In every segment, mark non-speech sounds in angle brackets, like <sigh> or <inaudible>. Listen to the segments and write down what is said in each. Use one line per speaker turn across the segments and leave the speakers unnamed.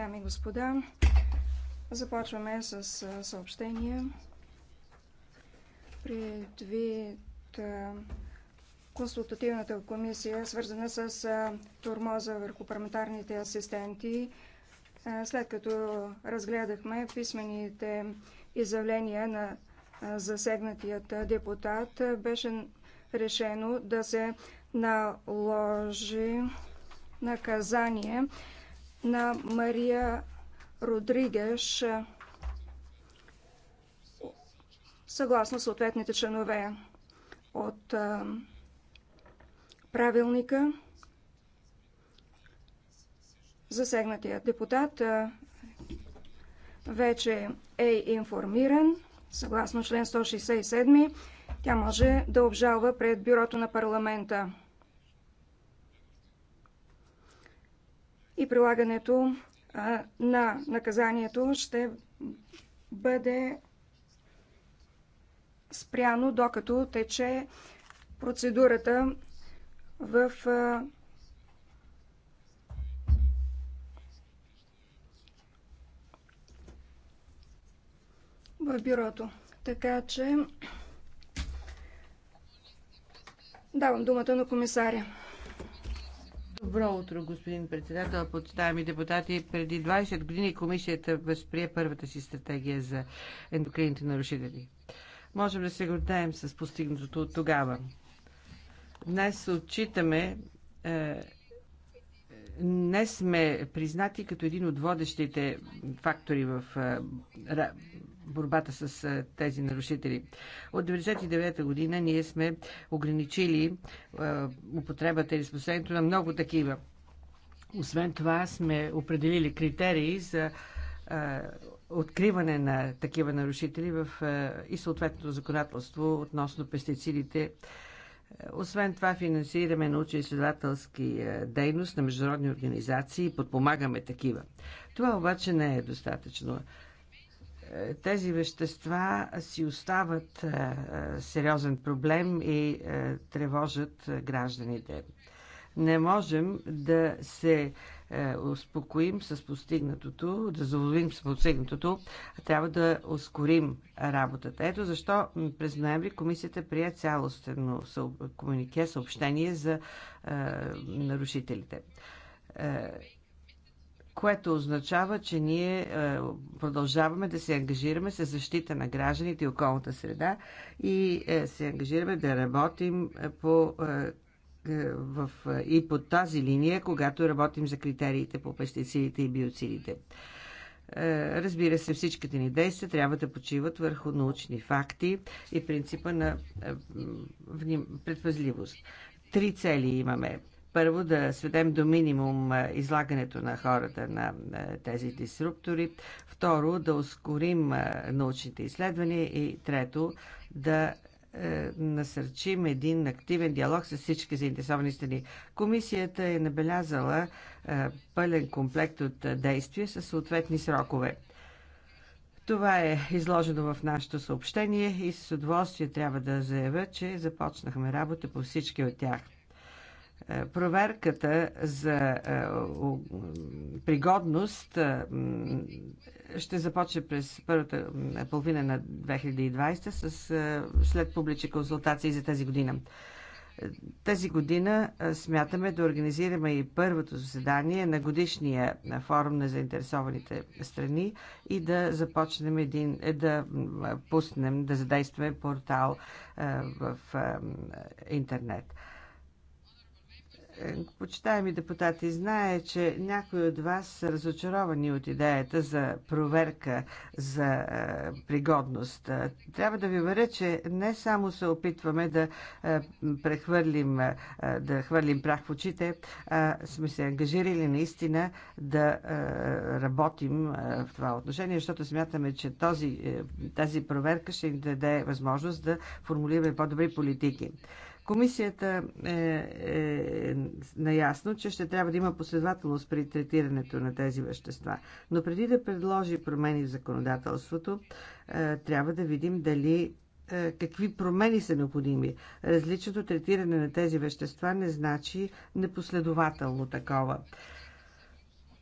Дами и господа, започваме с съобщения. Предвид консултативната комисия, свързана с турмоза върху парламентарните асистенти, след като разгледахме писмените изявления на засегнатият депутат, беше решено да се наложи наказание на Мария Родригеш съгласно съответните членове от правилника. Засегнатия депутат вече е информиран съгласно член 167. Тя може да обжалва пред бюрото на парламента. и прилагането на наказанието ще бъде спряно, докато тече процедурата в в бюрото. Така че давам думата на комисаря.
Добро утро, господин председател, почитаеми депутати. Преди 20 години комисията възприе първата си стратегия за ендокрините нарушители. Можем да се гордаем с постигнатото от тогава. Днес отчитаме е, днес не сме признати като един от водещите фактори в е, борбата с тези нарушители. От 1999 година ние сме ограничили употребата и спасението на много такива. Освен това сме определили критерии за откриване на такива нарушители в, и съответното законодателство относно пестицидите. Освен това финансираме научно-изследователски дейност на международни организации и подпомагаме такива. Това обаче не е достатъчно тези вещества си остават е, е, сериозен проблем и е, тревожат гражданите. Не можем да се успокоим с постигнатото, да заводим с постигнатото, трябва да ускорим работата. Ето защо през ноември комисията прие цялостно комунике съобщение за нарушителите което означава, че ние е, продължаваме да се ангажираме с защита на гражданите и околната среда и е, се ангажираме да работим е, по в, и по тази линия, когато работим за критериите по пестицидите и биоцидите. Разбира се, всичките ни действия трябва да почиват върху научни факти и принципа на предпазливост. Три цели имаме първо да сведем до минимум излагането на хората на тези дисруптори, второ да ускорим научните изследвания и трето да е, насърчим един активен диалог с всички заинтересовани страни. Комисията е набелязала е, пълен комплект от действия със съответни срокове. Това е изложено в нашето съобщение и с удоволствие трябва да заявя, че започнахме работа по всички от тях. Е, проверката за е, пригодност е, ще започне през първата половина на 2020 с, след публични консултации за тази година. Тази година смятаме да организираме и първото заседание на годишния форум на заинтересованите страни и да започнем един, да пуснем, да задействаме портал в интернет. Почитаеми депутати, знае, че някои от вас са разочаровани от идеята за проверка за е, пригодност. Е, трябва да ви веря, че не само се опитваме да е, прехвърлим, да хвърлим прах в очите, а сме се ангажирали наистина да работим в това отношение, защото смятаме, че този, тази проверка ще ни даде възможност да формулираме по-добри политики. Комисията е, е наясно, че ще трябва да има последователност при третирането на тези вещества. Но преди да предложи промени в законодателството, е, трябва да видим дали е, какви промени са необходими. Различното третиране на тези вещества не значи непоследователно такова.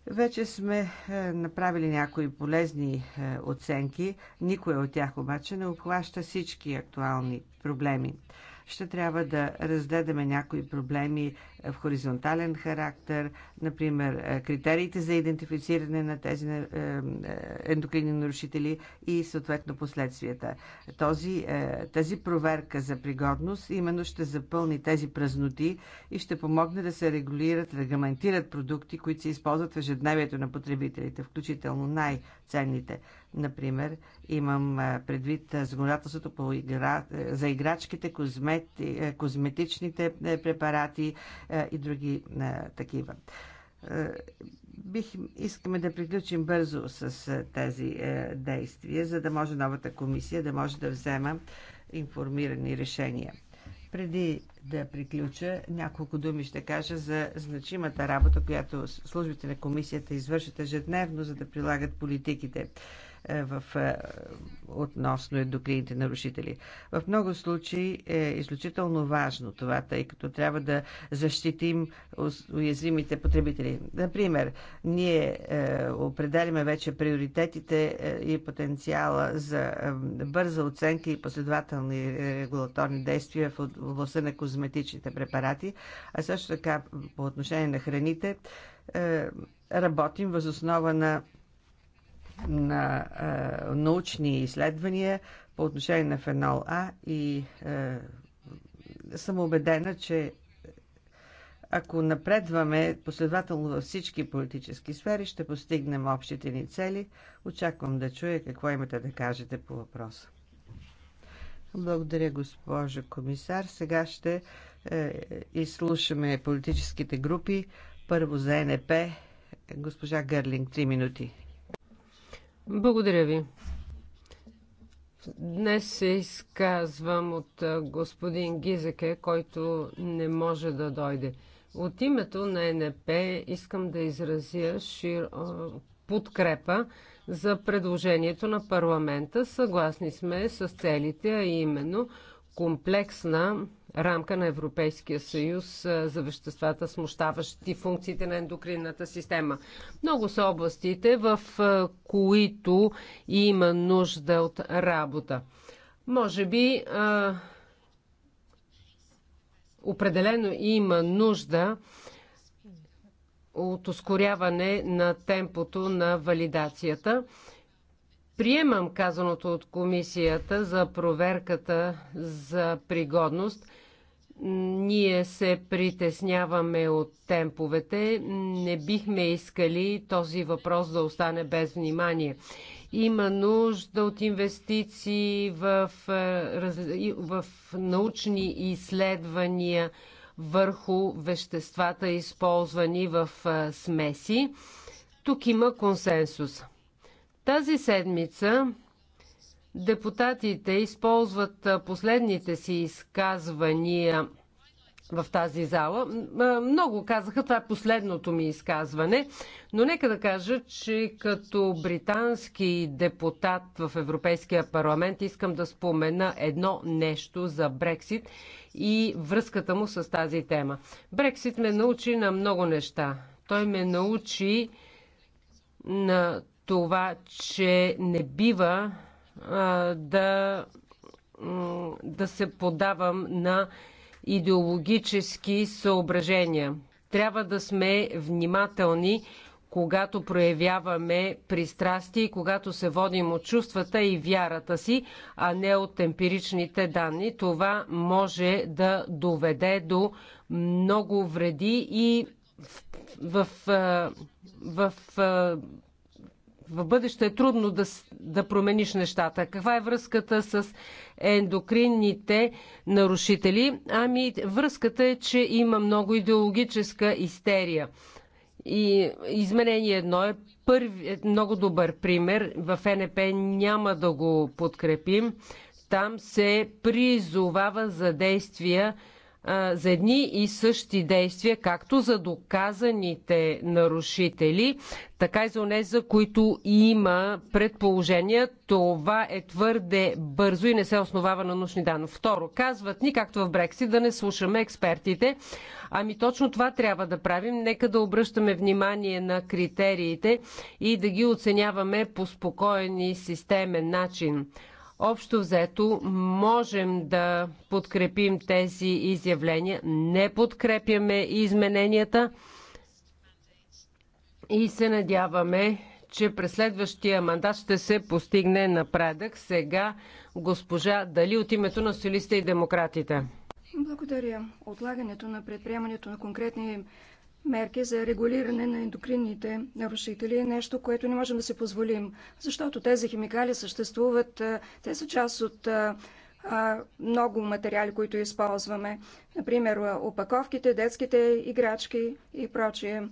Вече сме е, направили някои полезни е, оценки, никой от тях обаче не обхваща всички актуални проблеми ще трябва да разгледаме някои проблеми в е, хоризонтален характер, например, е, критериите за идентифициране на тези е, ендокринни нарушители и съответно последствията. Този, тази проверка за пригодност именно ще запълни тези празноти и ще помогне да се регулират, регламентират продукти, които се използват в ежедневието на потребителите, включително най-ценните. Например, имам предвид законодателството по игра, за играчките, козметичните препарати, е, и други е, такива. Е, бих, искаме да приключим бързо с тези действия, за да може новата комисия да може да взема информирани решения. Преди да приключа, няколко думи ще кажа за значимата работа, която службите на комисията извършат ежедневно, за да прилагат политиките. Е, в, е, относно ендокрините нарушители. В много случаи е изключително важно това, тъй като трябва да защитим уязвимите потребители. Например, ние е, определяме вече приоритетите е, и потенциала за бърза оценка и последователни регулаторни действия в областта на козметичните препарати, а също така по отношение на храните е, работим възоснова на на а, е, научни изследвания по отношение на фенол А и а, е, съм убедена, че ако напредваме последователно във всички политически сфери, ще постигнем общите ни цели. Очаквам да чуя какво имате да кажете по въпроса. Благодаря, госпожо комисар. Сега ще е, изслушаме политическите групи. Първо за НП, госпожа Гърлинг, 3 минути.
Благодаря ви. Днес се изказвам от господин Гизеке, който не може да дойде. От името на НП искам да изразя шир... подкрепа за предложението на парламента. Съгласни сме с целите, а именно – комплексна рамка на Европейския съюз за веществата, смущаващи функциите на ендокринната система. Много са областите, в които има нужда от работа. Може би а, определено има нужда от ускоряване на темпото на валидацията. Приемам казаното от комисията за проверката за пригодност. Ние се притесняваме от темповете. Не бихме искали този въпрос да остане без внимание. Има нужда от инвестиции в, е, в научни изследвания върху веществата, използвани в е, смеси. Тук има консенсус. Тази седмица депутатите използват последните си изказвания в тази зала. Много казаха, това е последното ми изказване, но нека да кажа, че като британски депутат в Европейския парламент искам да спомена едно нещо за Брексит и връзката му с тази тема. Брексит ме научи на много неща. Той ме научи на това, че не бива а, да, да се подавам на идеологически съображения. Трябва да сме внимателни, когато проявяваме пристрастие и когато се водим от чувствата и вярата си, а не от емпиричните данни. Това може да доведе до много вреди и в, в, в, в в бъдеще е трудно да, да промениш нещата. Каква е връзката с ендокринните нарушители? Ами, връзката е, че има много идеологическа истерия. И изменение едно е, първи, е много добър пример. В НП няма да го подкрепим. Там се призовава за действия за едни и същи действия, както за доказаните нарушители, така и за онези, за които има предположения. Това е твърде бързо и не се основава на нужни данни. Второ, казват ни, както в Брекси, да не слушаме експертите. Ами точно това трябва да правим. Нека да обръщаме внимание на критериите и да ги оценяваме по спокоен и системен начин. Общо взето можем да подкрепим тези изявления. Не подкрепяме измененията и се надяваме, че през следващия мандат ще се постигне напредък. Сега госпожа Дали от името на солиста и демократите.
Благодаря. Отлагането на предприемането на конкретни мерки за регулиране на ендокринните нарушители е нещо, което не можем да си позволим, защото тези химикали съществуват, те са част от много материали, които използваме. Например, опаковките, детските играчки и прочие.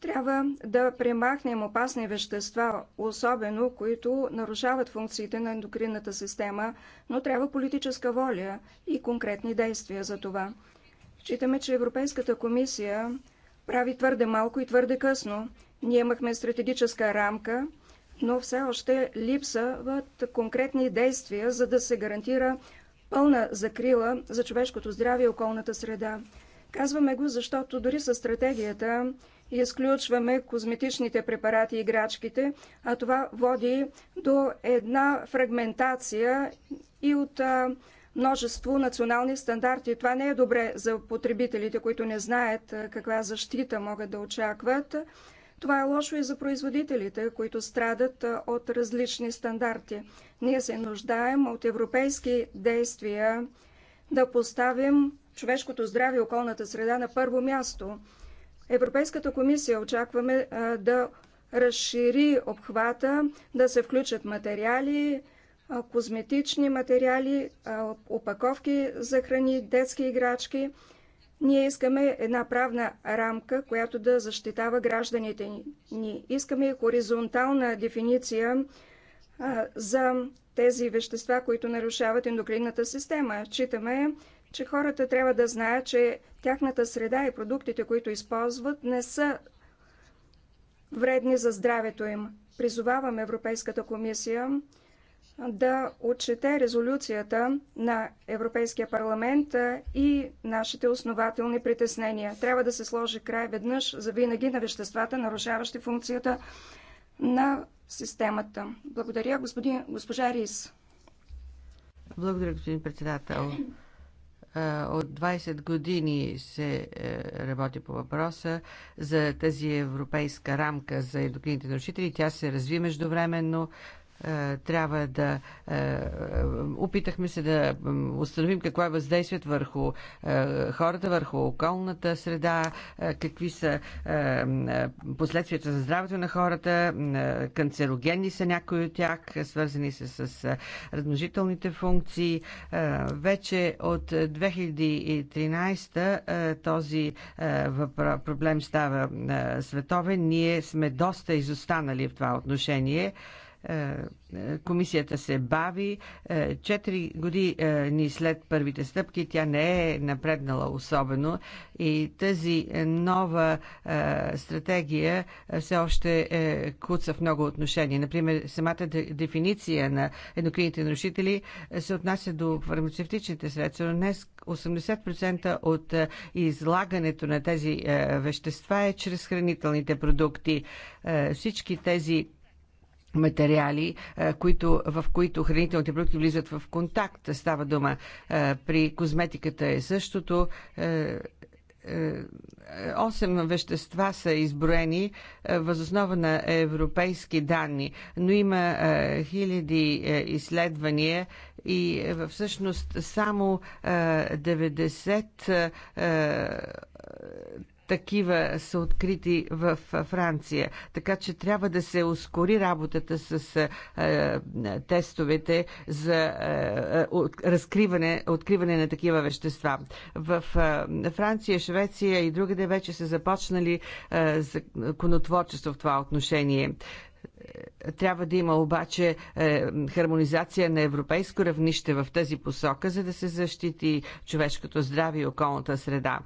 Трябва да премахнем опасни вещества, особено които нарушават функциите на ендокринната система, но трябва политическа воля и конкретни действия за това. Считаме, че Европейската комисия прави твърде малко и твърде късно. Ние имахме стратегическа рамка, но все още липсват конкретни действия, за да се гарантира пълна закрила за човешкото здраве и околната среда. Казваме го, защото дори с стратегията изключваме козметичните препарати и играчките, а това води до една фрагментация и от множество национални стандарти. Това не е добре за потребителите, които не знаят каква защита могат да очакват. Това е лошо и за производителите, които страдат от различни стандарти. Ние се нуждаем от европейски действия да поставим човешкото здраве и околната среда на първо място. Европейската комисия очакваме да разшири обхвата, да се включат материали, козметични материали, опаковки за храни, детски играчки. Ние искаме една правна рамка, която да защитава гражданите ни. Искаме хоризонтална дефиниция за тези вещества, които нарушават ендокринната система. Читаме, че хората трябва да знаят, че тяхната среда и продуктите, които използват, не са вредни за здравето им. Призоваваме Европейската комисия да отчете резолюцията на Европейския парламент и нашите основателни притеснения. Трябва да се сложи край веднъж за винаги на веществата, нарушаващи функцията на системата. Благодаря, господин, госпожа Рис.
Благодаря, господин председател. От 20 години се е, работи по въпроса за тази европейска рамка за ендокрините нарушители. Тя се разви междувременно. Е, трябва да. Е, опитахме се да установим какво е въздействието върху е, хората, върху околната среда, какви са последствията за здравето на хората, канцерогенни са някои от тях, свързани са с размножителните функции. Вече от 2013 този проблем става световен. Ние сме доста изостанали в това отношение. Е, е, комисията се бави. Е, четири години след първите стъпки тя не е напреднала особено и тази нова стратегия все още е куца в много отношения. Например, самата дефиниция на еднокрините нарушители се отнася до фармацевтичните средства, но днес 80% от излагането на тези вещества е чрез хранителните продукти. Всички тези материали, е, които, в които хранителните продукти влизат в контакт. Става дума е, при козметиката е същото. Е, осем вещества са изброени възоснова на европейски данни, но има хиляди изследвания и всъщност само 90 такива са открити в Франция. Така че трябва да се ускори работата с тестовете за разкриване, откриване на такива вещества. В Франция, Швеция и другаде вече са започнали законотворчество в това отношение трябва да има обаче е, хармонизация на европейско равнище в тази посока, за да се защити човешкото здраве и околната среда.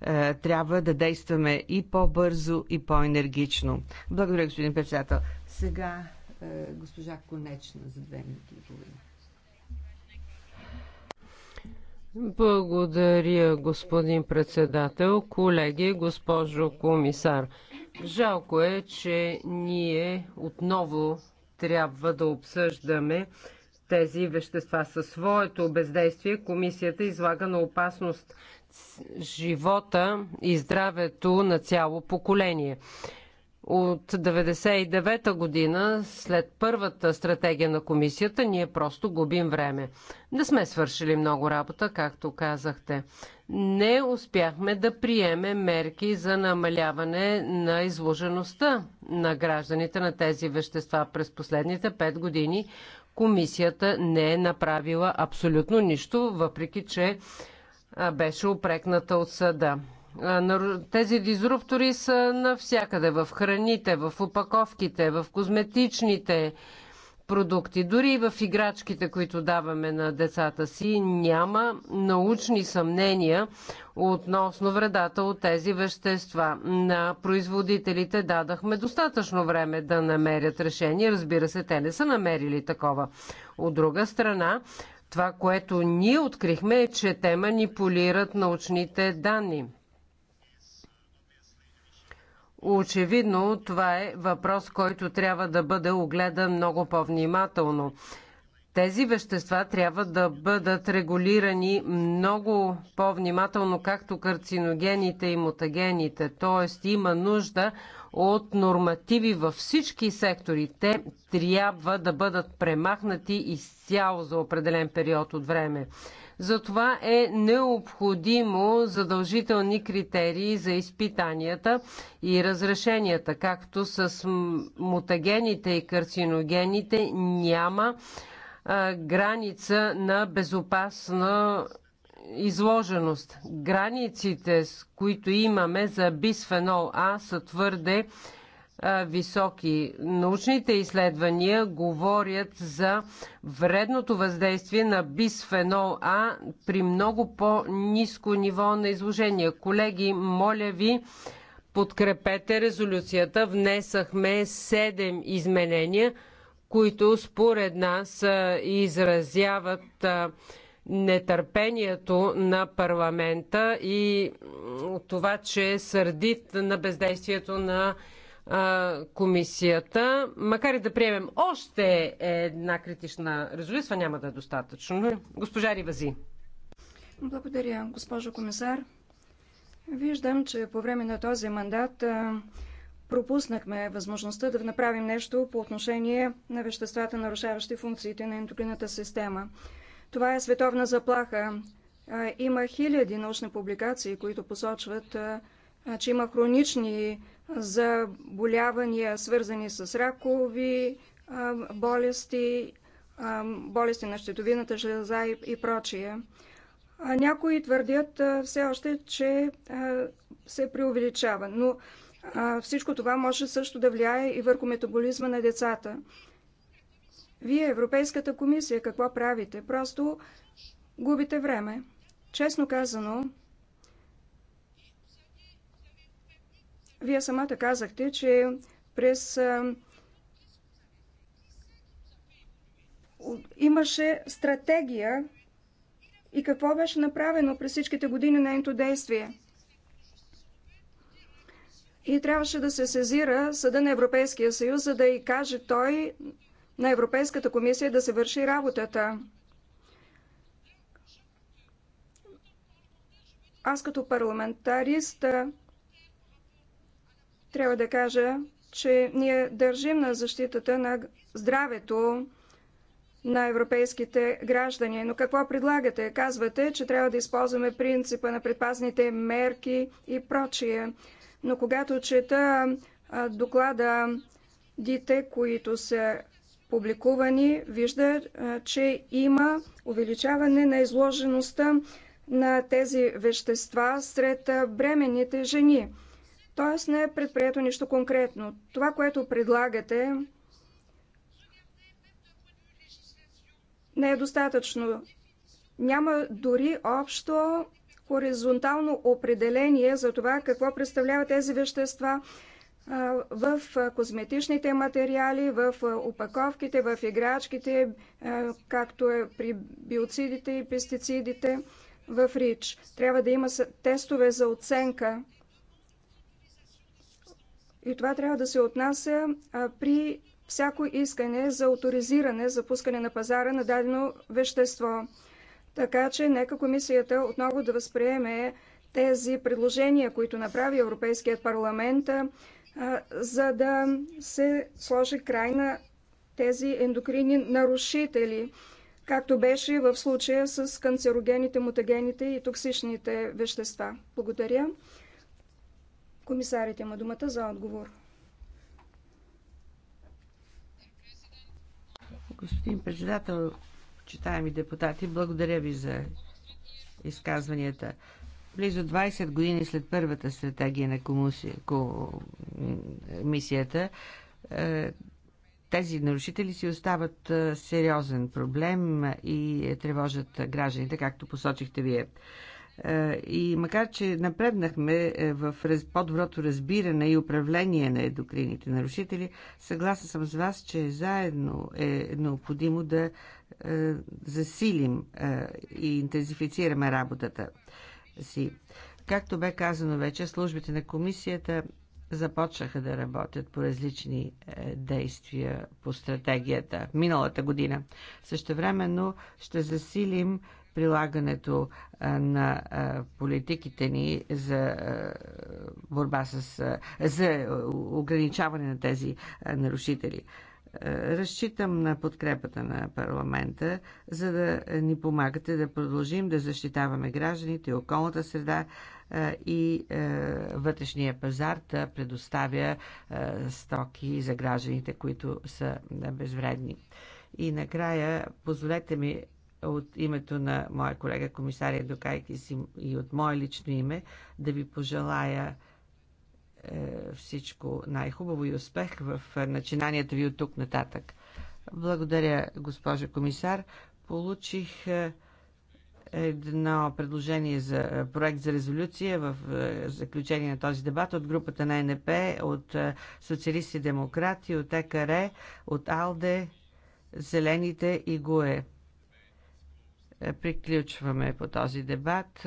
Е, трябва да действаме и по-бързо, и по-енергично. Благодаря, господин председател. Сега е, госпожа Конечна за две минути и половина.
Благодаря, господин председател, колеги, госпожо комисар. Жалко е, че ние отново трябва да обсъждаме тези вещества. Със своето бездействие комисията излага на опасност живота и здравето на цяло поколение. От 1999 година, след първата стратегия на комисията, ние просто губим време. Не сме свършили много работа, както казахте. Не успяхме да приемем мерки за намаляване на изложеността на гражданите на тези вещества. През последните 5 години комисията не е направила абсолютно нищо, въпреки че беше опрекната от съда. Тези дизруптори са навсякъде в храните, в упаковките, в козметичните продукти, дори и в играчките, които даваме на децата си, няма научни съмнения относно вредата от тези вещества. На производителите дадахме достатъчно време да намерят решение. Разбира се, те не са намерили такова. От друга страна, това, което ние открихме е, че те манипулират научните данни. Очевидно това е въпрос, който трябва да бъде огледан много по-внимателно. Тези вещества трябва да бъдат регулирани много по-внимателно, както карциногените и мутагените. Тоест има нужда от нормативи във всички сектори. Те трябва да бъдат премахнати изцяло за определен период от време. Затова е необходимо задължителни критерии за изпитанията и разрешенията, както с мутагените и карциногените няма граница на безопасна изложеност. Границите, с които имаме за бисфенол А, са твърде високи. Научните изследвания говорят за вредното въздействие на бисфенол А при много по-низко ниво на изложение. Колеги, моля ви, подкрепете резолюцията. Внесахме 7 изменения които според нас изразяват нетърпението на парламента и това, че е сърдит на бездействието на комисията. Макар и да приемем още една критична резолюция, няма да е достатъчно. Госпожа Ривази.
Благодаря, госпожо комисар. Виждам, че по време на този мандат пропуснахме възможността да направим нещо по отношение на веществата, нарушаващи функциите на ендокринната система. Това е световна заплаха. Има хиляди научни публикации, които посочват, че има хронични заболявания, свързани с ракови болести, болести на щитовината, железа и прочие. Някои твърдят все още, че се преувеличава, но всичко това може също да влияе и върху метаболизма на децата. Вие, Европейската комисия, какво правите? Просто губите време. Честно казано, вие самата казахте, че през имаше стратегия и какво беше направено през всичките години на нейното действие и трябваше да се сезира Съда на Европейския съюз, за да й каже той на Европейската комисия да се върши работата. Аз като парламентарист трябва да кажа, че ние държим на защитата на здравето на европейските граждани. Но какво предлагате? Казвате, че трябва да използваме принципа на предпазните мерки и прочие но когато чета доклада дите, които са публикувани, вижда, че има увеличаване на изложеността на тези вещества сред бременните жени. Тоест не е предприето нищо конкретно. Това, което предлагате, не е достатъчно. Няма дори общо хоризонтално определение за това какво представляват тези вещества в козметичните материали, в опаковките, в играчките, както е при биоцидите и пестицидите в РИЧ. Трябва да има тестове за оценка. И това трябва да се отнася при всяко искане за авторизиране за пускане на пазара на дадено вещество. Така че нека комисията отново да възприеме тези предложения, които направи Европейският парламент, за да се сложи край на тези ендокрини нарушители, както беше в случая с канцерогените, мутагените и токсичните вещества. Благодаря. Комисарите има думата за отговор.
Господин председател, Читаеми депутати, благодаря ви за изказванията. Близо 20 години след първата стратегия на комисията, е, тези нарушители си остават е, сериозен проблем и е тревожат гражданите, както посочихте вие. И макар, че напреднахме в по-доброто разбиране и управление на едокрините нарушители, съгласна съм с вас, че заедно е необходимо да е, засилим е, и интензифицираме работата си. Както бе казано вече, службите на комисията започнаха да работят по различни е, действия по стратегията миналата година. Същевременно ще засилим прилагането на политиките ни за борба с за ограничаване на тези нарушители. Е, разчитам на подкрепата на парламента, за да ни помагате да продължим да защитаваме гражданите, околната среда е, и е, вътрешния пазар да предоставя стоки за гражданите, които са безвредни. И накрая, позволете ми от името на моя колега комисария Докайкис и от мое лично име да ви пожелая е, всичко най-хубаво и успех в е, начинанието ви от тук нататък. Благодаря, госпожа комисар. Получих е, едно предложение за проект за резолюция в заключение на този дебат от групата на НП, от социалисти и демократи, от ЕКР, от АЛДЕ, Зелените и ГУЕ. Приключваме по този дебат.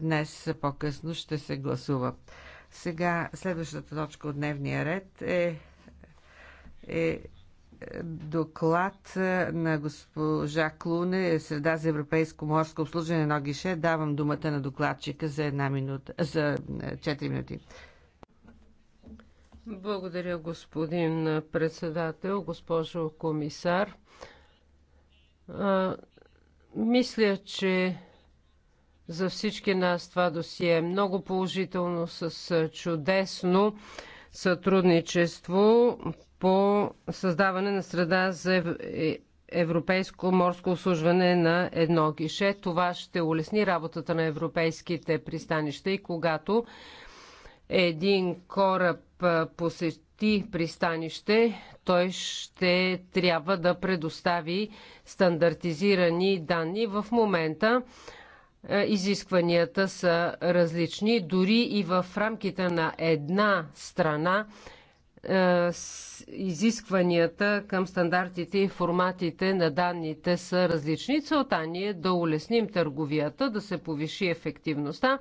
Днес по-късно ще се гласува. Сега следващата точка от дневния ред е, е доклад на госпожа Клуне, Среда за европейско морско обслужване на гише. Давам думата на докладчика за, една минута, за 4 е, минути.
Благодаря, господин председател, госпожо комисар. А, мисля, че за всички нас това досие е много положително с чудесно сътрудничество по създаване на среда за е, европейско морско обслужване на едно гише. Това ще улесни работата на европейските пристанища и когато един кораб посети пристанище, той ще трябва да предостави стандартизирани данни. В момента е, изискванията са различни. Дори и в рамките на една страна е, изискванията към стандартите и форматите на данните са различни. Целта ни е да улесним търговията, да се повиши ефективността.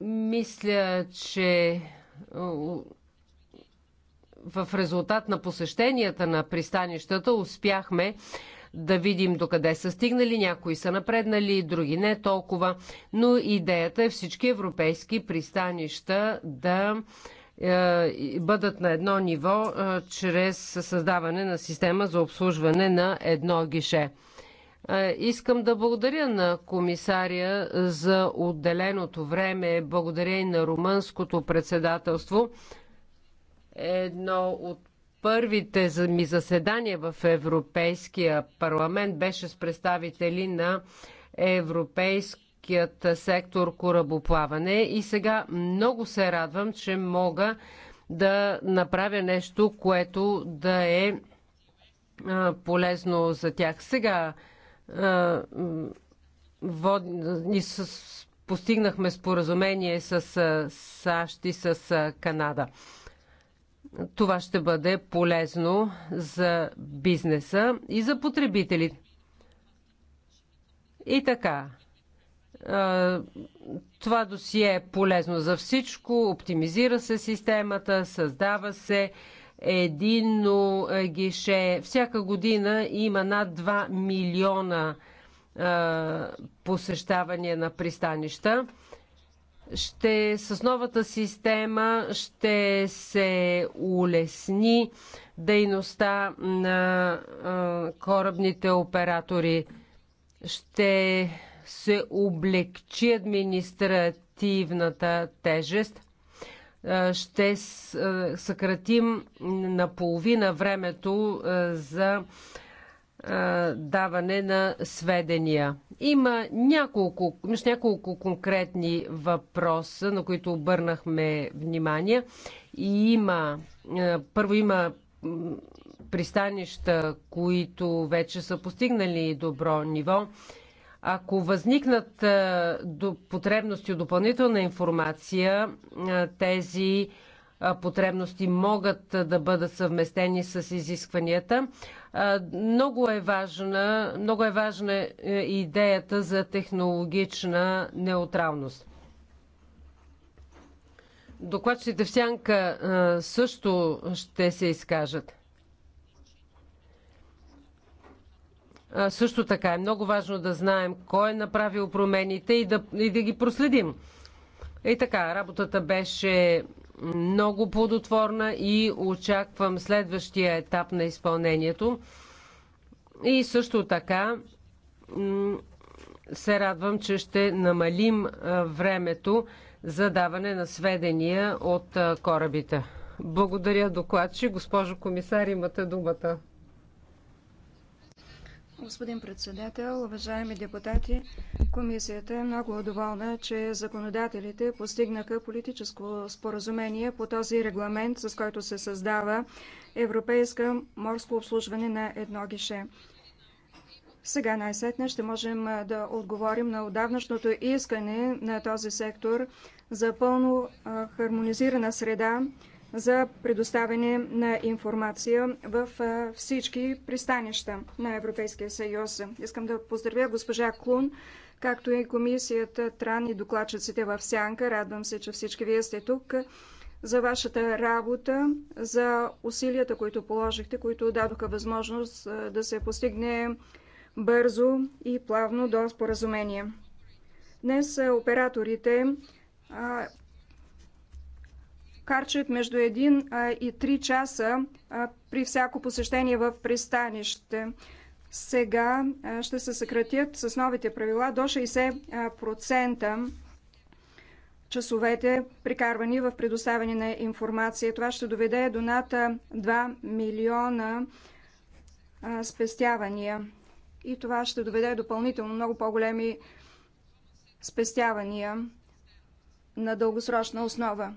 Мисля, че в резултат на посещенията на пристанищата успяхме да видим докъде са стигнали. Някои са напреднали, други не толкова. Но идеята е всички европейски пристанища да е, бъдат на едно ниво е, чрез създаване на система за обслужване на едно гише. Е, искам да благодаря на комисария за отделеното време, благодаря и на румънското председателство. Едно от първите ми заседания в Европейския парламент беше с представители на Европейският сектор корабоплаване и сега много се радвам, че мога да направя нещо, което да е полезно за тях. Сега вод... ни с... постигнахме споразумение с САЩ и с Канада. Това ще бъде полезно за бизнеса и за потребителите. И така. Това досие е полезно за всичко, оптимизира се системата, създава се единно гише. Всяка година има над 2 милиона посещавания на пристанища ще, с новата система ще се улесни дейността на а, корабните оператори. Ще се облегчи административната тежест. Ще съкратим наполовина времето за даване на сведения. Има няколко, имаш няколко конкретни въпроса, на които обърнахме внимание. И има, първо има пристанища, които вече са постигнали добро ниво. Ако възникнат потребности от допълнителна информация, тези потребности могат да бъдат съвместени с изискванията. Много е важна, много е важна е, идеята за технологична неутралност. Докладчите в сянка също ще се изкажат. Също така е много важно да знаем кой е направил промените и да, и да ги проследим. И така, работата беше много плодотворна и очаквам следващия етап на изпълнението. И също така се радвам, че ще намалим времето за даване на сведения от корабите. Благодаря докладчи. Госпожо комисар, имате думата.
Господин председател, уважаеми депутати, комисията е много доволна, че законодателите постигнаха политическо споразумение по този регламент, с който се създава Европейска морско обслужване на едно гише. Сега най-сетне ще можем да отговорим на отдавнашното искане на този сектор за пълно хармонизирана среда за предоставяне на информация в всички пристанища на Европейския съюз. Искам да поздравя госпожа Клун, както и комисията Тран и докладчиците в Сянка. Радвам се, че всички вие сте тук за вашата работа, за усилията, които положихте, които дадоха възможност да се постигне бързо и плавно до споразумение. Днес операторите харчат между 1 и 3 часа при всяко посещение в пристанище. Сега ще се съкратят с новите правила до 60% часовете, прикарвани в предоставяне на информация. Това ще доведе до над 2 милиона спестявания. И това ще доведе допълнително много по-големи спестявания на дългосрочна основа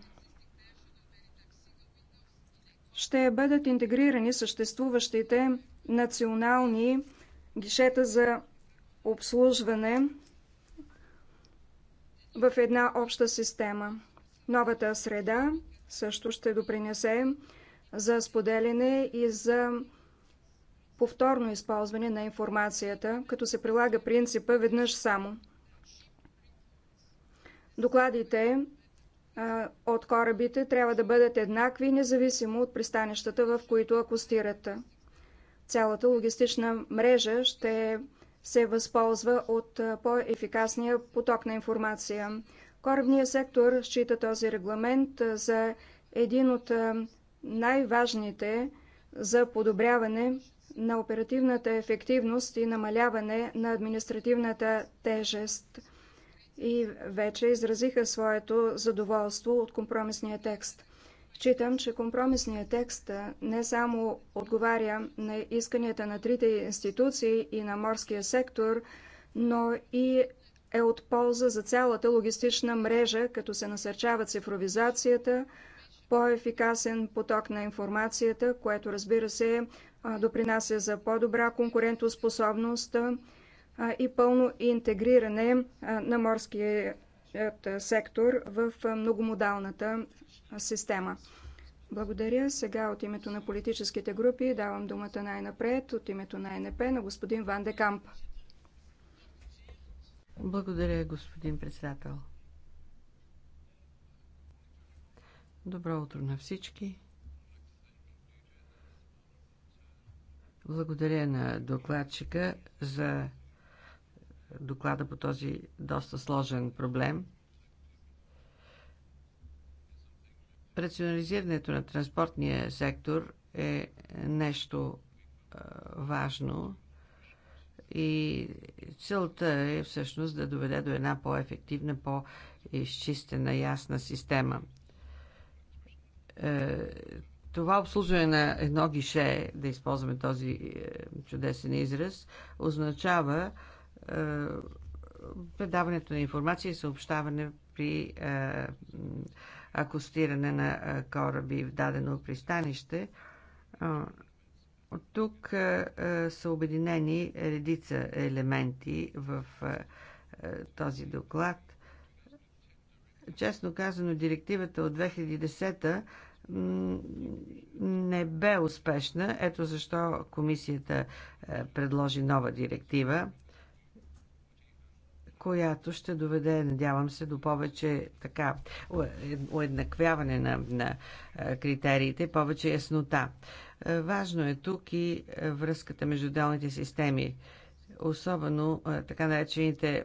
ще бъдат интегрирани съществуващите национални гишета за обслужване в една обща система. Новата среда също ще допринесе за споделяне и за повторно използване на информацията, като се прилага принципа веднъж само. Докладите от корабите трябва да бъдат еднакви, независимо от пристанищата, в които акустират. Цялата логистична мрежа ще се възползва от по-ефикасния поток на информация. Корабният сектор счита този регламент за един от най-важните за подобряване на оперативната ефективност и намаляване на административната тежест – и вече изразиха своето задоволство от компромисния текст. Читам, че компромисният текст не само отговаря на исканията на трите институции и на морския сектор, но и е от полза за цялата логистична мрежа, като се насърчава цифровизацията, по-ефикасен поток на информацията, което разбира се допринася за по-добра конкурентоспособност, и пълно интегриране на морския сектор в многомодалната система. Благодаря. Сега от името на политическите групи давам думата най-напред от името на НП на господин Ван де Камп.
Благодаря, господин председател. Добро утро на всички. Благодаря на докладчика за доклада по този доста сложен проблем. Рационализирането на транспортния сектор е нещо важно и целта е всъщност да доведе до една по-ефективна, по-изчистена, ясна система. Е, това обслужване на едно гише, да използваме този е, чудесен израз, означава е, предаването на информация и съобщаване при е, акустиране на е, кораби в дадено пристанище. От тук са обединени редица елементи в този доклад. Честно казано, директивата от 2010-та не бе успешна. Ето защо комисията предложи нова директива която ще доведе, надявам се, до повече така е, уеднаквяване на, на е, критериите, повече яснота. Е, важно е тук и връзката между отделните системи особено така наречените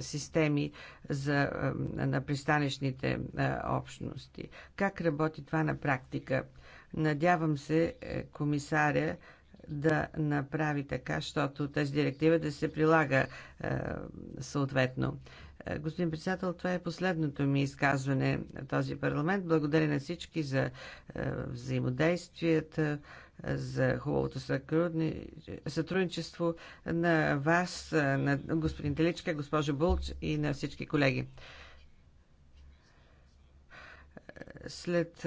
системи за, на пристанищните общности. Как работи това на практика? Надявам се комисаря да направи така, защото тази директива да се прилага е, съответно. Е, господин председател, това е последното ми изказване на този парламент. Благодаря на всички за е, взаимодействията, за хубавото сътрудничество на вас, на господин Теличка, госпожа Булч и на всички колеги. След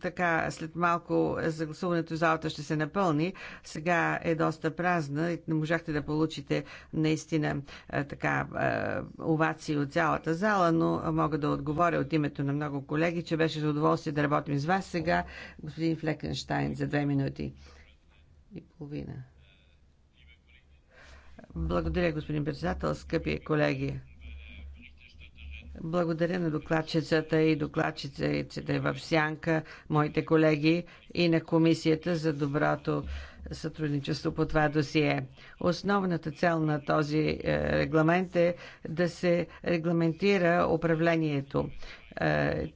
така след малко за гласуването залата ще се напълни. Сега е доста празна и не можахте да получите наистина така овации от цялата зала, но мога да отговоря от името на много колеги, че беше за удоволствие да работим с вас. Сега господин Флекенштайн за две минути и половина. Благодаря, господин председател, скъпи колеги. Благодаря на докладчицата и докладчицата в Сянка, моите колеги и на комисията за доброто сътрудничество по това досие. Основната цел на този е, регламент е да се регламентира управлението е,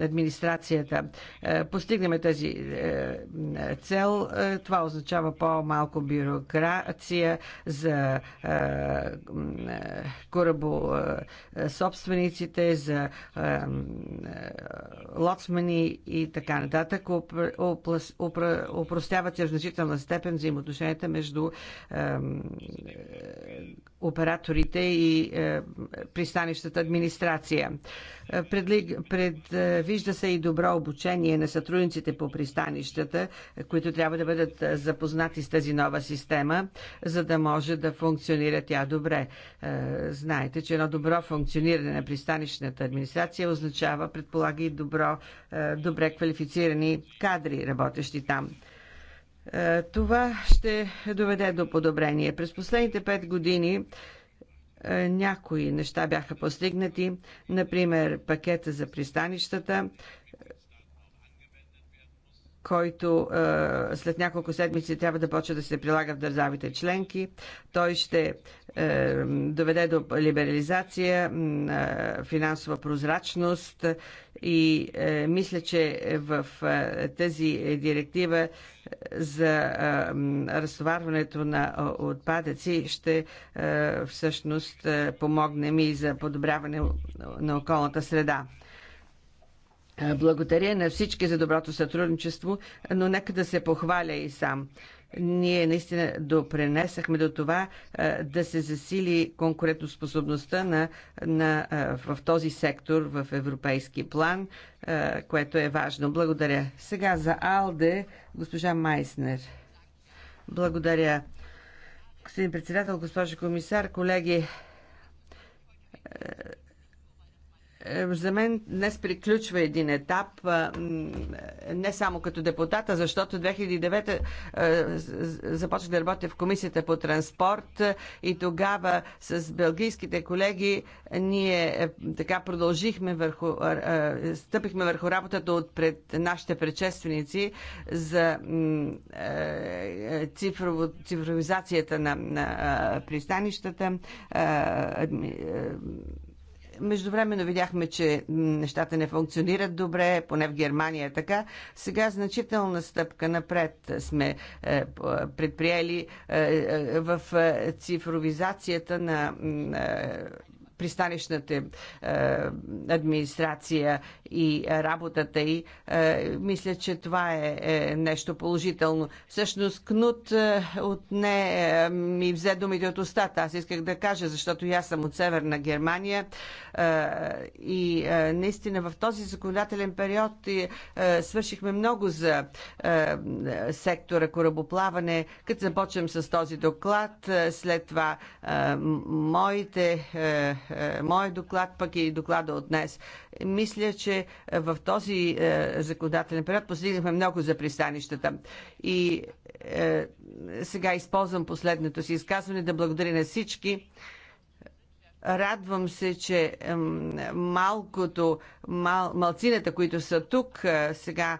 администрацията. Е, постигнем тази е, цел. Това означава по-малко бюрокрация за корабособствениците, за лоцмани и така нататък. Упростяват се в значителна степен взаимоотношенията между операторите и пристанищата администрация. Предвижда се и добро обучение на сътрудниците по пристанищата, които трябва да бъдат запознати с тази нова система, за да може да функционира тя добре. Знаете, че едно добро функциониране на пристанищната администрация означава, предполага и добро, добре квалифицирани кадри, работещи там. Това ще доведе до подобрение. През последните пет години е, някои неща бяха постигнати, например пакета за пристанищата, който е, след няколко седмици трябва да почне да се прилага в държавите членки. Той ще е, доведе до либерализация, е, финансова прозрачност и е, мисля, че в е, тази директива е, за е, разтоварването на отпадъци ще е, всъщност е, помогнем и за подобряване на околната среда. Е, благодаря на всички за доброто сътрудничество, но нека да се похваля и сам. Ние наистина допренесахме до това е, да се засили конкурентоспособността на, на, е, в този сектор в европейски план, което е важно. Благодаря. Сега за Алде, госпожа Майснер. Благодаря. Господин председател, госпожа комисар, колеги, е, за мен днес приключва един етап, не само като депутата, защото 2009 е, започнах да работя в Комисията по транспорт е, и тогава с белгийските колеги ние така продължихме върху, стъпихме върху работата от пред нашите предшественици за цифрово, цифровизацията на, на пристанищата, Междувременно видяхме, че нещата не функционират добре, поне в Германия е така. Сега значителна стъпка напред сме е, предприели е, в цифровизацията на пристанищната е, администрация и работата й. Е, мисля, че това е, е нещо положително. Всъщност, Кнут от не ми взе думите от устата. Аз исках да кажа, защото аз съм от Северна Германия и наистина в този законодателен период свършихме много за сектора корабоплаване. Като започнем с този доклад, след това моите е, мой доклад, пък и доклада от днес. Мисля, че е, в този е, законодателен период постигнахме много за пристанищата. И сега използвам последното си изказване да благодаря на всички. Радвам се, че малкото, мал, малцината, които са тук сега,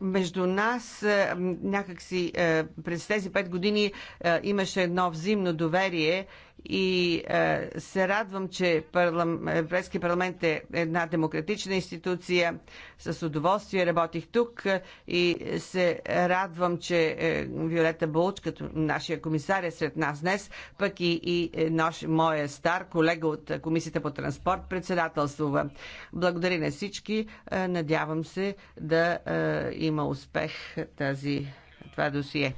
между нас е, някакси е, през тези пет години е, имаше едно взаимно доверие и е, се радвам, че парлам, Европейския парламент е една демократична институция. С удоволствие работих тук е, и се радвам, че е, Виолета Болч, като нашия комисар е сред нас днес, пък и, и е, наш, моя стар колега от Комисията по транспорт председателствува. Благодаря на всички. Е, надявам се да е, има успех тази, това досие.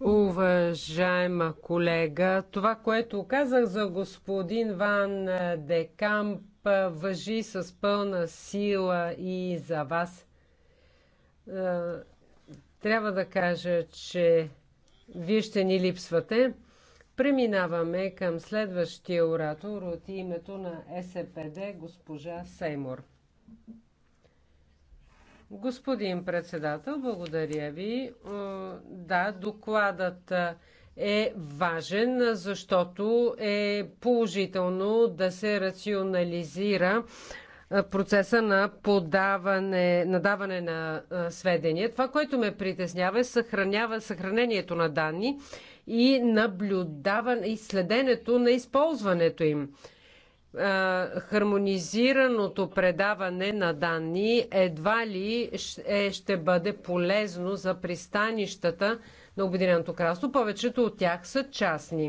Уважаема колега, това, което казах за господин Ван е, Декамп, е, въжи с пълна сила и за вас. Е, трябва да кажа, че вие ще ни липсвате. Преминаваме към следващия оратор от името на СПД, госпожа Сеймор. Господин председател, благодаря ви. Да, докладът е важен, защото е положително да се рационализира процеса на подаване, на даване на сведения. Това, което ме притеснява е съхранява съхранението на данни и наблюдаване и следенето на използването им. Е, хармонизираното предаване на данни едва ли е, ще бъде полезно за пристанищата на Обединеното кралство. Повечето от тях са частни.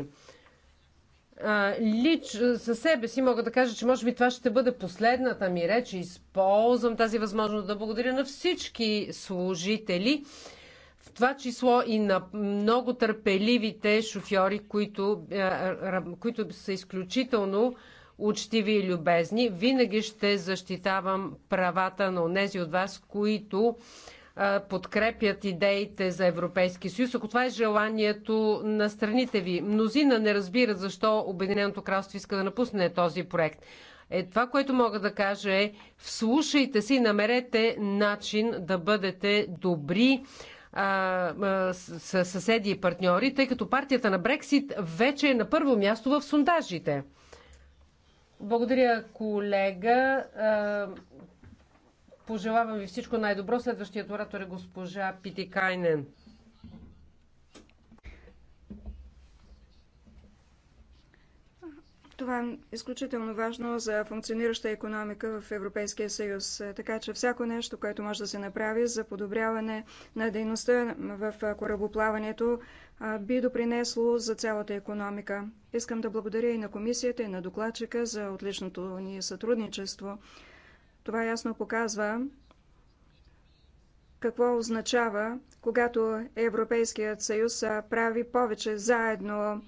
Е, лич, за себе си мога да кажа, че може би това ще бъде последната ми реч. Използвам тази възможност да благодаря на всички служители, в това число и на много търпеливите шофьори, които, които са изключително учтиви и любезни. Винаги ще защитавам правата на онези от вас, които подкрепят идеите за Европейски съюз, ако това е желанието на страните ви. Мнозина не разбира, защо Обединеното кралство иска да напусне този проект. Е, това, което мога да кажа е, вслушайте си, намерете начин да бъдете добри а, съседи и партньори, тъй като партията на Брексит вече е на първо място в сондажите. Благодаря, колега. Пожелавам ви всичко най-добро. Следващият оратор е госпожа Питикайнен.
Това е изключително важно за функционираща економика в Европейския съюз. Така че всяко нещо, което може да се направи за подобряване на дейността в корабоплаването, би допринесло за цялата економика. Искам да благодаря и на комисията, и на докладчика за отличното ни сътрудничество. Това ясно показва какво означава, когато Европейският съюз прави повече заедно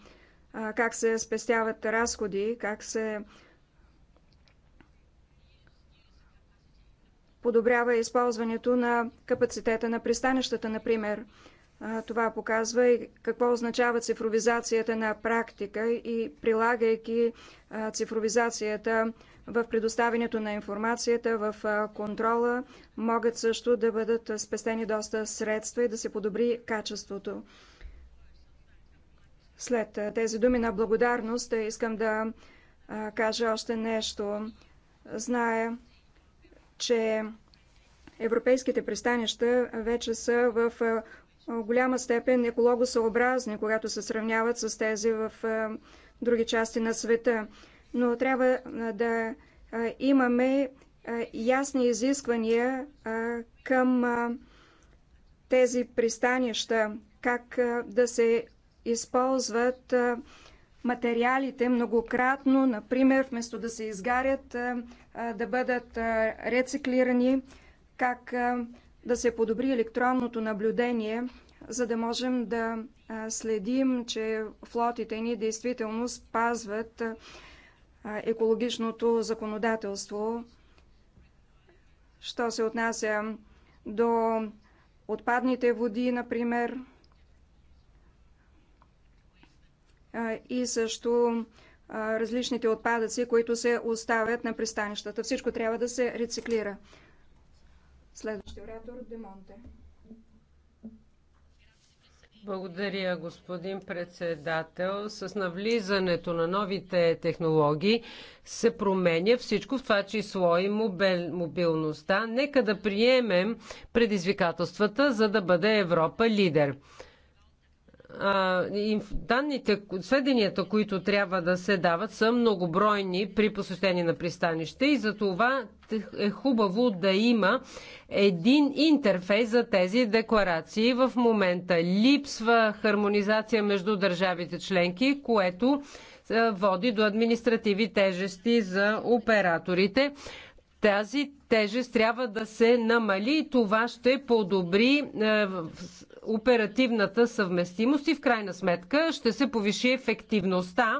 как се спестяват разходи, как се подобрява използването на капацитета на пристанищата, например. Това показва и какво означава цифровизацията на практика и прилагайки цифровизацията в предоставянето на информацията, в контрола, могат също да бъдат спестени доста средства и да се подобри качеството. След тези думи на благодарност искам да кажа още нещо. Зная, че европейските пристанища вече са в голяма степен екологосъобразни, когато се сравняват с тези в други части на света. Но трябва да имаме ясни изисквания към тези пристанища, как да се използват материалите многократно, например, вместо да се изгарят, да бъдат рециклирани, как да се подобри електронното наблюдение, за да можем да следим, че флотите ни действително спазват екологичното законодателство. Що се отнася до отпадните води, например, и също различните отпадъци, които се оставят на пристанищата. Всичко трябва да се рециклира. Следващия оратор Демонте.
Благодаря, господин председател. С навлизането на новите технологии се променя всичко, в това число и мобил, мобилността. Нека да приемем предизвикателствата, за да бъде Европа лидер данните, сведенията, които трябва да се дават, са многобройни при посещение на пристанище и за това е хубаво да има един интерфейс за тези декларации. В момента липсва хармонизация между държавите членки, което води до административи тежести за операторите тази тежест трябва да се намали и това ще подобри оперативната съвместимост и в крайна сметка ще се повиши ефективността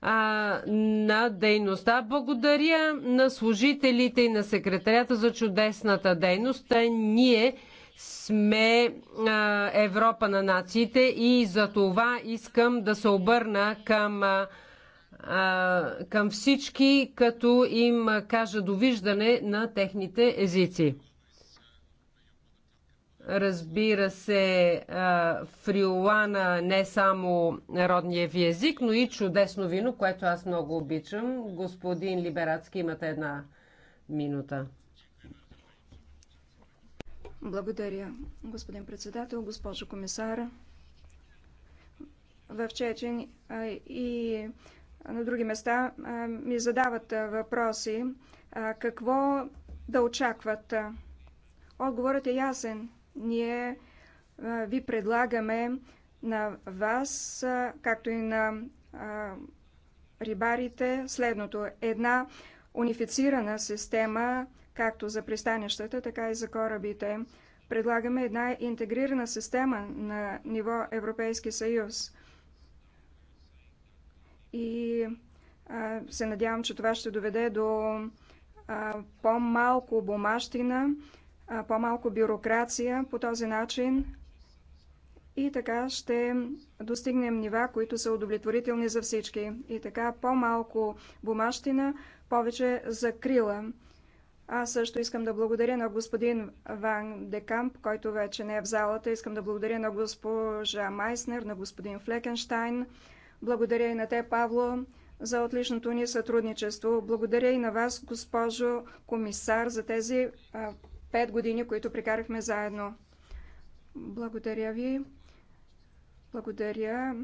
а, на дейността. Благодаря на служителите и на секретарята за чудесната дейност. Ние сме а, Европа на нациите и за това искам да се обърна към, а, към всички, като им кажа довиждане на техните езици. Разбира се, фриолана не само родния ви език, но и чудесно вино, което аз много обичам. Господин Либератски имате една минута.
Благодаря, господин председател, госпожо комисар. В Чечен и на други места ми задават въпроси какво да очакват. Отговорът е ясен – ние ви предлагаме на вас, както и на рибарите, следното. Една унифицирана система, както за пристанищата, така и за корабите. Предлагаме една интегрирана система на ниво Европейски съюз. И се надявам, че това ще доведе до по-малко бумащина, по-малко бюрокрация по този начин и така ще достигнем нива, които са удовлетворителни за всички. И така по-малко бумащина, повече закрила. Аз също искам да благодаря на господин Ван Декамп, който вече не е в залата. Искам да благодаря на госпожа Майснер, на господин Флекенштайн. Благодаря и на те, Павло, за отличното ни сътрудничество. Благодаря и на вас, госпожо комисар, за тези пет години, които прекарахме заедно. Благодаря ви. Благодаря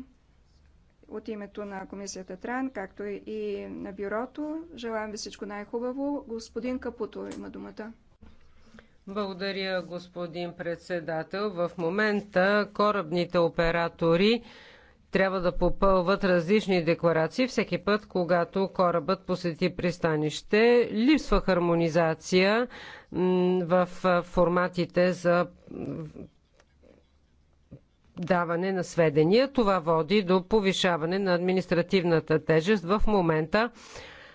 от името на комисията Тран, както и на бюрото. Желаем ви всичко най-хубаво. Господин Капуто има думата.
Благодаря, господин председател. В момента корабните оператори трябва да попълват различни декларации всеки път, когато корабът посети пристанище. Липсва хармонизация в форматите за даване на сведения. Това води до повишаване на административната тежест. В момента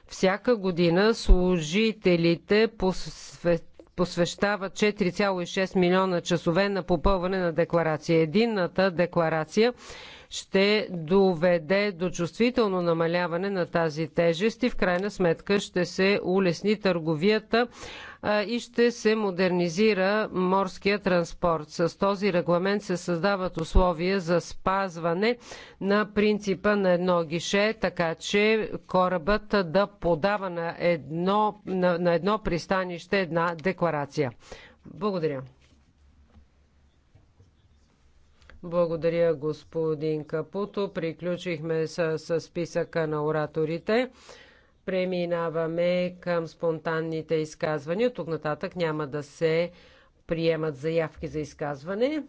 всяка година служителите посвещават посвещава 4,6 милиона часове на попълване на декларация. Единната декларация ще доведе до чувствително намаляване на тази тежест и в крайна сметка ще се улесни търговията и ще се модернизира морския транспорт. С този регламент се създават условия за спазване на принципа на едно гише, така че корабът да подава на едно, на, на едно пристанище една декларация. Благодаря. Благодаря, господин Капуто. Приключихме с, с списъка на ораторите. Преминаваме към спонтанните изказвания. Тук нататък няма да се приемат заявки за изказване.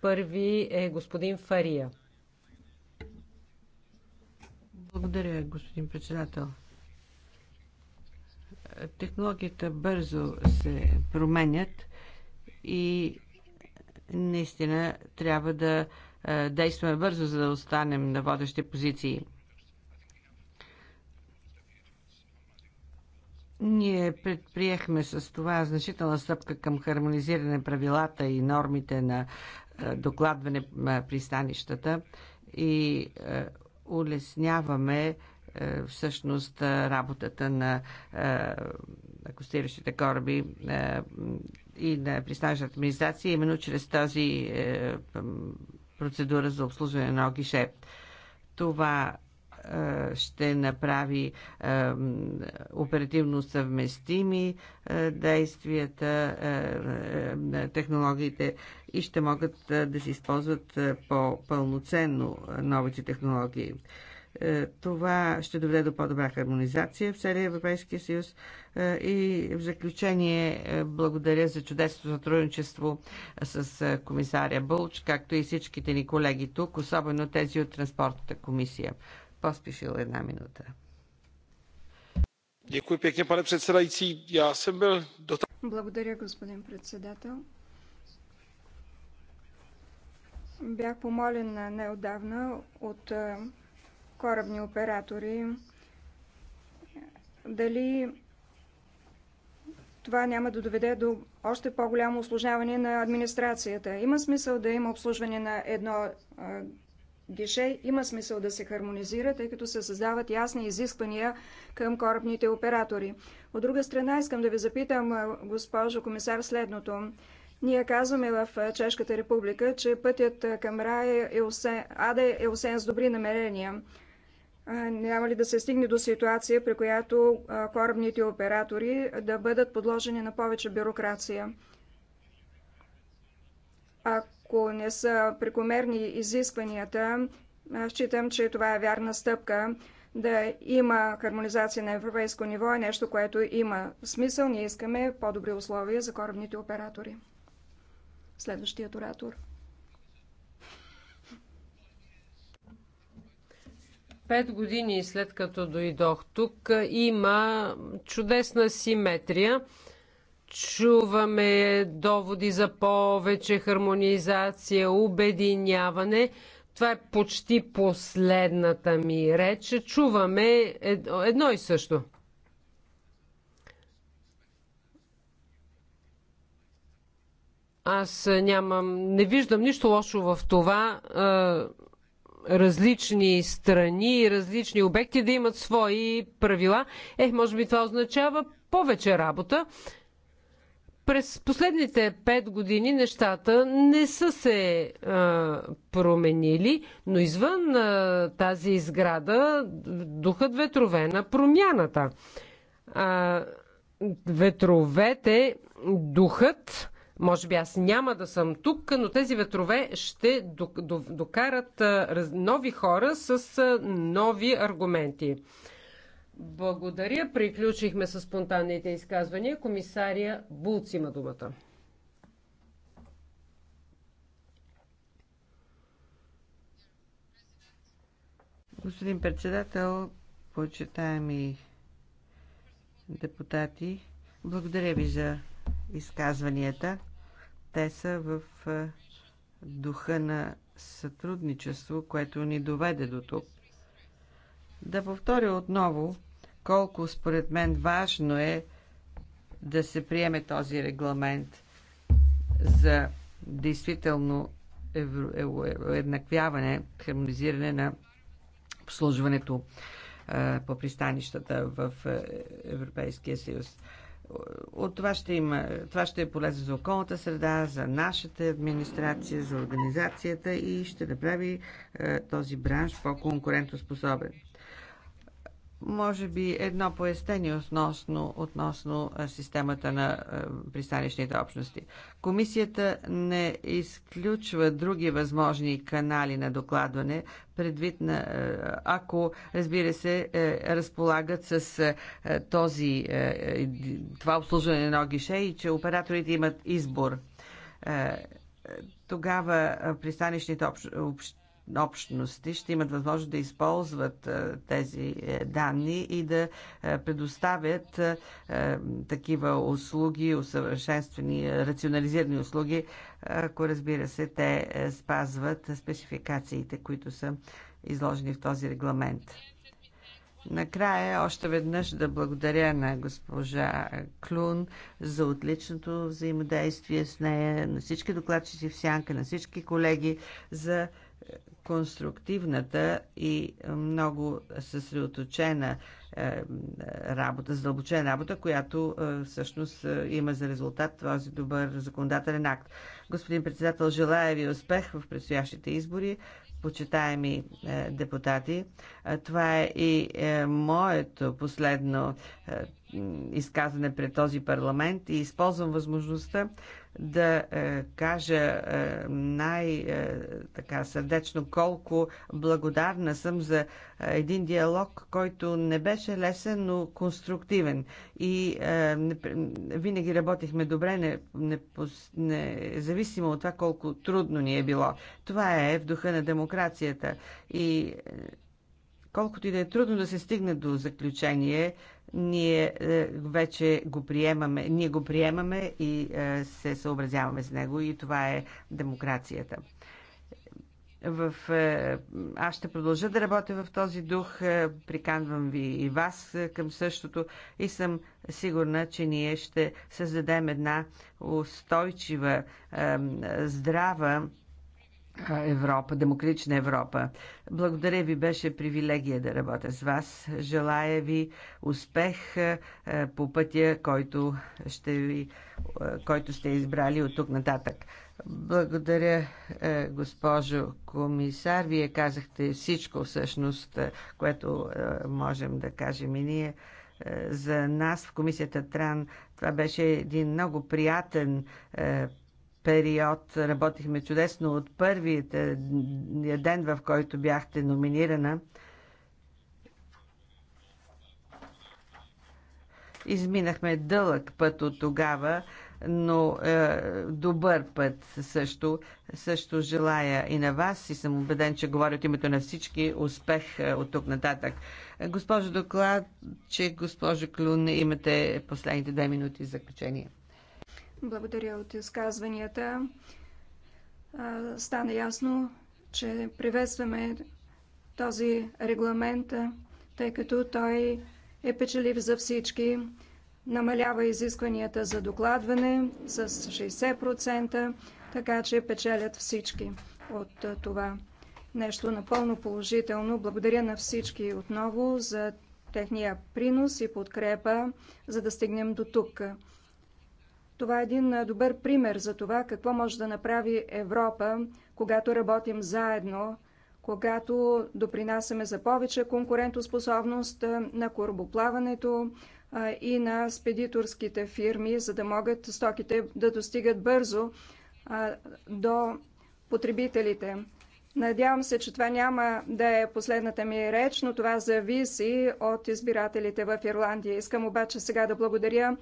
Първи е господин Фария. Благодаря, господин
председател. Технологията бързо се променят и наистина трябва да е, действаме бързо, за да останем на водещи позиции. Ние предприехме с това значителна стъпка към хармонизиране правилата и нормите на е, докладване на е, пристанищата и улесняваме всъщност работата на акустиращите кораби и на пристанищната администрация, именно чрез тази е, процедура за обслужване на ОГИШЕ. Това е, ще направи е, оперативно съвместими действията, на технологиите и ще могат да се използват по-пълноценно новите технологии. Е, това ще доведе до по-добра хармонизация в целия Европейския съюз. Е, и в заключение е, благодаря за чудесното сътрудничество с комисаря Бълч, както и всичките ни колеги тук, особено тези от Транспортната комисия. Поспешил една минута.
Благодаря, господин председател. Бях помолен неодавна от корабни оператори, дали това няма да доведе до още по-голямо осложняване на администрацията. Има смисъл да има обслужване на едно а, гише, има смисъл да се хармонизира, тъй като се създават ясни изисквания към корабните оператори. От друга страна, искам да ви запитам, госпожо комисар, следното. Ние казваме в Чешката република, че пътят към рай е осен, Аде е осен с добри намерения – няма ли да се стигне до ситуация, при която корабните оператори да бъдат подложени на повече бюрокрация? Ако не са прекомерни изискванията, считам, че това е вярна стъпка да има хармонизация на европейско ниво е нещо, което има смисъл. Ние искаме по-добри условия за корабните оператори. Следващият оратор.
Пет години след като дойдох тук, има чудесна симетрия. Чуваме доводи за повече хармонизация, обединяване. Това е почти последната ми реч. Чуваме едно и също. Аз нямам, не виждам нищо лошо в това различни страни и различни обекти да имат свои правила. Ех, може би това означава повече работа. През последните пет години нещата не са се а, променили, но извън а, тази изграда духът ветрове на промяната. А, ветровете, духът може би аз няма да съм тук, но тези ветрове ще докарат нови хора с нови аргументи. Благодаря. Приключихме с спонтанните изказвания. Комисария Булц има думата.
Господин председател, почитаеми депутати, благодаря ви за изказванията. Те са в духа на сътрудничество, което ни доведе до тук. Да повторя отново колко според мен важно е да се приеме този регламент за действително еднаквяване, хармонизиране на обслужването по пристанищата в Европейския съюз. От това ще, има, това ще е полезно за околната среда, за нашата администрация, за организацията и ще направи е, този бранш по-конкурентоспособен. Може би едно пояснение относно, относно системата на пристанищните общности. Комисията не изключва други възможни канали на докладване, предвид на, ако, разбира се, е, разполагат с този, е, е, това обслужване на гише и че операторите имат избор тогава пристанищните общ... общ общности ще имат възможност да използват тези е, данни и да е, предоставят е, такива услуги, усъвършенствани, рационализирани услуги, ако разбира се, те спазват спецификациите, които са изложени в този регламент. Накрая още веднъж да благодаря на госпожа Клун за отличното взаимодействие с нея, на всички докладчици в сянка, на всички колеги за конструктивната и е, много съсредоточена е, работа, задълбочена работа, която е, всъщност има за резултат този добър законодателен акт. Господин председател, желая ви успех в предстоящите избори почитаеми депутати. Това е и моето последно изказване пред този парламент и използвам възможността да е, кажа е, най-сърдечно е, колко благодарна съм за е, един диалог, който не беше лесен, но конструктивен. И е, не, винаги работихме добре, не, не, независимо от това колко трудно ни е било. Това е в духа на демокрацията. И е, Колкото и да е трудно да се стигне до заключение, ние е, вече го приемаме, ние го приемаме и е, се съобразяваме с него и това е демокрацията в, е, аз ще продължа да работя в този дух. Приканвам ви и вас към същото и съм сигурна, че ние ще създадем една устойчива, здрава Европа, демократична Европа. Благодаря ви, беше привилегия да работя с вас. Желая ви успех по пътя, който ще, ви, който сте избрали от тук нататък. Благодаря, госпожо комисар. Вие казахте всичко всъщност, което можем да кажем и ние за нас в комисията Тран това беше един много приятен период работихме чудесно от първият ден, в който бяхте номинирана. Изминахме дълъг път от тогава, но е, добър път също. Също желая и на вас и съм убеден, че говоря от името на всички успех е, от тук нататък. Госпожо доклад, че госпожо Клюн имате последните две минути заключение.
Благодаря от изказванията. Стана ясно, че приветстваме този регламент, тъй като той е печелив за всички, намалява изискванията за докладване с 60%, така че печелят всички от това. Нещо напълно положително. Благодаря на всички отново за техния принос и подкрепа, за да стигнем до тук. Това е един добър пример за това какво може да направи Европа, когато работим заедно, когато допринасяме за повече конкурентоспособност на корабоплаването и на спедиторските фирми, за да могат стоките да достигат бързо до потребителите. Надявам се, че това няма да е последната ми реч, но това зависи от избирателите в Ирландия. Искам обаче сега да благодаря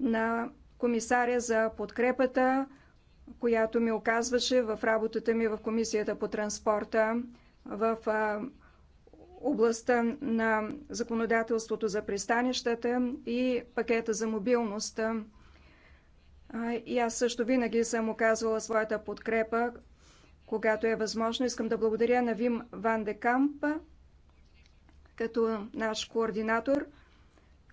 на комисаря за подкрепата, която ми оказваше в работата ми в Комисията по транспорта в областта на законодателството за пристанищата и пакета за мобилност. И аз също винаги съм оказвала своята подкрепа, когато е възможно. Искам да благодаря на Вим Ван де Камп, като наш координатор –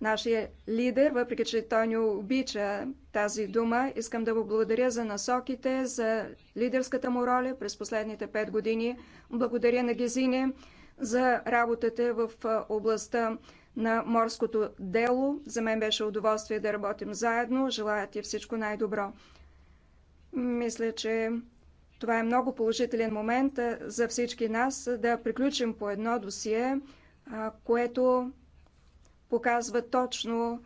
нашия лидер, въпреки че той не обича тази дума. Искам да го благодаря за насоките, за лидерската му роля през последните пет години. Благодаря на Гезине за работата в областта на морското дело. За мен беше удоволствие да работим заедно. Желая ти всичко най-добро. Мисля, че това е много положителен момент за всички нас да приключим по едно досие, което показва точно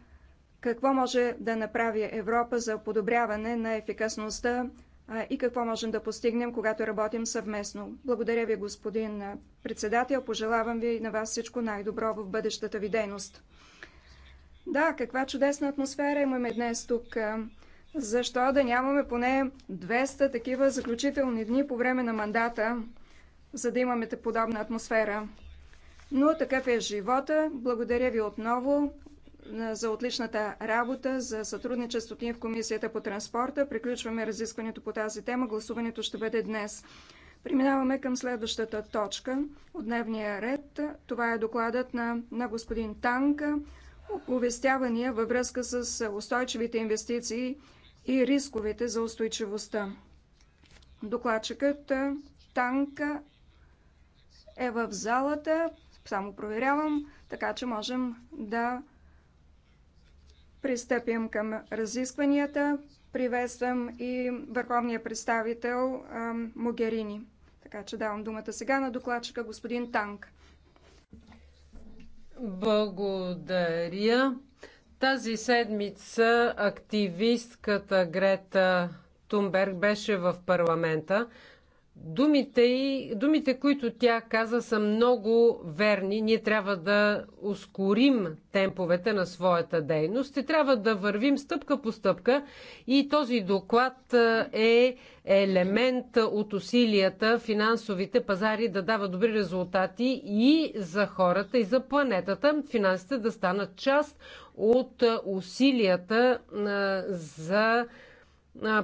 какво може да направи Европа за подобряване на ефикасността и какво можем да постигнем, когато работим съвместно. Благодаря ви, господин председател. Пожелавам ви на вас всичко най-добро в бъдещата ви дейност. Да, каква чудесна атмосфера имаме днес тук. Защо да нямаме поне 200 такива заключителни дни по време на мандата, за да имаме подобна атмосфера? Но такъв е живота. Благодаря ви отново за отличната работа, за сътрудничеството ни в Комисията по транспорта. Приключваме разискването по тази тема. Гласуването ще бъде днес. Преминаваме към следващата точка от дневния ред. Това е докладът на, на господин Танка. Оповестявания във връзка с устойчивите инвестиции и рисковете за устойчивостта. Докладчикът Танка е в залата. Само проверявам, така че можем да пристъпим към разискванията. Приветствам и върховния представител Могерини. Така че давам думата сега на докладчика господин Танк.
Благодаря. Тази седмица активистката Грета Тунберг беше в парламента. Думите, и, думите, които тя каза, са много верни. Ние трябва да ускорим темповете на своята дейност и трябва да вървим стъпка по стъпка. И този доклад е, е елемент от усилията финансовите пазари да дават добри резултати и за хората, и за планетата. Финансите да станат част от усилията е, за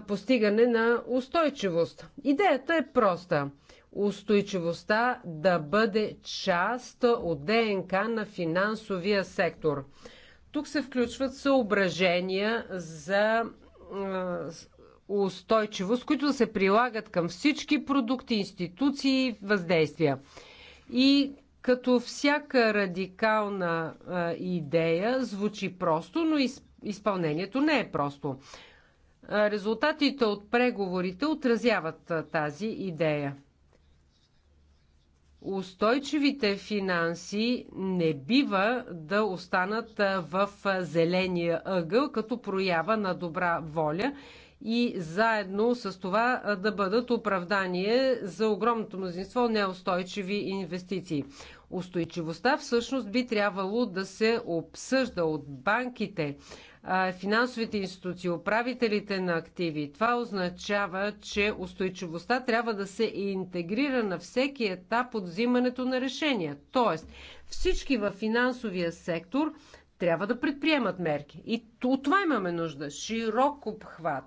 постигане на устойчивост. Идеята е проста. Устойчивостта да бъде част от ДНК на финансовия сектор. Тук се включват съображения за устойчивост, които да се прилагат към всички продукти, институции и въздействия. И като всяка радикална идея звучи просто, но изпълнението не е просто. Резултатите от преговорите отразяват тази идея. Устойчивите финанси не бива да останат в зеления ъгъл като проява на добра воля и заедно с това да бъдат оправдание за огромното мнозинство неустойчиви инвестиции. Устойчивостта всъщност би трябвало да се обсъжда от банките, финансовите институции, управителите на активи. Това означава, че устойчивостта трябва да се интегрира на всеки етап от взимането на решения. Тоест, всички във финансовия сектор трябва да предприемат мерки. И от това имаме нужда. Широк обхват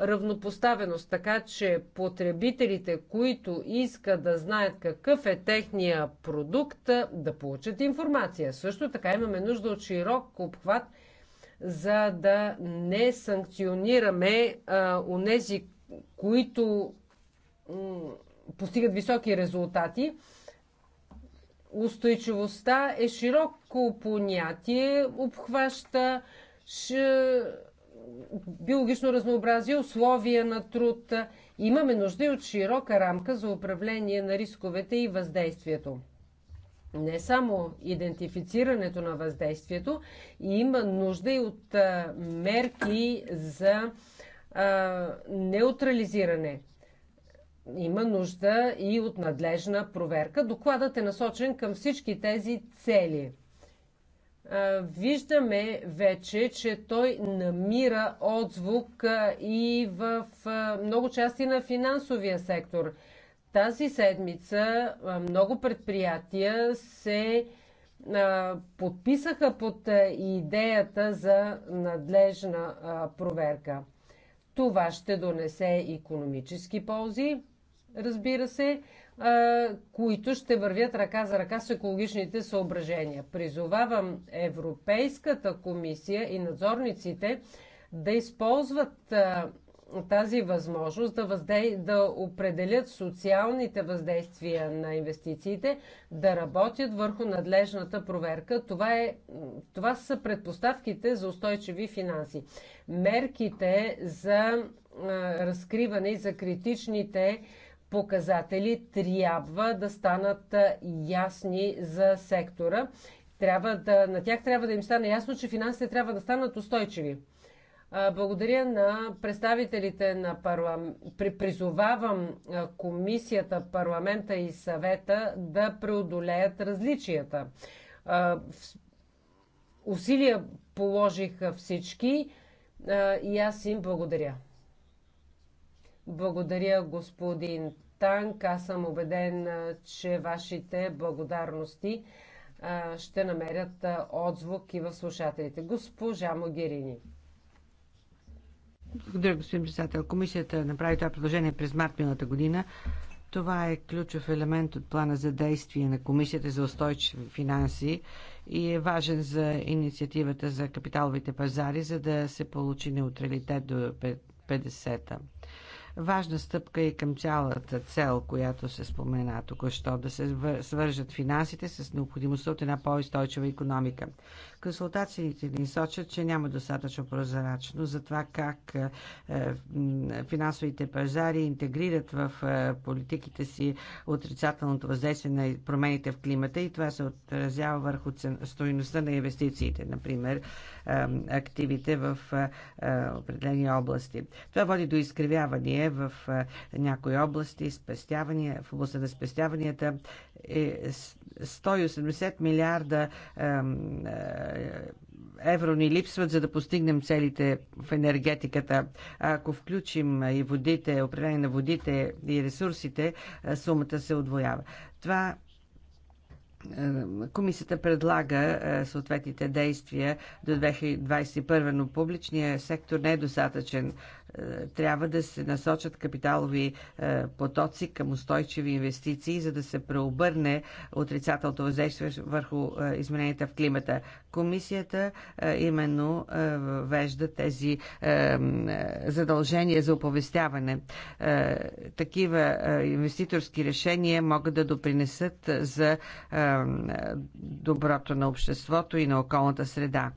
равнопоставеност, така че потребителите, които искат да знаят какъв е техния продукт, да получат информация. Също така имаме нужда от широк обхват – за да не санкционираме онези, които постигат високи резултати. Устойчивостта е широко понятие, обхваща биологично разнообразие, условия на труд. Имаме нужда и от широка рамка за управление на рисковете и въздействието не само идентифицирането на въздействието, има нужда и от мерки за неутрализиране. Има нужда и от надлежна проверка. Докладът е насочен към всички тези цели. Виждаме вече, че той намира отзвук и в много части на финансовия сектор – тази седмица много предприятия се подписаха под идеята за надлежна проверка. Това ще донесе економически ползи, разбира се, които ще вървят ръка за ръка с екологичните съображения. Призовавам Европейската комисия и надзорниците да използват тази възможност да, въздей... да определят социалните въздействия на инвестициите, да работят върху надлежната проверка. Това, е... Това са предпоставките за устойчиви финанси. Мерките за разкриване и за критичните показатели трябва да станат ясни за сектора. Трябва да, на тях трябва да им стане ясно, че финансите трябва да станат устойчиви. Благодаря на представителите на парламент. Призовавам комисията, парламента и съвета да преодолеят различията. Усилия положиха всички и аз им благодаря. Благодаря, господин Танк. Аз съм убеден, че вашите благодарности ще намерят отзвук и в слушателите. Госпожа Могерини. Благодаря,
господин председател. Комисията направи това предложение през март миналата година. Това е ключов елемент от плана за действие на Комисията за устойчиви финанси и е важен за инициативата за капиталовите пазари, за да се получи неутралитет до 50-та. Важна стъпка е към цялата цел, която се спомена току-що, да се свържат финансите с необходимостта от една по-устойчива економика. Консултациите ни сочат, че няма достатъчно прозрачно за това как е, е, финансовите пазари интегрират в е, политиките си отрицателното въздействие на промените в климата и това се отразява върху стоеността на инвестициите, например активите в определени области. Това води до изкривяване в някои области, спестявания, в областта на спестяванията 180 милиарда е, евро ни липсват, за да постигнем целите в енергетиката. Ако включим и водите, управление на водите и ресурсите, е, сумата се отвоява. Това е, Комисията предлага съответните действия до 2021, но публичният сектор не е достатъчен трябва да се насочат капиталови е, потоци към устойчиви инвестиции, за да се преобърне отрицателното въздействие върху е, измененията в климата. Комисията е, именно вежда тези задължения за оповестяване. Такива инвеститорски решения могат да допринесат за доброто на обществото и на околната среда.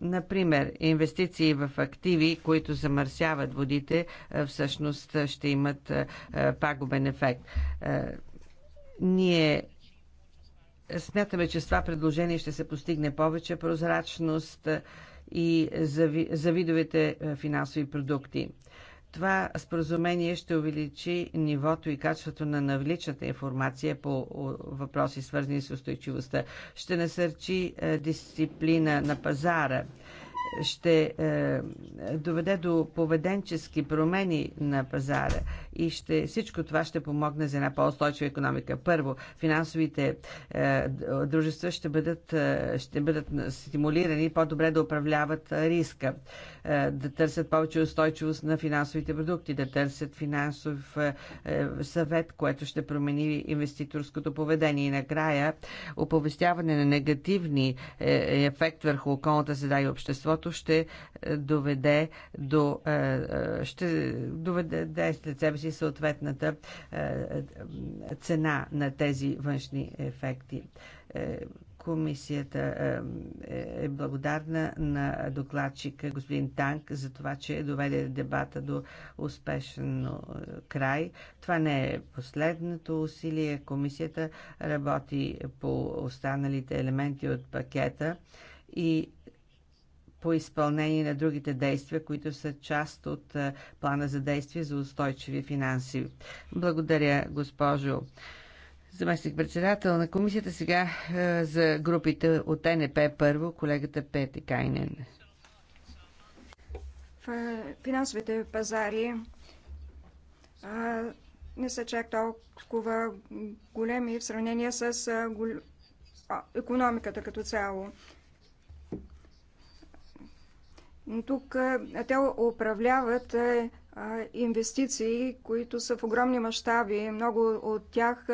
Например, инвестиции в активи, които замърсяват водите, е, всъщност ще имат е, е, пагубен ефект. Ние смятаме, че с това предложение ще се постигне повече прозрачност и за видовете финансови продукти. Това споразумение ще увеличи нивото и качеството на навличната информация по въпроси, свързани с устойчивостта. Ще насърчи е, дисциплина на пазара ще е, доведе до поведенчески промени на пазара и ще, всичко това ще помогне за една по-устойчива економика. Първо, финансовите е, дружества ще бъдат, е, ще бъдат стимулирани по-добре да управляват риска. Е, да търсят повече устойчивост на финансовите продукти, да търсят финансов е, е, съвет, което ще промени инвеститорското поведение. И накрая, оповестяване на негативни ефект върху околната среда и обществото ще доведе до ще доведе след себе си съответната цена на тези външни ефекти. Комисията е, е, е благодарна на докладчика господин Танк за това, че е доведе дебата до успешен край. Това не е последното усилие. Комисията работи по останалите елементи от пакета и по изпълнение на другите действия, които са част от е, плана за действие за устойчиви финанси. Благодаря, госпожо заместник председател на комисията. Сега е, за групите от НП първо, колегата Пети Кайнен.
В е, финансовите пазари е, не са чак толкова големи в сравнение с економиката като цяло. Но тук те управляват инвестиции, които са в огромни мащаби. Много от тях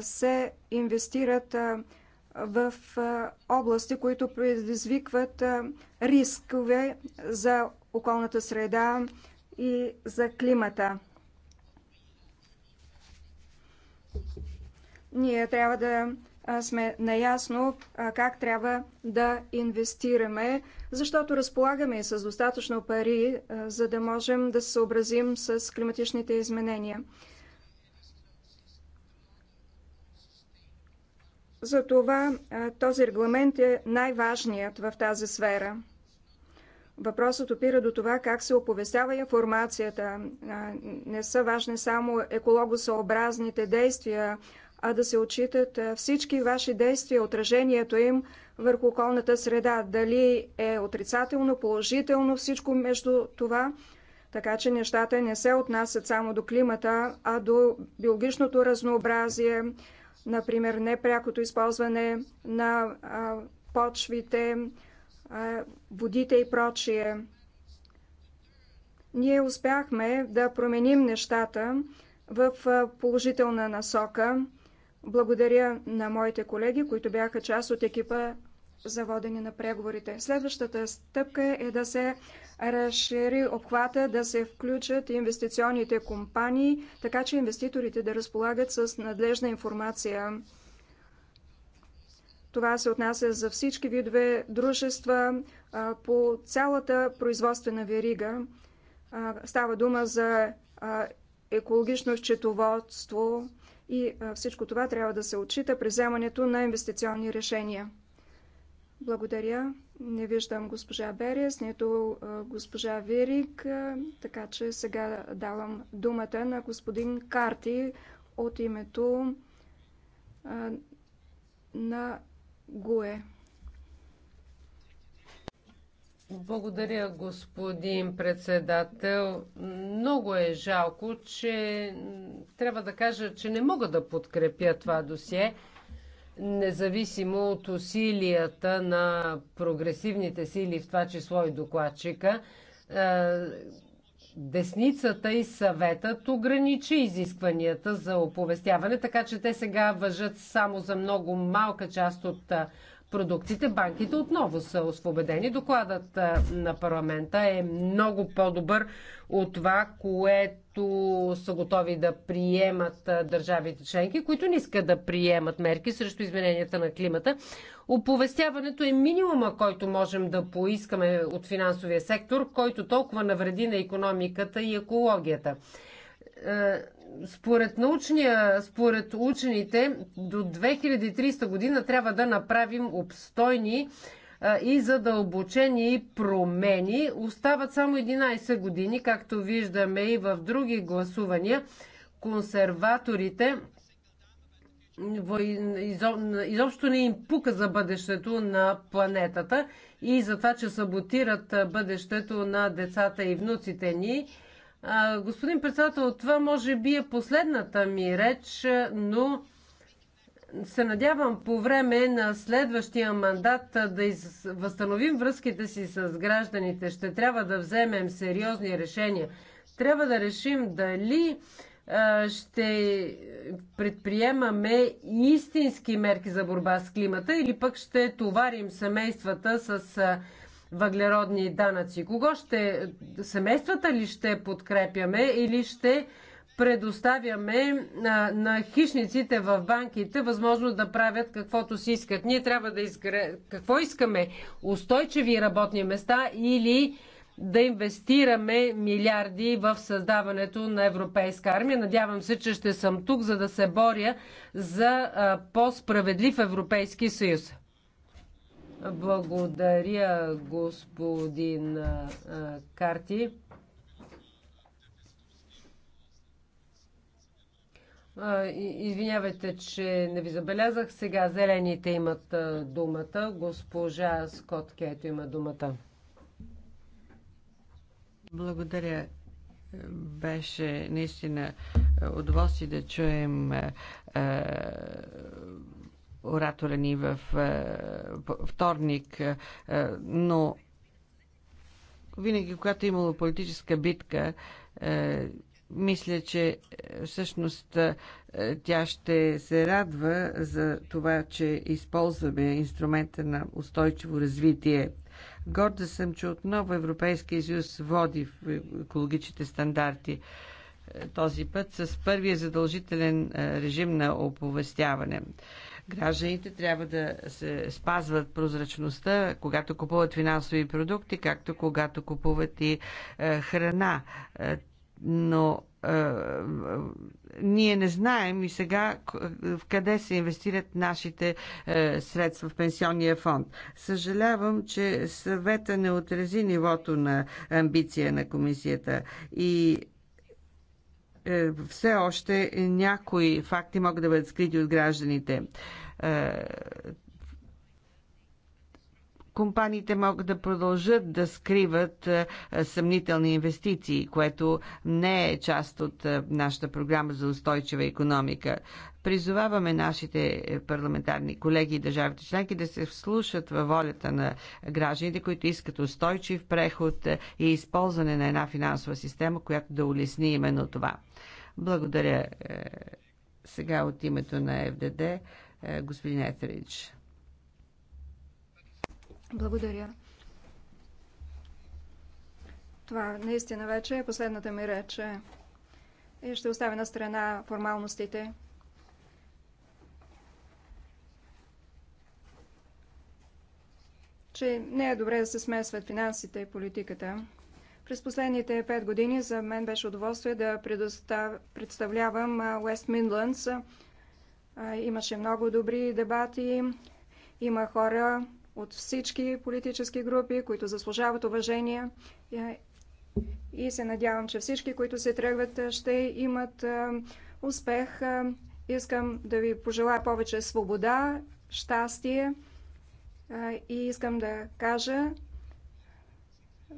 се инвестират в области, които предизвикват рискове за околната среда и за климата. Ние трябва да сме наясно как трябва да инвестираме, защото разполагаме и с достатъчно пари, за да можем да се съобразим с климатичните изменения. Затова този регламент е най-важният в тази сфера. Въпросът опира до това как се оповестява информацията. Не са важни само екологосъобразните действия, а да се отчитат всички ваши действия, отражението им върху околната среда. Дали е отрицателно, положително, всичко между това. Така че нещата не се отнасят само до климата, а до биологичното разнообразие, например, непрякото използване на почвите, водите и прочие. Ние успяхме да променим нещата в положителна насока. Благодаря на моите колеги, които бяха част от екипа за водене на преговорите. Следващата стъпка е да се разшири обхвата, да се включат инвестиционните компании, така че инвеститорите да разполагат с надлежна информация. Това се отнася за всички видове дружества по цялата производствена верига. Става дума за екологично счетоводство и всичко това трябва да се отчита при вземането на инвестиционни решения. Благодаря. Не виждам госпожа Берес, нито госпожа Вирик, така че сега давам думата на господин Карти от името на ГУЕ.
Благодаря, господин председател. Много е жалко, че трябва да кажа, че не мога да подкрепя това досие независимо от усилията на прогресивните сили, в това число и докладчика, е, десницата и съветът ограничи изискванията за оповестяване, така че те сега въжат само за много малка част от е, Продукциите, банките отново са освободени. Докладът на парламента е много по-добър от това, което са готови да приемат държавите членки, които не искат да приемат мерки срещу измененията на климата. Оповестяването е минимума, който можем да поискаме от финансовия сектор, който толкова навреди на економиката и екологията. Е, според научния, според учените, до 2300 година трябва да направим обстойни е, и задълбочени промени. Остават само 11 години, както виждаме и в други гласувания. Консерваторите изобщо не им пука за бъдещето на планетата и за това, че саботират бъдещето на децата и внуците ни. Господин председател, това може би е последната ми реч, но се надявам по време на следващия мандат да из... възстановим връзките си с гражданите. Ще трябва да вземем сериозни решения. Трябва да решим дали ще предприемаме истински мерки за борба с климата или пък ще товарим семействата с въглеродни данъци. Кого ще, семействата ли ще подкрепяме или ще предоставяме на, на хищниците в банките възможност да правят каквото си искат. Ние трябва да изгре... какво искаме? Устойчиви работни места или да инвестираме милиарди в създаването на европейска армия. Надявам се, че ще съм тук, за да се боря за по-справедлив Европейски съюз. Благодаря, господин Карти. Извинявайте, че не ви забелязах. Сега зелените имат думата. Госпожа Скот Кето има думата.
Благодаря. Беше наистина удоволствие да чуем оратора ни в е, вторник, е, но винаги, когато е имало политическа битка, е, мисля, че всъщност тя ще се радва за това, че използваме инструмента на устойчиво развитие. Горда съм, че отново Европейския съюз води в екологичните стандарти този път с първия задължителен режим на оповестяване. Гражданите трябва да се спазват прозрачността, когато купуват финансови продукти, както когато купуват и е, храна. Е, но е, ние не знаем и сега е, в къде се инвестират нашите е, средства в пенсионния фонд. Съжалявам, че съвета не отрази нивото на амбиция на комисията и е, все още някои факти могат да бъдат скрити от гражданите е, компаниите могат да продължат да скриват е, съмнителни инвестиции, което не е част от е, нашата програма за устойчива економика. Призоваваме нашите е, парламентарни колеги и държавите членки да се вслушат във волята на гражданите, които искат устойчив преход и използване на една финансова система, която да улесни именно това. Благодаря сега от името на ФДД господин Етерич.
Благодаря. Това наистина вече е последната ми реч. И е, ще оставя на страна формалностите. че не е добре да се смесват финансите и политиката. През последните пет години за мен беше удоволствие да предостав... представлявам Уест Мидландс. Имаше много добри дебати, има хора, от всички политически групи, които заслужават уважение. Е, и се надявам, че всички, които се тръгват, е, ще имат е, успех. Искам да ви пожелая повече свобода, щастие и искам да кажа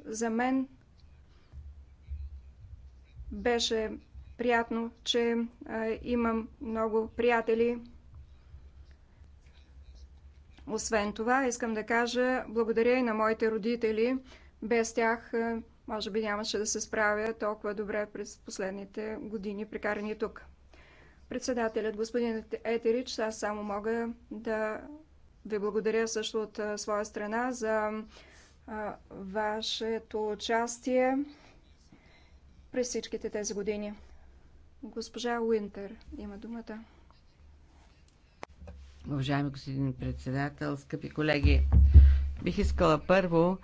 за мен беше приятно, че имам много приятели освен това, искам да кажа благодаря и на моите родители. Без тях, е, може би, нямаше да се справя толкова добре през последните години, прекарани тук. Председателят, господин Етерич, аз само мога да ви благодаря също от е, своя страна за е, вашето участие през всичките тези години. Госпожа Уинтер има думата.
Уважаеми господин председател, скъпи колеги, бих искала първо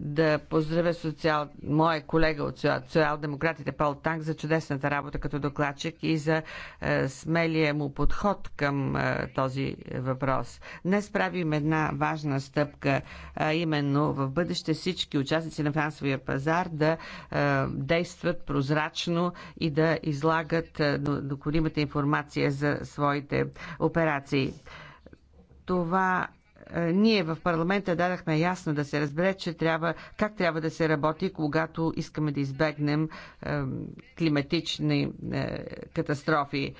да поздравя социал... моя колега от социал-демократите Пол Танк за чудесната работа като докладчик и за е, смелия му подход към е, този въпрос. Днес правим една важна стъпка, а именно в бъдеще всички участници на финансовия пазар да е, действат прозрачно и да излагат е, необходимата информация за своите операции. Това е, ние в парламента дадахме ясно да се разбере, че трябва, как трябва да се работи, когато искаме да избегнем е, климатични е, катастрофи.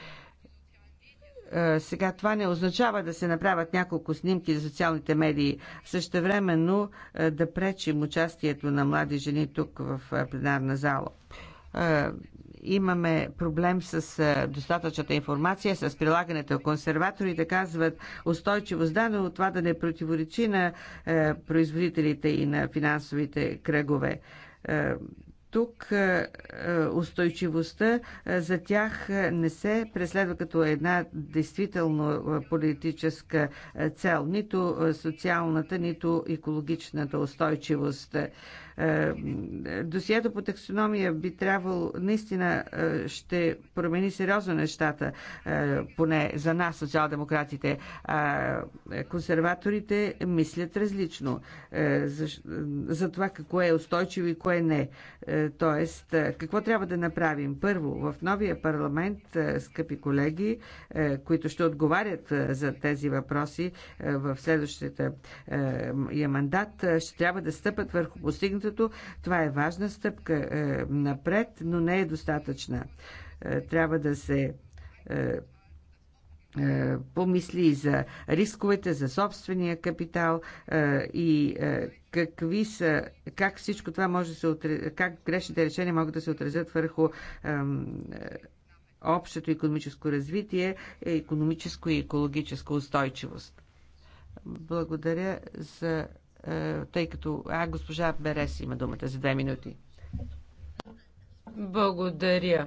Сега това не означава да се направят няколко снимки за социалните медии. също Същевременно да пречим участието на млади жени тук в пленарна зала имаме проблем с достатъчната информация, с прилагането. Консерваторите казват устойчивост, да, но това да не противоречи на производителите и на финансовите кръгове тук устойчивостта за тях не се преследва като една действително политическа цел, нито социалната, нито екологичната устойчивост. Е, досието по таксономия би трябвало наистина е, ще промени сериозно нещата, е, поне за нас, социал-демократите. Консерваторите мислят различно за това какво е устойчиво и кое не. Тоест, какво трябва да направим? Първо, в новия парламент, скъпи колеги, които ще отговарят за тези въпроси в следващата мандат, ще трябва да стъпат върху постигнато правителството. Това е важна стъпка е, напред, но не е достатъчна. Е, трябва да се е, помисли и за рисковете, за собствения капитал и какви са, как всичко това може да се как грешните решения могат да се отразят върху общото економическо развитие, економическо и екологическа устойчивост. Благодаря за е, тъй като... А, госпожа Берес има думата за две минути.
Благодаря.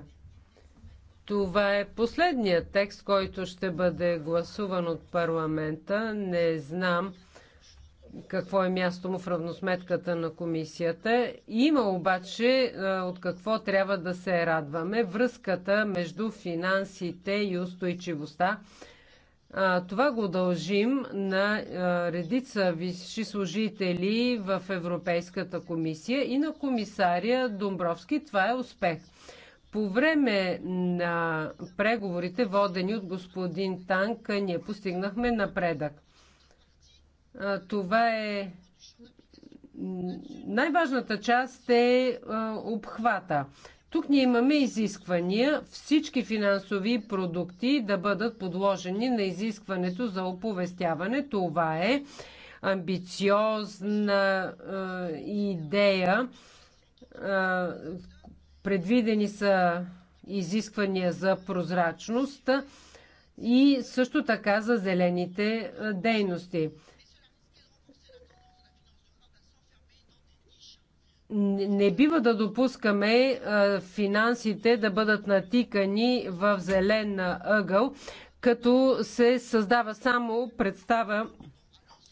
Това е последният текст, който ще бъде гласуван от парламента. Не знам какво е място му в равносметката на комисията. Има обаче е, от какво трябва да се радваме връзката между финансите и устойчивостта това го дължим на редица висши служители в Европейската комисия и на комисария Домбровски. Това е успех. По време на преговорите, водени от господин Танк, ние постигнахме напредък. Това е. Най-важната част е обхвата. Тук ние имаме изисквания всички финансови продукти да бъдат подложени на изискването за оповестяване. Това е амбициозна е, идея. Е, предвидени са изисквания за прозрачност и също така за зелените е, дейности. не бива да допускаме финансите да бъдат натикани в зелен ъгъл, като се създава само представа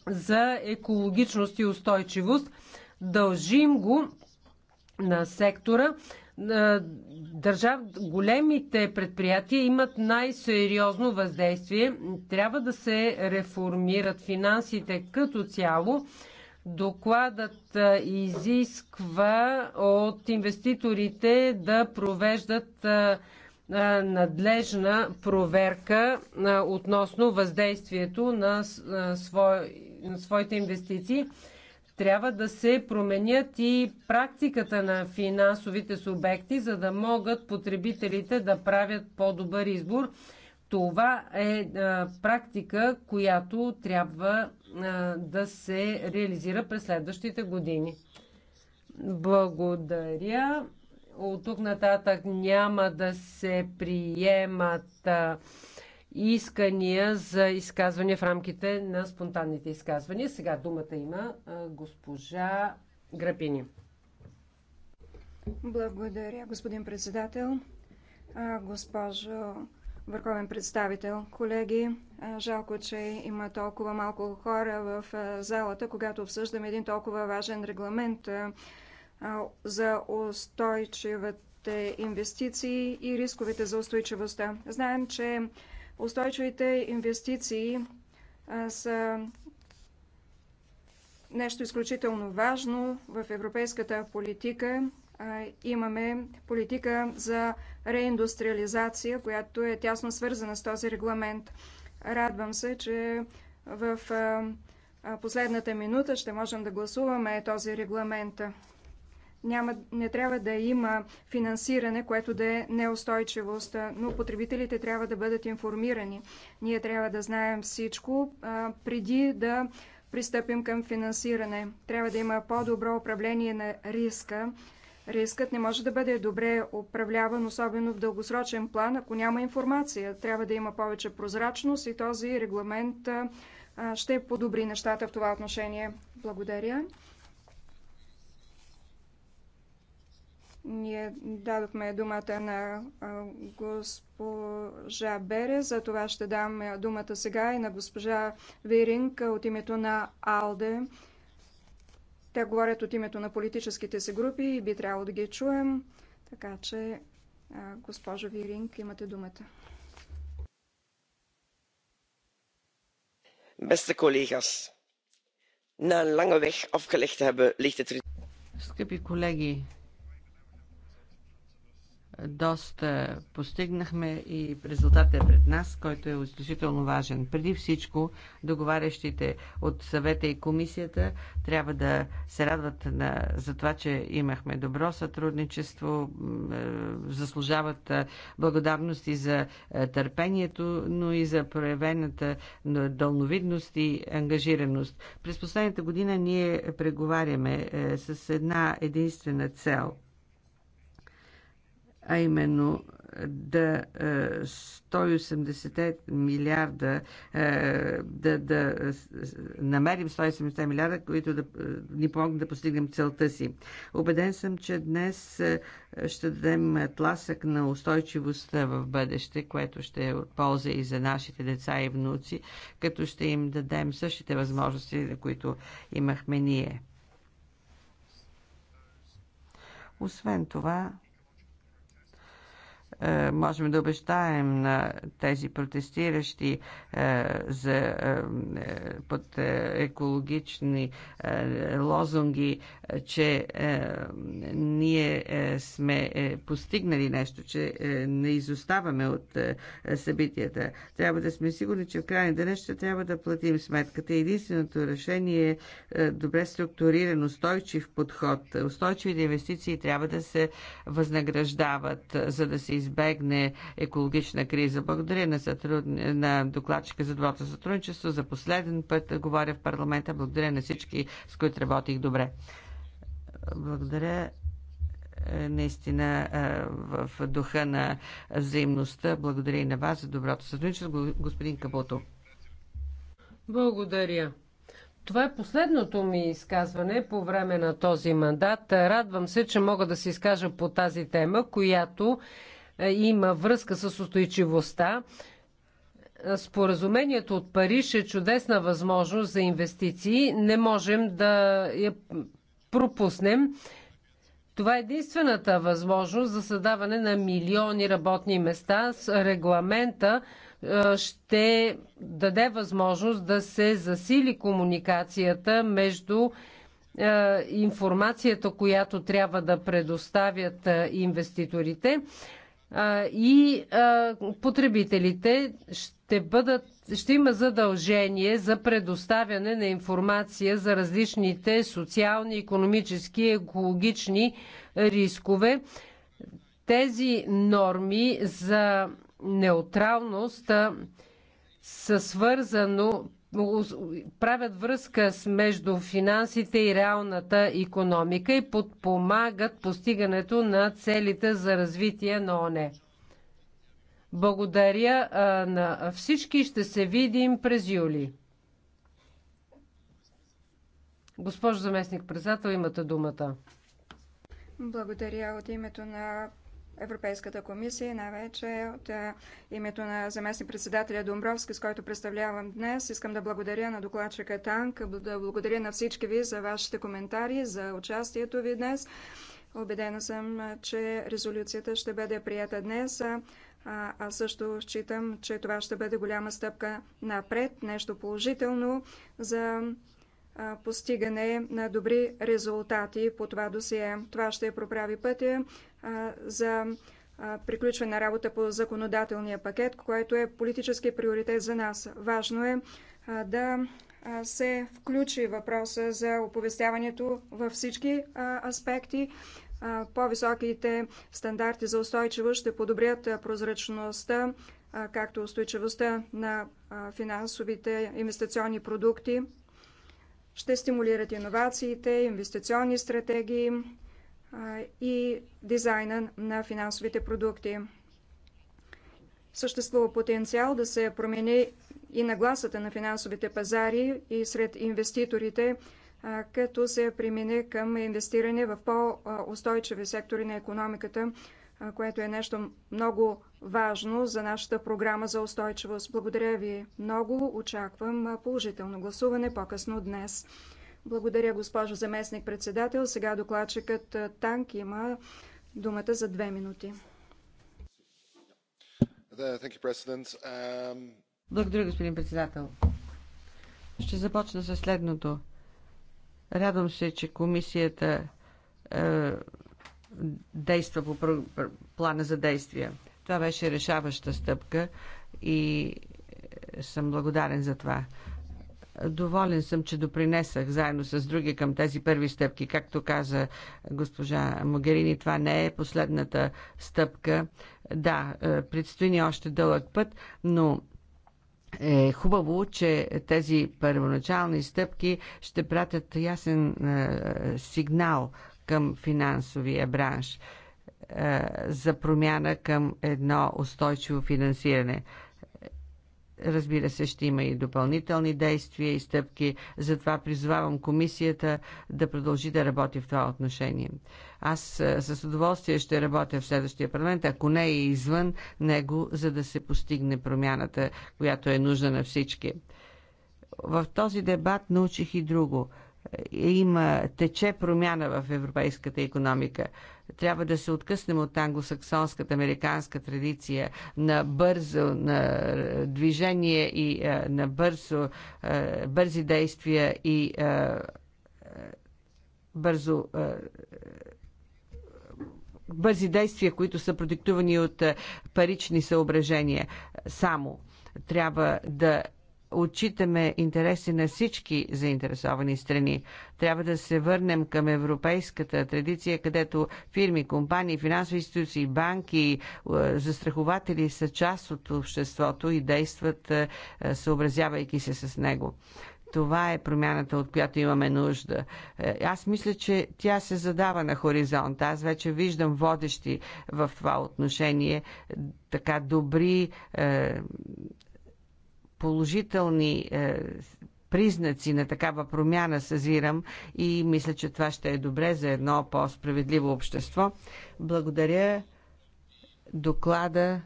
за екологичност и устойчивост. Дължим го на сектора. Държав... Големите предприятия имат най-сериозно въздействие. Трябва да се реформират финансите като цяло Докладът изисква от инвеститорите да провеждат надлежна проверка относно въздействието на, своите инвестиции. Трябва да се променят и практиката на финансовите субекти, за да могат потребителите да правят по-добър избор. Това е практика, която трябва да се реализира през следващите години. Благодаря. От тук нататък няма да се приемат искания за изказвания в рамките на спонтанните изказвания.
Сега думата има госпожа Грапини. Благодаря, господин председател. Госпожо върховен представител, колеги, жалко, че има толкова малко хора в залата, когато обсъждаме един толкова важен регламент за устойчивите инвестиции и рисковете за устойчивостта. Знаем, че устойчивите инвестиции са нещо изключително важно в европейската политика имаме политика за реиндустриализация, която е тясно свързана с този регламент. Радвам се, че в последната минута ще можем да гласуваме този регламент. Няма, не трябва да има финансиране, което да е неустойчивост, но потребителите трябва да бъдат информирани. Ние трябва да знаем всичко а, преди да пристъпим към финансиране. Трябва да има по-добро управление на риска, Рискът не може да бъде добре управляван, особено в дългосрочен план, ако няма информация. Трябва да има повече прозрачност и този регламент ще подобри нещата в това отношение. Благодаря. Ние дадохме думата на госпожа Бере, за това ще дам думата сега и на госпожа Виринг от името на АЛДЕ. Те говорят от името на политическите си групи и би трябвало да ги чуем. Така че, госпожа Виринг, имате думата.
Бесте колегас, на een weg afgelegd hebben, ligt het...
Скъпи колеги, доста постигнахме и резултатът е пред нас, който е изключително важен. Преди всичко, договарящите от съвета и комисията трябва да се радват на, за това, че имахме добро сътрудничество, е, заслужават е, благодарности за е, търпението, но и за проявената дълновидност и ангажираност. През последната година ние преговаряме с една единствена цел – а именно е, да 180 е, милиарда, е, да, да намерим 180 милиарда, които да ни помогнат да постигнем целта си. Обеден съм, че днес ще дадем тласък на устойчивостта в бъдеще, което ще е от полза и за нашите деца и внуци, като ще им дадем същите възможности, които имахме ние. Освен това, е, можем да обещаем на тези протестиращи е, за, е, под екологични лозунги, че ние сме постигнали нещо, че не изоставаме от събитията. Трябва да сме сигурни, че в крайна ден ще трябва да платим сметката. Единственото решение е добре структуриран, устойчив подход. Устойчивите инвестиции трябва да се възнаграждават, за да се избегнат избегне екологична криза. Благодаря на, сътруд... на докладчика за доброто сътрудничество. За последен път говоря в парламента. Благодаря на всички, с които работих добре. Благодаря е, наистина е, в духа на взаимността. Благодаря и на вас за доброто сътрудничество, господин Капото.
Благодаря. Това е последното ми изказване по време на този мандат. Радвам се, че мога да се изкажа по тази тема, която е, има връзка с устойчивостта. Е, споразумението от Париж е чудесна възможност за инвестиции. Не можем да я пропуснем. Това е единствената възможност за създаване на милиони работни места. С регламента е, ще даде възможност да се засили комуникацията между информацията, която трябва да предоставят инвеститорите и потребителите ще, бъдат, ще има задължение за предоставяне на информация за различните социални, економически и екологични рискове. Тези норми за неутралност са свързано правят връзка между финансите и реалната економика и подпомагат постигането на целите за развитие на ОНЕ. Благодаря на всички. Ще се видим през юли. Госпожо заместник председател, имате думата.
Благодаря от името на Европейската комисия, най-вече от е, името на заместник-председателя Домбровски, с който представлявам днес. Искам да благодаря на докладчика Танк, да благодаря на всички ви за вашите коментари, за участието ви днес. Обедена съм, че резолюцията ще бъде прията днес. А, също считам, че това ще бъде голяма стъпка напред, нещо положително за постигане на добри резултати по това досие. Това ще проправи пътя за приключване на работа по законодателния пакет, което е политически приоритет за нас. Важно е да се включи въпроса за оповестяването във всички аспекти. По-високите стандарти за устойчивост ще подобрят прозрачността, както устойчивостта на финансовите инвестиционни продукти, ще стимулират иновациите, инвестиционни стратегии, и дизайна на финансовите продукти. Съществува потенциал да се промени и нагласата на финансовите пазари и сред инвеститорите, като се премине към инвестиране в по-устойчиви сектори на економиката, което е нещо много важно за нашата програма за устойчивост. Благодаря ви много. Очаквам положително гласуване по-късно днес. Благодаря, госпожо заместник председател. Сега докладчикът е, Танк има думата за две минути.
Um,
Благодаря, господин председател. Ще започна с следното. Радвам се, че комисията е, действа по плана за действия. Това беше решаваща стъпка и е, съм благодарен за това. Доволен съм, че допринесах заедно с други към тези първи стъпки. Както каза госпожа Могерини, това не е последната стъпка. Да, е, предстои ни още дълъг път, но е хубаво, че тези първоначални стъпки ще пратят ясен е, сигнал към финансовия бранш е, за промяна към едно устойчиво финансиране. Разбира се, ще има и допълнителни действия и стъпки. Затова призвавам комисията да продължи да работи в това отношение. Аз е, с удоволствие ще работя в следващия парламент, ако не и извън него, за да се постигне промяната, която е нужна на всички. В този дебат научих и друго. Е, има тече промяна в европейската економика. Трябва да се откъснем от англосаксонската американска традиция на бързо на е, движение и е, на бързо, е, бързи действия и бързо бързи действия, които са продиктувани от парични съображения. Само трябва да отчитаме интереси на всички заинтересовани страни. Трябва да се върнем към европейската традиция, където фирми, компании, финансови институции, банки, е, застрахователи са част от обществото и действат е, съобразявайки се с него. Това е промяната, от която имаме нужда. Е, аз мисля, че тя се задава на хоризонта. Аз вече виждам водещи в това отношение, така добри положителни е, признаци на такава промяна съзирам и мисля, че това ще е добре за едно по-справедливо общество. Благодаря доклада.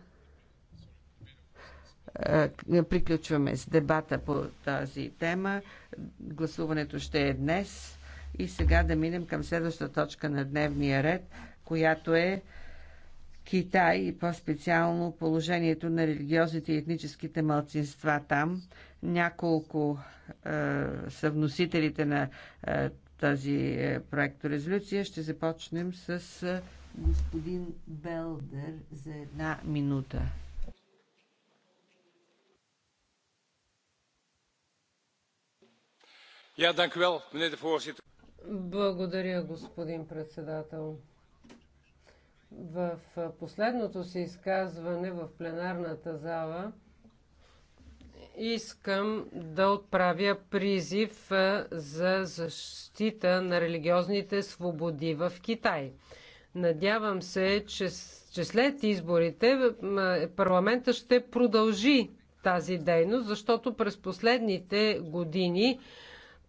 Е, приключваме с дебата по тази тема. Гласуването ще е днес. И сега да минем към следващата точка на дневния ред, която е Китай и по-специално положението на религиозните и етническите мълцинства там. Няколко е, са вносителите на е, тази е, проекторезолюция. Ще започнем с е,
господин
Белдер за една минута.
Благодаря, господин председател. В последното си изказване в пленарната зала искам да отправя призив за защита на религиозните свободи в Китай. Надявам се, че, че след изборите парламента ще продължи тази дейност, защото през последните години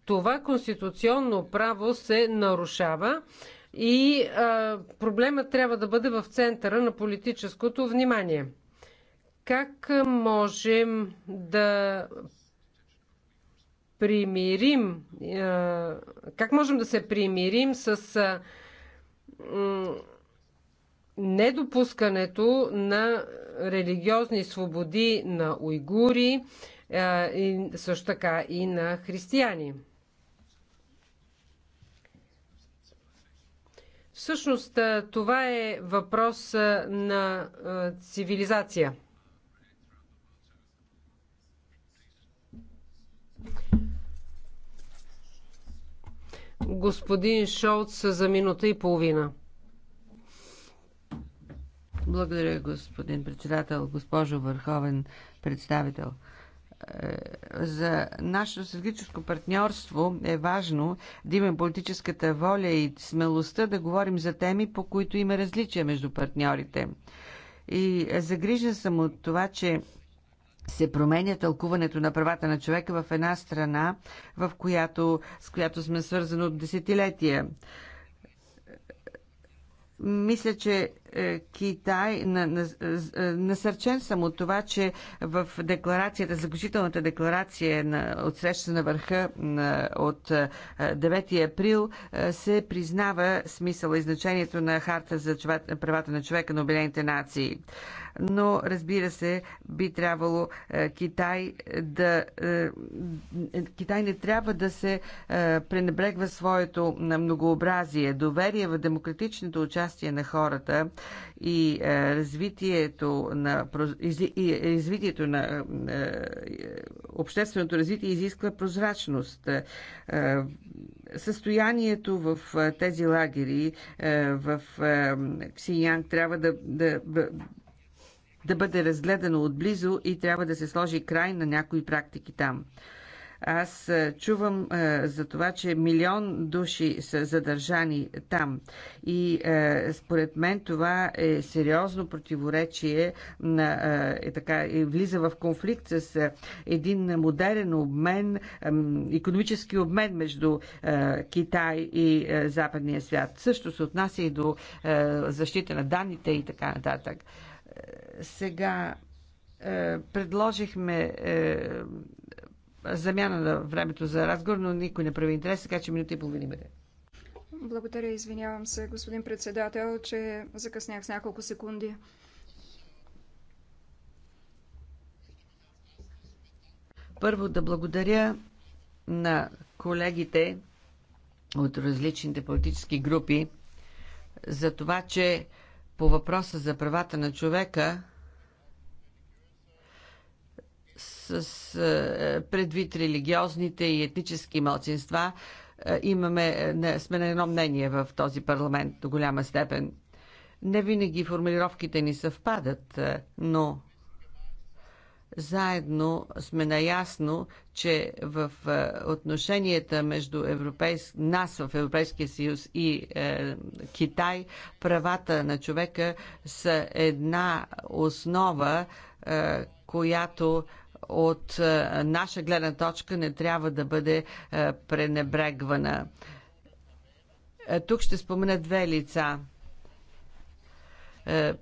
това конституционно право се нарушава и а, проблемът трябва да бъде в центъра на политическото внимание. Как можем да примирим, а, как можем да се примирим с а, недопускането на религиозни свободи на уйгури а, и също така и на християни? Всъщност това е въпрос на цивилизация. Господин Шолц за минута и половина. Благодаря, господин председател, госпожо Върховен
представител за нашето стратегическо партньорство е важно да имаме политическата воля и смелостта да говорим за теми, по които има различия между партньорите. И загрижен съм от това, че се променя тълкуването на правата на човека в една страна, в която, с която сме свързани от десетилетия. Мисля, че е, Китай, е, е, насърчен съм от това, че в декларацията, заключителната декларация на, от среща на върха от 9 април се признава смисъла и значението на харта за правата на човека на Обединените нации но разбира се, би трябвало е, Китай да. Е, Китай не трябва да се е, пренебрегва своето многообразие. Доверие в демократичното участие на хората и развитието на, и развитието на общественото развитие изисква прозрачност. Състоянието в тези лагери в Ксиньян трябва да, да да бъде разгледано отблизо и трябва да се сложи край на някои практики там. Аз чувам за това, че милион души са задържани там. И според мен това е сериозно противоречие на, е, така, е, влиза в конфликт с един модерен обмен, економически обмен между Китай и западния свят. Също се отнася и до защита на данните и така нататък. Сега е, предложихме е, замяна на времето за разговор, но никой не прави интерес, така че минута и половина бъде.
Благодаря, извинявам се, господин председател, че закъснях с няколко секунди.
Първо да благодаря на колегите от различните политически групи за това, че по въпроса за правата на човека с е, предвид религиозните и етнически мълчинства, е, имаме, е, сме на едно мнение в този парламент до голяма степен. Не винаги формулировките ни съвпадат, но заедно сме наясно, че в е, отношенията между европейс... нас в Европейския съюз и е, Китай правата на човека са една основа, е, която от е, наша гледна точка не трябва да бъде е, пренебрегвана. Е, тук ще спомена две лица – е,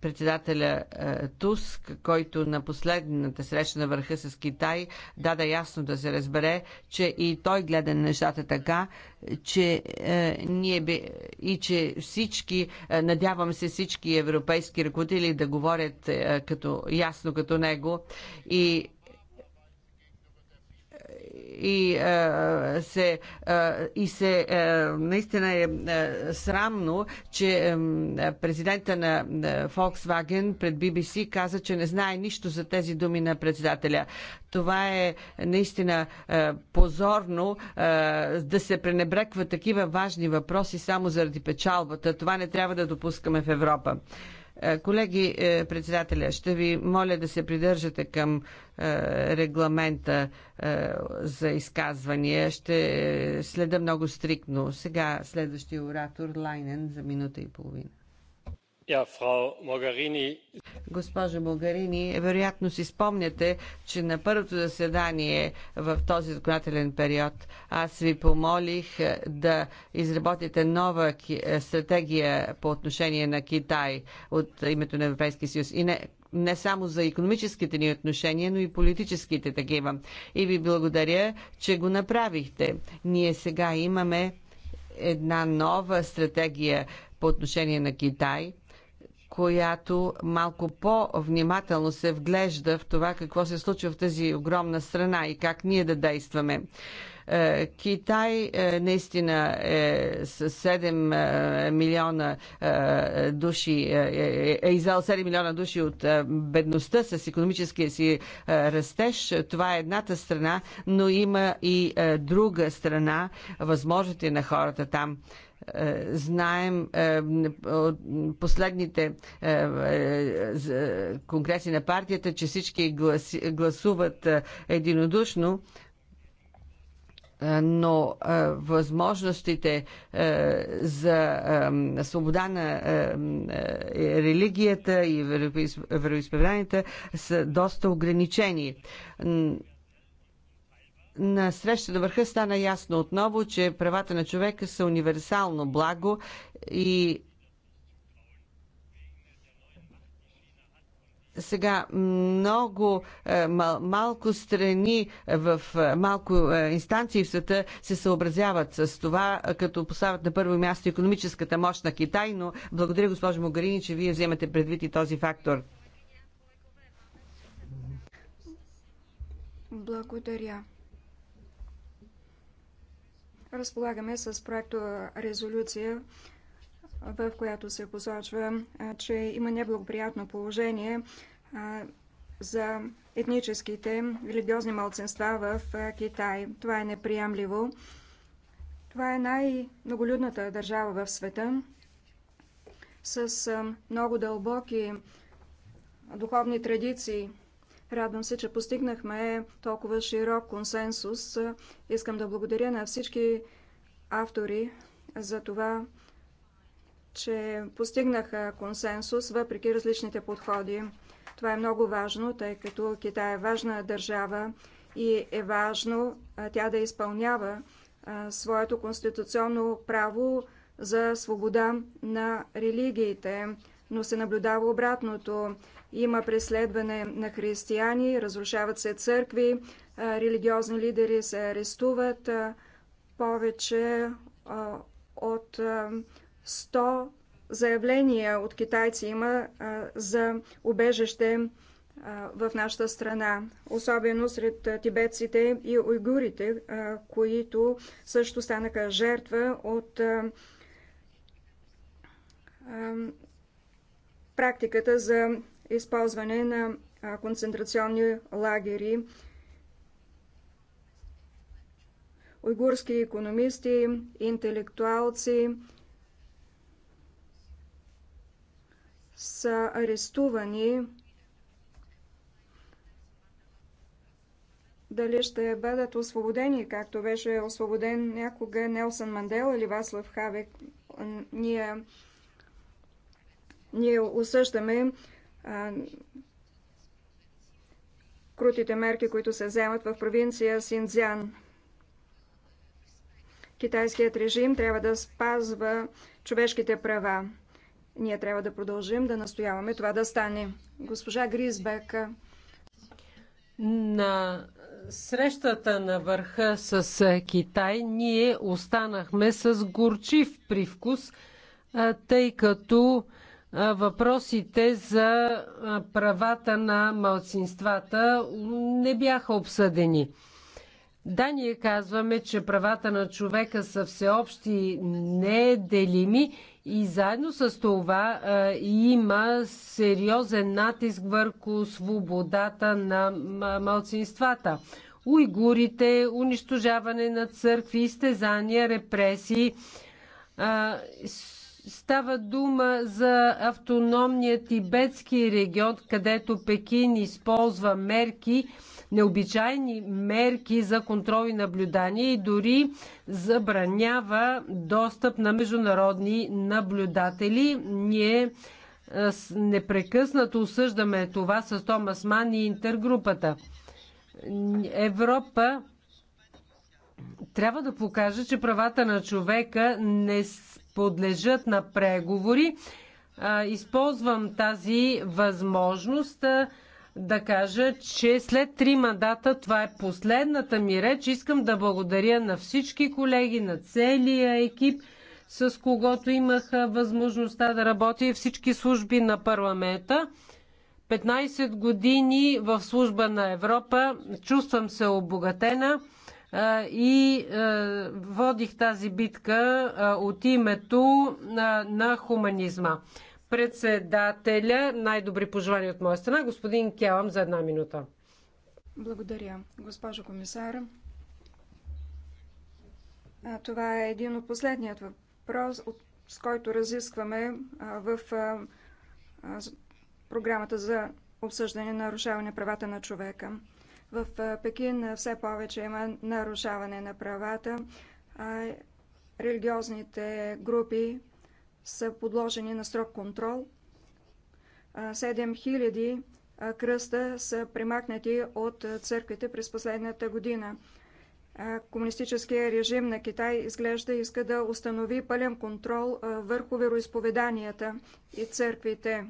председателя е, Туск, който на последната среща на върха с Китай даде ясно да се разбере, че и той гледа на нещата така, че е, ние би, и че всички, надявам се всички европейски ръководители да говорят като, ясно като него и и а, се, а, и се а, наистина е а, срамно, че а, президента на а, Volkswagen пред BBC каза, че не знае нищо за тези думи на председателя. Това е наистина а, позорно а, да се пренебреква такива важни въпроси само заради печалбата. Това не трябва да допускаме в Европа. Е, колеги, е, председателя, ще ви моля да се придържате към е, регламента за изказвания. Ще следа много стриктно. Сега следващия оратор Лайнен за минута и половина. Госпожо Могарини, вероятно си спомняте, че на първото заседание в този законодателен период аз ви помолих е, да изработите нова е, стратегия по отношение на Китай от името на Европейския съюз. И не, не само за економическите ни отношения, но и политическите такива. И ви благодаря, че го направихте. Ние сега имаме една нова стратегия по отношение на Китай – която малко по-внимателно се вглежда в това какво се случва в тази огромна страна и как ние да действаме. Е, Китай е, наистина е с 7 е, милиона души, е изел 7 милиона души от бедността с економическия си растеж. Това е едната страна, но има и друга страна, възможности на хората там. Е, знаем е, от последните е, конгреси на партията, че всички гласуват единодушно, но възможностите за свобода на религията и вероисповеданията са доста ограничени на среща до върха стана ясно отново, че правата на човека са универсално благо и сега много е, мал, малко страни в е, малко е, инстанции в света се съобразяват с това, като поставят на първо място економическата мощ на Китай, но благодаря госпожо Могарини, че вие вземате предвид и този фактор.
Благодаря разполагаме с проекто резолюция, в която се посочва, че има неблагоприятно положение за етническите религиозни малцинства в Китай. Това е неприемливо. Това е най-многолюдната държава в света с много дълбоки духовни традиции – Радвам се, че постигнахме толкова широк консенсус. Искам да благодаря на всички автори за това, че постигнаха консенсус въпреки различните подходи. Това е много важно, тъй като Китай е важна държава и е важно тя да изпълнява своето конституционно право за свобода на религиите, но се наблюдава обратното. Има преследване на християни, разрушават се църкви, религиозни лидери се арестуват. Повече от 100 заявления от китайци има за убежище в нашата страна, особено сред тибетците и уйгурите, които също станаха жертва от практиката за използване на концентрационни лагери. Уйгурски економисти, интелектуалци са арестувани. Дали ще бъдат освободени, както беше освободен някога Нелсън Мандел или Васлав Хавек, ние, ние усъщаме, крутите мерки, които се вземат в провинция Синдзян. Китайският режим трябва да спазва човешките права. Ние трябва да продължим да настояваме това да стане. Госпожа Гризбек.
На срещата на върха с Китай ние останахме с горчив привкус, тъй като въпросите за правата на малцинствата не бяха обсъдени. Да, ние казваме, че правата на човека са всеобщи, неделими и заедно с това има сериозен натиск върху свободата на малцинствата. Уйгурите, унищожаване на църкви, изтезания, репресии. Става дума за автономния тибетски регион, където Пекин използва мерки, необичайни мерки за контрол и наблюдание и дори забранява достъп на международни наблюдатели. Ние е, непрекъснато осъждаме това с Томас Ман и интергрупата. Европа трябва да покаже, че правата на човека не са подлежат на преговори. Използвам тази възможност да кажа, че след три мандата това е последната ми реч. Искам да благодаря на всички колеги, на целия екип, с когото имах възможността да работя и всички служби на парламента. 15 години в служба на Европа. Чувствам се обогатена и водих тази битка от името на хуманизма. Председателя, най-добри пожелания от моя страна, господин Келам за една минута.
Благодаря, госпожо комисар. Това е един от последният въпрос, с който разискваме в програмата за обсъждане на нарушаване правата на човека. В Пекин все повече има нарушаване на правата. Религиозните групи са подложени на строг контрол. 7000 кръста са примахнати от църквите през последната година. Комунистическия режим на Китай изглежда иска да установи пълен контрол върху вероисповеданията и църквите.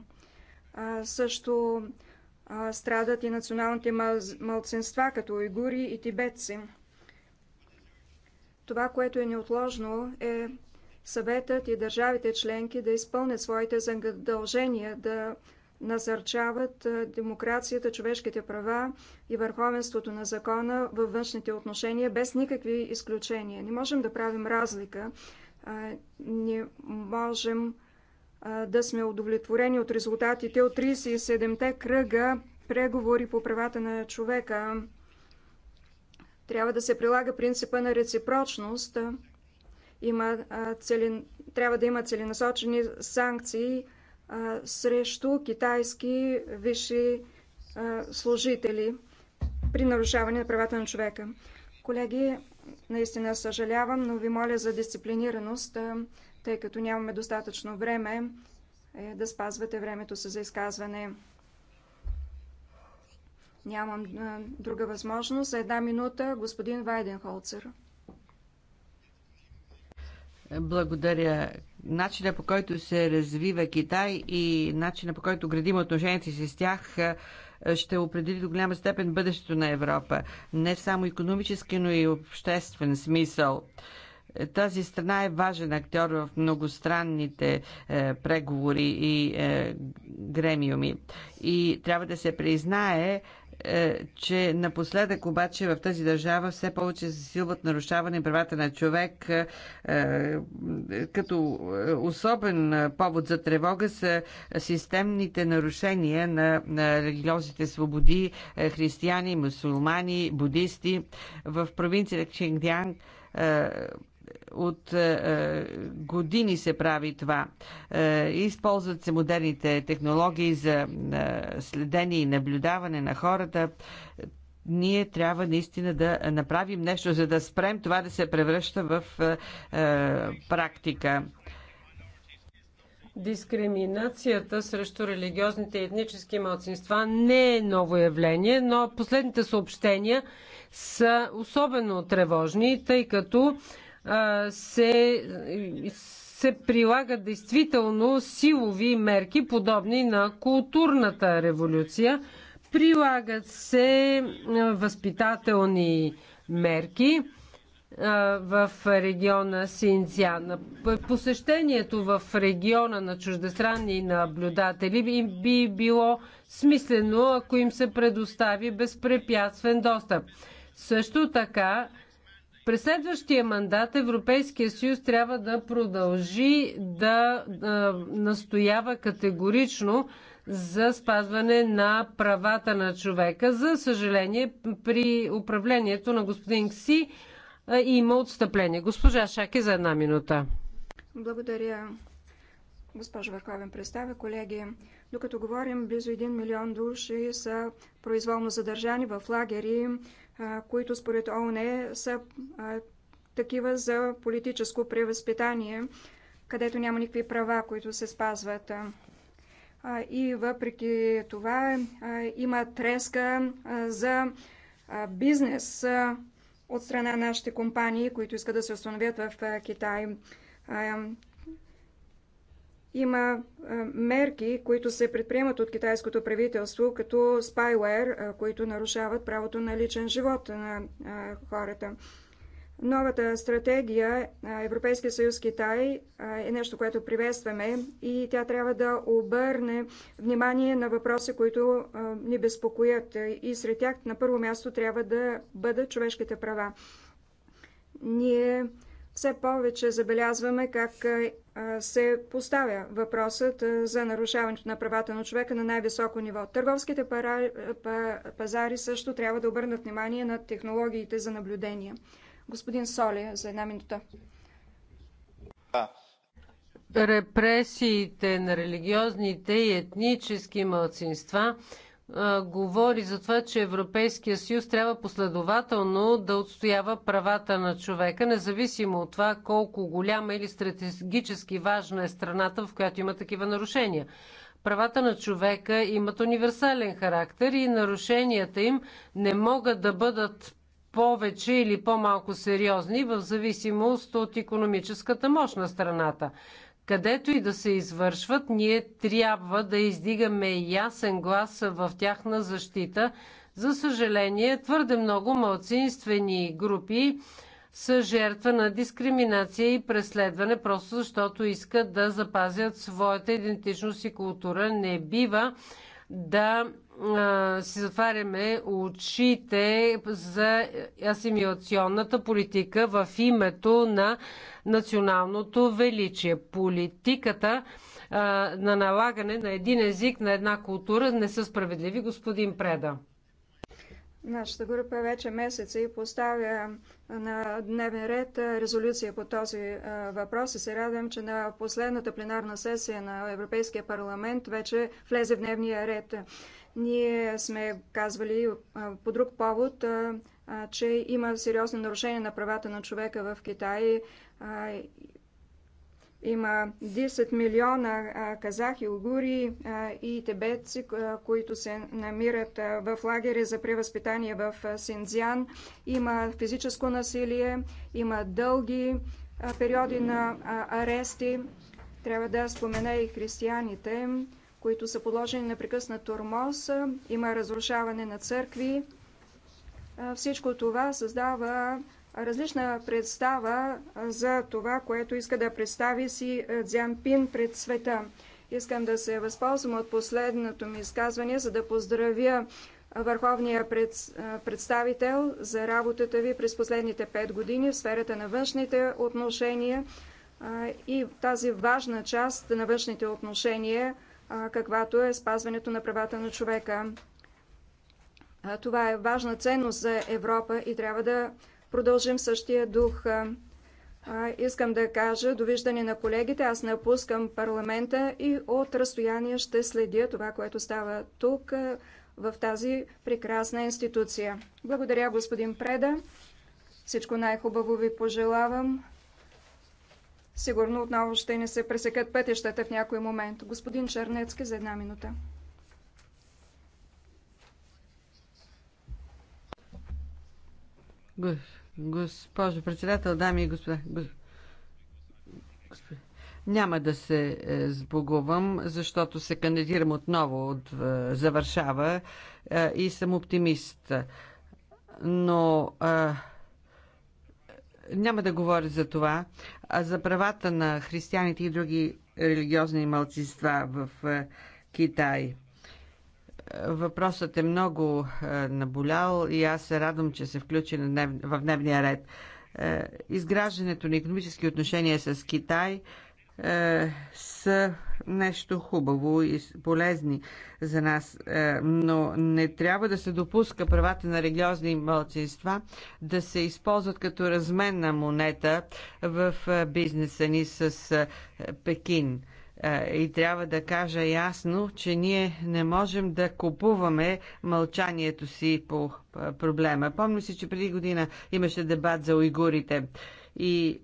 Също страдат и националните малцинства, като уйгури и тибетци. Това, което е неотложно, е съветът и държавите членки да изпълнят своите задължения, да насърчават демокрацията, човешките права и върховенството на закона във външните отношения без никакви изключения. Не можем да правим разлика. Не можем да сме удовлетворени от резултатите от 37-те кръга преговори по правата на човека. Трябва да се прилага принципа на реципрочност. Има цели... Трябва да има целенасочени санкции а, срещу китайски висши а, служители при нарушаване на правата на човека. Колеги, наистина съжалявам, но ви моля за дисциплинираност тъй като нямаме достатъчно време е, да спазвате времето си за изказване. Нямам е, друга възможност. За една минута господин Вайденхолцер.
Благодаря. Начина по който се развива Китай и начина по който градим отношенията си с тях ще определи до голяма степен бъдещето на Европа. Не само економически, но и обществен смисъл. Тази страна е важен актьор в многостранните е, преговори и е, гремиуми. И трябва да се признае, е, че напоследък обаче в тази държава все повече засилват нарушаване правата на човек е, е, като особен повод за тревога са системните нарушения на, на религиозните свободи християни, мусулмани, будисти в провинцията Чингдянг от е, е, години се прави това. Е, използват се модерните технологии за е, следение и наблюдаване на хората. Ние трябва наистина да направим нещо, за да спрем това да се превръща в е, е практика.
Дискриминацията срещу религиозните и етнически младсинства не е ново явление, но последните съобщения са особено тревожни, тъй като се, се прилагат действително силови мерки, подобни на културната революция. Прилагат се възпитателни мерки в региона Синцян. Посещението в региона на чуждестранни наблюдатели би било смислено, ако им се предостави безпрепятствен достъп. Също така през следващия мандат Европейския съюз трябва да продължи да настоява категорично за спазване на правата на човека. За съжаление, при управлението на господин Кси има отстъпление. Госпожа Шаки за една минута.
Благодаря, госпожо Върховен представя, колеги. Докато говорим, близо 1 милион души са произволно задържани в лагери, които според ООН са такива за политическо превъзпитание, където няма никакви права, които се спазват. И въпреки това има треска за бизнес от страна на нашите компании, които искат да се установят в Китай. Има мерки, които се предприемат от китайското правителство, като spyware, които нарушават правото на личен живот на хората. Новата стратегия Европейския съюз Китай е нещо, което приветстваме и тя трябва да обърне внимание на въпроси, които ни безпокоят. И сред тях на първо място трябва да бъдат човешките права. Ние все повече забелязваме как се поставя въпросът за нарушаването на правата на човека на най-високо ниво. Търговските пазари също трябва да обърнат внимание на технологиите за наблюдение. Господин Соле, за една минута.
Репресиите на религиозните и етнически мълцинства – говори за това, че Европейския съюз трябва последователно да отстоява правата на човека, независимо от това колко голяма или стратегически важна е страната, в която има такива нарушения. Правата на човека имат универсален характер и нарушенията им не могат да бъдат повече или по-малко сериозни в зависимост от економическата мощ на страната където и да се извършват, ние трябва да издигаме ясен глас в тяхна защита. За съжаление, твърде много малцинствени групи са жертва на дискриминация и преследване, просто защото искат да запазят своята идентичност и култура. Не бива да си затваряме очите за асимилационната политика в името на националното величие. Политиката на налагане на един език на една култура не са справедливи, господин Преда.
Нашата група вече и поставя на дневен ред резолюция по този въпрос и се радвам, че на последната пленарна сесия на Европейския парламент вече влезе в дневния ред. Ние сме казвали по друг повод, че има сериозни нарушения на правата на човека в Китай. Има 10 милиона казахи, угури и тибетци, които се намират в лагери за превъзпитание в Синдзян. Има физическо насилие, има дълги периоди на арести. Трябва да спомена и християните които са подложени на прекъснат тормоз, има разрушаване на църкви. Всичко това създава различна представа за това, което иска да представи си Дзянпин пред света. Искам да се възползвам от последното ми изказване, за да поздравя върховния представител за работата ви през последните пет години в сферата на външните отношения и тази важна част на външните отношения каквато е спазването на правата на човека. Това е важна ценност за Европа и трябва да продължим същия дух. Искам да кажа довиждане на колегите. Аз напускам парламента и от разстояние ще следя това, което става тук в тази прекрасна институция. Благодаря, господин Преда. Всичко най-хубаво ви пожелавам. Сигурно отново ще не се пресекат пътищата в някой момент. Господин Чернецки за една минута.
Госпожо председател, дами и господа. Господи. Няма да се е, сбогувам, защото се кандидирам отново от, е, завършава е, и съм оптимист. Но а, няма да говоря за това за правата на християните и други религиозни малцинства в е, Китай. Е, въпросът е много е, наболял и аз се радвам, че се включи в дневния ред. Изграждането на економически отношения с Китай – е, са нещо хубаво и полезни за нас, е, но не трябва да се допуска правата на религиозни младсинства да се използват като разменна монета в е, бизнеса ни с Пекин и трябва да кажа ясно, че ние не можем да купуваме мълчанието си по проблема. Помня си, че преди година имаше дебат за уйгурите и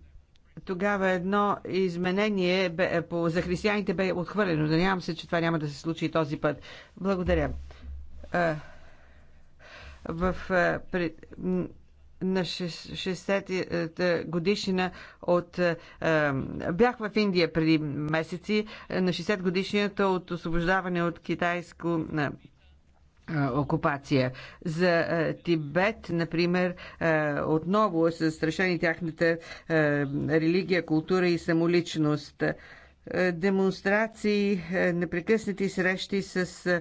тогава едно изменение бе, е, по, за християните бе отхвърлено. Надявам се, че това няма да се случи и този път. Благодаря. Е, в, е, при, на 60-та годишнина от... Бях в Индия преди месеци, на 60 годишнината от освобождаване от китайско окупация. За Тибет, например, отново е страшени тяхната религия, култура и самоличност демонстрации, непрекъснати срещи с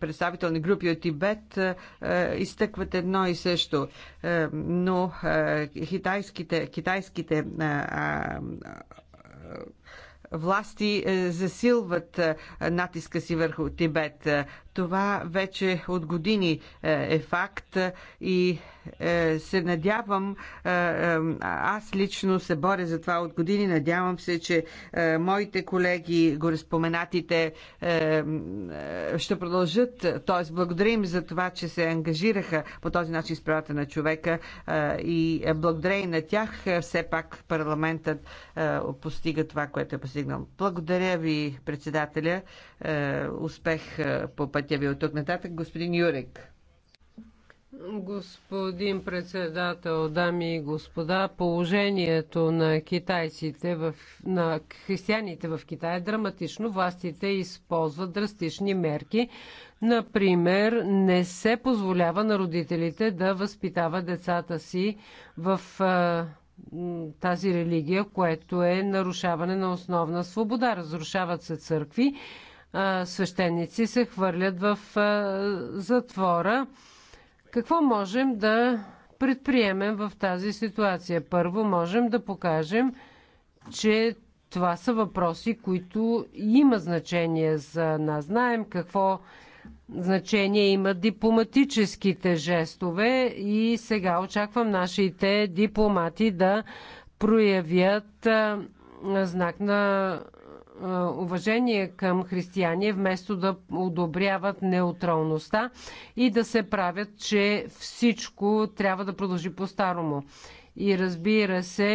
представителни групи от Тибет изтъкват едно и също. Но китайските, китайските власти е, засилват натиска си върху Тибет. Това вече от години е, е факт и е, се надявам, е, аз лично се боря за това от години, надявам се, че моите колеги, гореспоменатите, ще продължат. Т.е. благодарим за това, че се ангажираха по този начин с правата на човека и благодарение на тях все пак парламентът постига това, което е постигнал. Благодаря ви, председателя. Успех по пътя пътя ви от тук нататък. Господин Юрик.
Господин председател, дами и господа, положението на китайците в, на християните в Китай е драматично. Властите използват драстични мерки. Например, не се позволява на родителите да възпитават децата си в а, тази религия, което е нарушаване на основна свобода. Разрушават се църкви свещеници се хвърлят в затвора. Какво можем да предприемем в тази ситуация? Първо, можем да покажем, че това са въпроси, които има значение за нас. Знаем какво значение имат дипломатическите жестове и сега очаквам нашите дипломати да проявят знак на е, уважение към християни, вместо да одобряват неутралността и да се правят, че всичко трябва да продължи по-старому. И разбира се,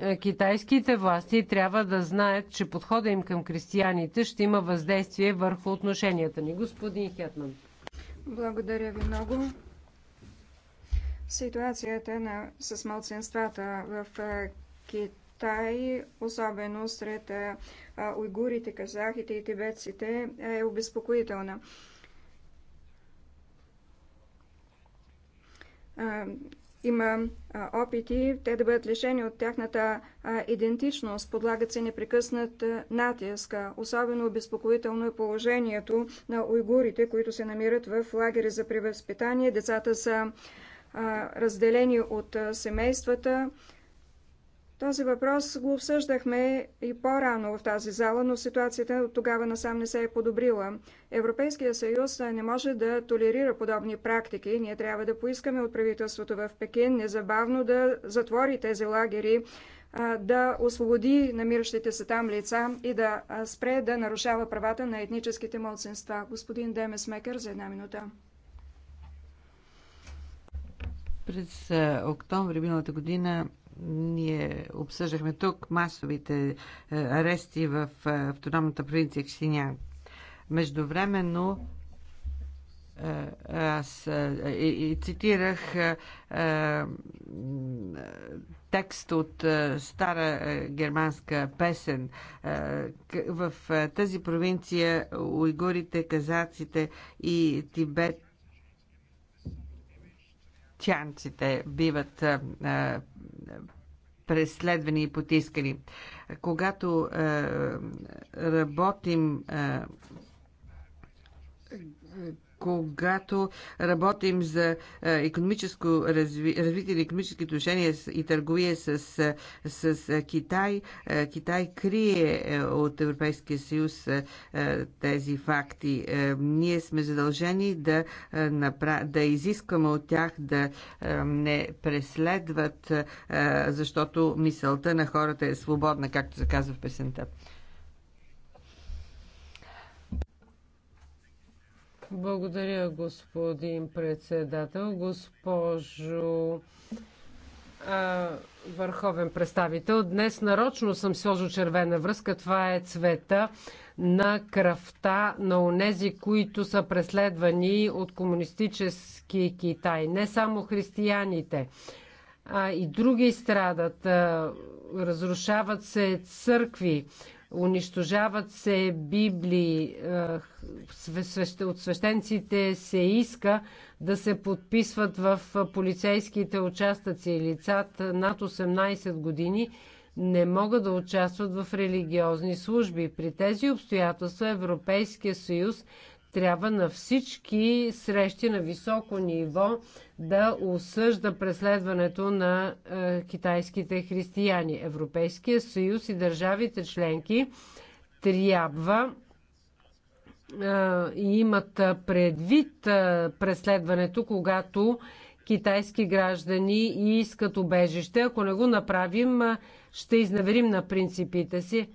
е, китайските власти трябва да знаят, че подхода им към християните ще има въздействие върху отношенията ни. Господин Хетман.
Благодаря ви много. Ситуацията на, с малцинствата в е, Китай Китай, особено сред уйгурите, казахите и тибетците, е обезпокоителна. Има опити те да бъдат лишени от тяхната идентичност, подлагат се непрекъснат натиск. Особено обезпокоително е положението на уйгурите, които се намират в лагери за превъзпитание. Децата са разделени от семействата, този въпрос го обсъждахме и по-рано в тази зала, но ситуацията от тогава насам не се е подобрила. Европейския съюз не може да толерира подобни практики. Ние трябва да поискаме от правителството в Пекин незабавно да затвори тези лагери, да освободи намиращите се там лица и да спре да нарушава правата на етническите младсенства. Господин Демес Мекер за една минута.
През октомври миналата година ние обсъждахме тук масовите е, арести в е, автономната провинция Ксинян. Междувременно е, аз и, и цитирах а, а, текст от а, стара германска песен. В тази провинция уйгурите, казаците и Тибет тянците биват преследвани и потискани. Когато работим когато работим за е, економическо разви, развитие на економически отношения и търговия с, е, с е, Китай, Китай крие от Европейския съюз тези факти. Ние сме задължени да, напра да изискваме от тях да не преследват, защото мисълта на хората е свободна, както се казва в песента.
Благодаря, господин председател. Госпожо а, върховен представител, днес нарочно съм сложил червена връзка. Това е цвета на кръвта на онези, които са преследвани от комунистически Китай. Не само християните, а и други страдат. разрушават се църкви Унищожават се библии. Е, от свещенците се иска да се подписват в полицейските участъци. Лицата над 18 години не могат да участват в религиозни служби. При тези обстоятелства Европейския съюз трябва на всички срещи на високо ниво да осъжда преследването на е, китайските християни. Европейския съюз и държавите членки трябва е, имат предвид е, преследването, когато китайски граждани искат убежище. Ако не го направим, е, ще изнаверим на принципите си.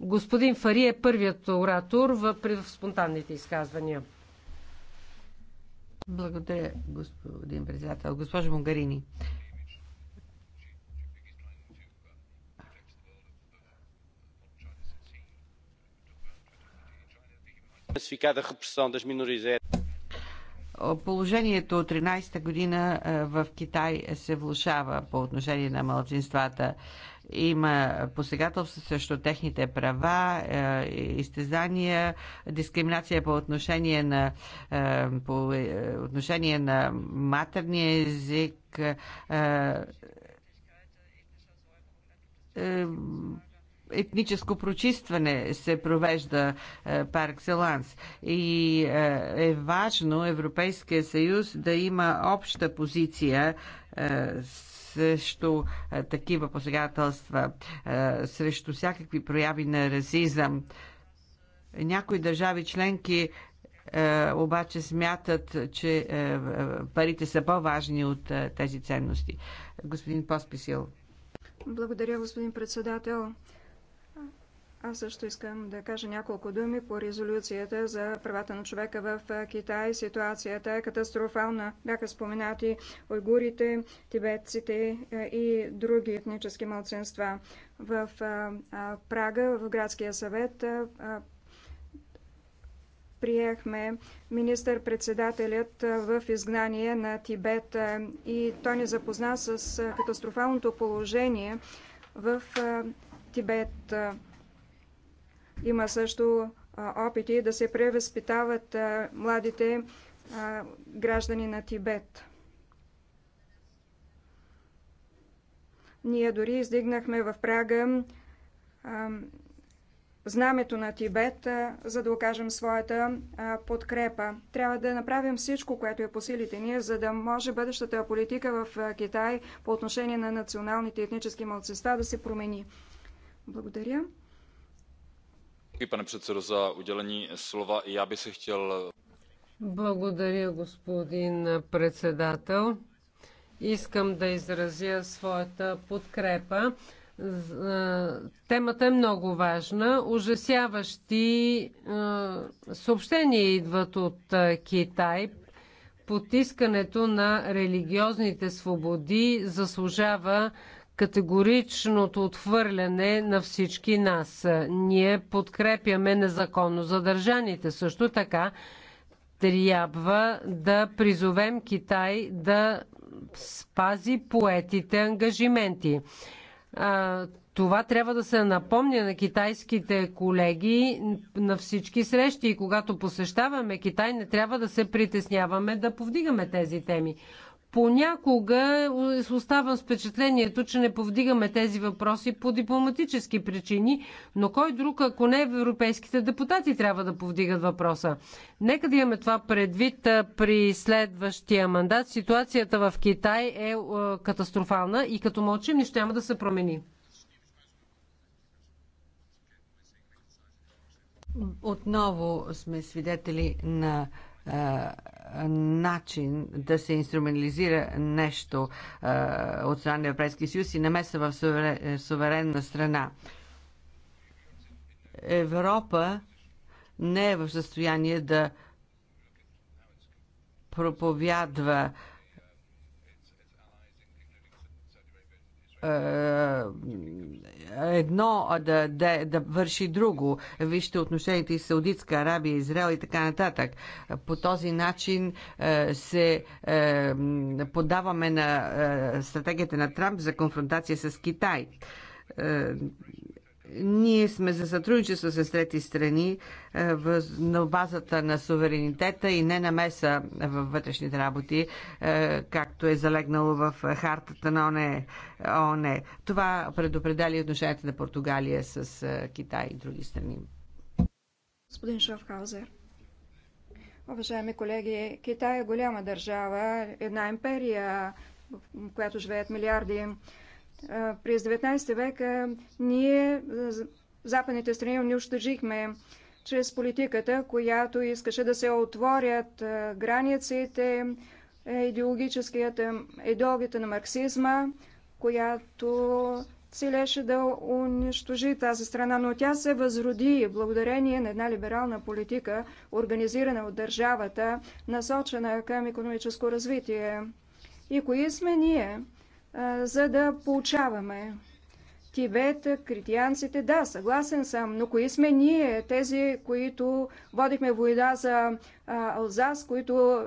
Господин Фари е първият оратор в, в спонтанните изказвания.
Благодаря, господин председател. Госпожо Могарини, Положението от 13-та година е, в Китай се влушава по отношение на младсинствата. Има посегателство срещу техните права, е, изтезания, дискриминация по отношение на, е, по е, отношение на матерния език, етническо прочистване се провежда пар екселанс. И е важно Европейския съюз да има обща позиция с срещу такива посегателства, срещу всякакви прояви на расизъм. Някои държави членки обаче смятат, че парите са по-важни от тези ценности. Господин Посписил.
Благодаря, господин председател. Аз също искам да кажа няколко думи по резолюцията за правата на човека в Китай. Ситуацията е катастрофална. Бяха споменати уйгурите, тибетците и други етнически младсенства. В Прага, в градския съвет, приехме министър-председателят в изгнание на Тибет и той ни запозна с катастрофалното положение в Тибет. Има също опити да се превъзпитават младите граждани на Тибет. Ние дори издигнахме в Прага знамето на Тибет, за да окажем своята подкрепа. Трябва да направим всичко, което е по силите ние, за да може бъдещата политика в Китай по отношение на националните етнически младсеста да се промени. Благодаря. Pane
Благодаря, господин председател. Искам да изразя своята подкрепа. Темата е много важна. Ужасяващи съобщения идват от Китай. Потискането на религиозните свободи заслужава категоричното отхвърляне на всички нас. Ние подкрепяме незаконно задържаните. Също така трябва да призовем Китай да спази поетите ангажименти. Това трябва да се напомня на китайските колеги на всички срещи и когато посещаваме Китай, не трябва да се притесняваме да повдигаме тези теми. Понякога е, оставам с впечатлението, че не повдигаме тези въпроси по дипломатически причини, но кой друг, ако не европейските депутати, трябва да повдигат въпроса. Нека да имаме това предвид при следващия мандат. Ситуацията в Китай е катастрофална и като мълчим, нищо няма да се промени. Отново
сме свидетели на е, начин да се инструментализира нещо е, от страна на Европейския съюз и намеса в е, суверенна страна. Европа не е в състояние да проповядва Е, едно да, да, да върши друго. Вижте отношенията и Саудитска Арабия, Израел и така нататък. По този начин е, се е, подаваме на стратегията на Трамп за конфронтация с Китай ние сме за сътрудничество с трети страни е, на базата на суверенитета и не намеса във вътрешните работи, е, както е залегнало в хартата на ОНЕ. ОНЕ. Това предопределя отношенията на Португалия с е, Китай и други страни.
Господин Шофхаузер. Уважаеми колеги, Китай е голяма държава, една империя, в която живеят милиарди през 19 века ние, западните страни, унищожихме чрез политиката, която искаше да се отворят границите, е, идеологията на марксизма, която целеше да унищожи тази страна, но тя се възроди благодарение на една либерална политика, организирана от държавата, насочена към економическо развитие. И кои сме ние? за да получаваме. Тибет, критиянците, да, съгласен съм, но кои сме ние, тези, които водихме война за Алзас, които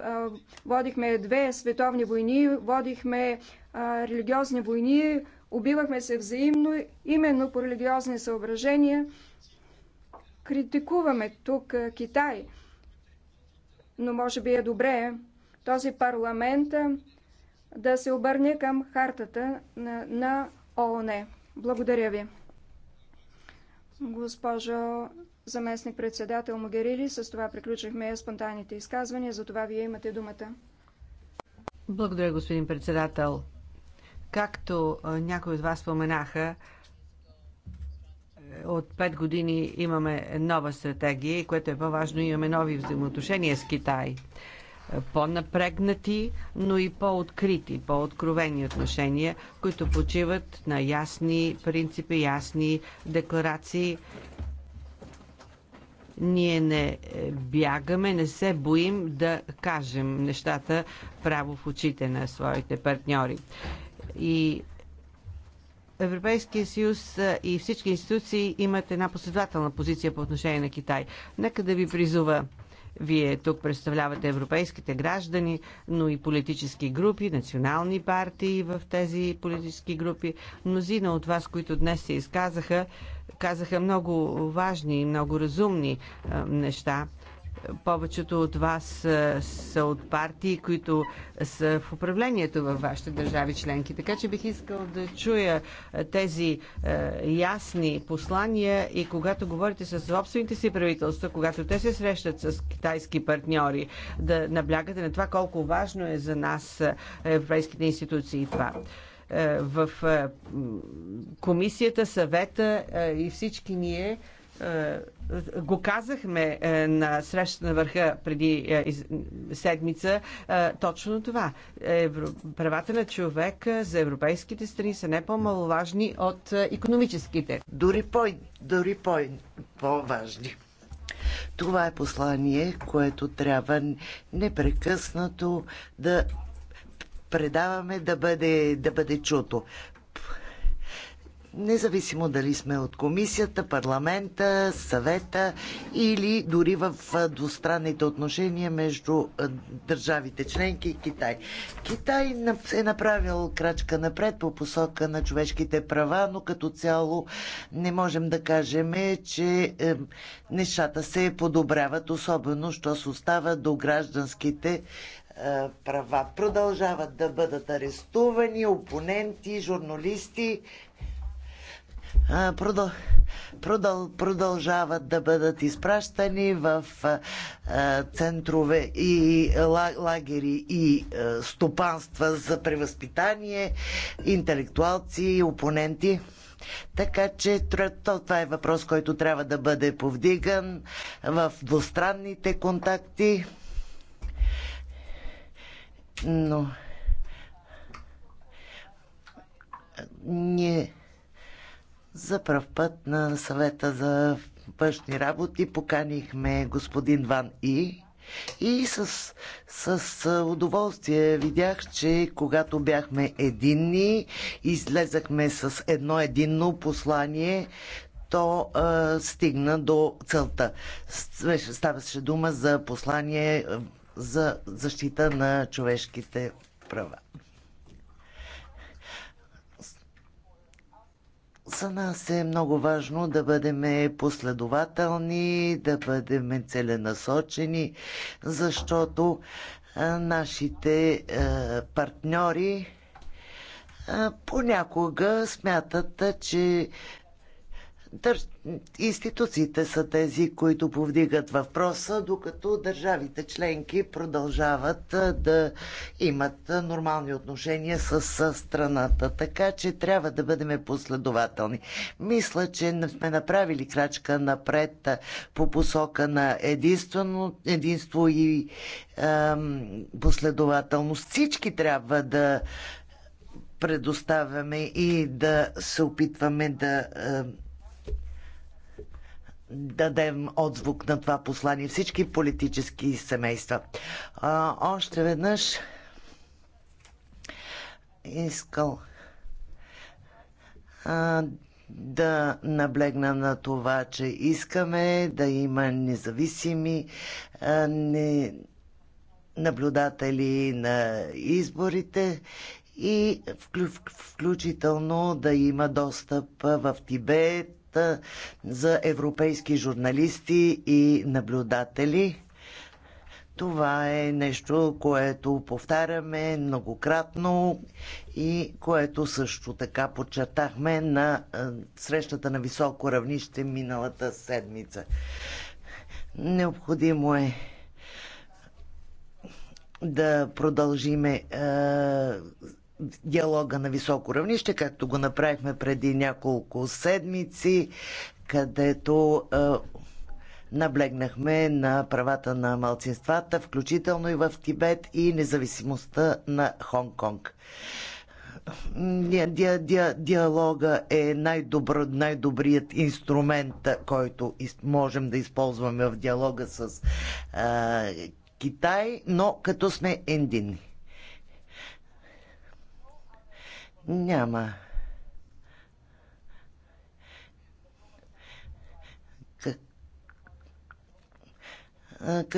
водихме две световни войни, водихме религиозни войни, убивахме се взаимно, именно по религиозни съображения. Критикуваме тук Китай, но може би е добре този парламент да се обърне към хартата на, на ООН. Благодаря ви. Госпожо заместник председател Могерили, с това приключихме спонтанните изказвания, за това вие имате думата.
Благодаря,
господин председател. Както някои от вас споменаха, е, от 5 години имаме нова стратегия и което е по-важно, имаме нови взаимоотношения с Китай по-напрегнати, но и по-открити, по-откровени отношения, които почиват на ясни принципи, ясни декларации. Ние не бягаме, не се боим да кажем нещата право в очите на своите партньори. И Европейския съюз и всички институции имат една последователна позиция по отношение на Китай. Нека да ви призова вие тук представлявате европейските граждани, но и политически групи, национални партии в тези политически групи. Мнозина от вас, които днес се изказаха, казаха много важни и много разумни неща повечето от вас е, са, от партии, които са в управлението във вашите държави членки. Така че бих искал да чуя е, тези е, ясни послания и когато говорите с собствените си правителства, когато те се срещат с китайски партньори, да наблягате на това колко важно е за нас европейските институции това в комисията, съвета и всички ние е, го казахме е, на среща на върха преди е, седмица точно това. Правата на човека за европейските страни са не по-маловажни от економическите.
Дори, по, дори по, по-важни. Това е послание, което трябва непрекъснато да предаваме да бъде, да бъде чуто независимо дали сме от комисията, парламента, съвета или дори в двустранните отношения между държавите членки и Китай. Китай е направил крачка напред по посока на човешките права, но като цяло не можем да кажем, че нещата се подобряват, особено що се остава до гражданските е, права. Продължават да бъдат арестувани опоненти, журналисти, продължават да бъдат изпращани в центрове и лагери и стопанства за превъзпитание, интелектуалци и опоненти. Така че това е въпрос, който трябва да бъде повдиган в двустранните контакти. Но ние за пръв път на съвета за външни работи поканихме господин Ван И. И с, с удоволствие видях, че когато бяхме единни, излезахме с едно единно послание, то а, е, стигна до целта. Ставаше дума за послание за защита на човешките права. За нас е много важно да бъдем последователни, да бъдем целенасочени, защото нашите партньори понякога смятат, че институциите са тези, които повдигат въпроса, докато държавите членки продължават да имат нормални отношения с страната. Така че трябва да бъдем последователни. Мисля, че сме направили крачка напред по посока на единствено, единство и ем, последователност. Всички трябва да предоставяме и да се опитваме да дадем отзвук на това послание всички политически семейства. А, още веднъж искал а, да наблегна на това, че искаме да има независими а, не, наблюдатели на изборите и включително да има достъп в Тибет за европейски журналисти и наблюдатели. Това е нещо, което повтаряме многократно и което също така подчертахме на срещата на високо равнище миналата седмица. Необходимо е да продължиме диалога на високо равнище, както го направихме преди няколко седмици, където е, наблегнахме на правата на малцинствата, включително и в Тибет и независимостта на Хонг-Конг. Диалога е най добър най-добрият инструмент, който можем да използваме в диалога с е, Китай, но като сме единни. няма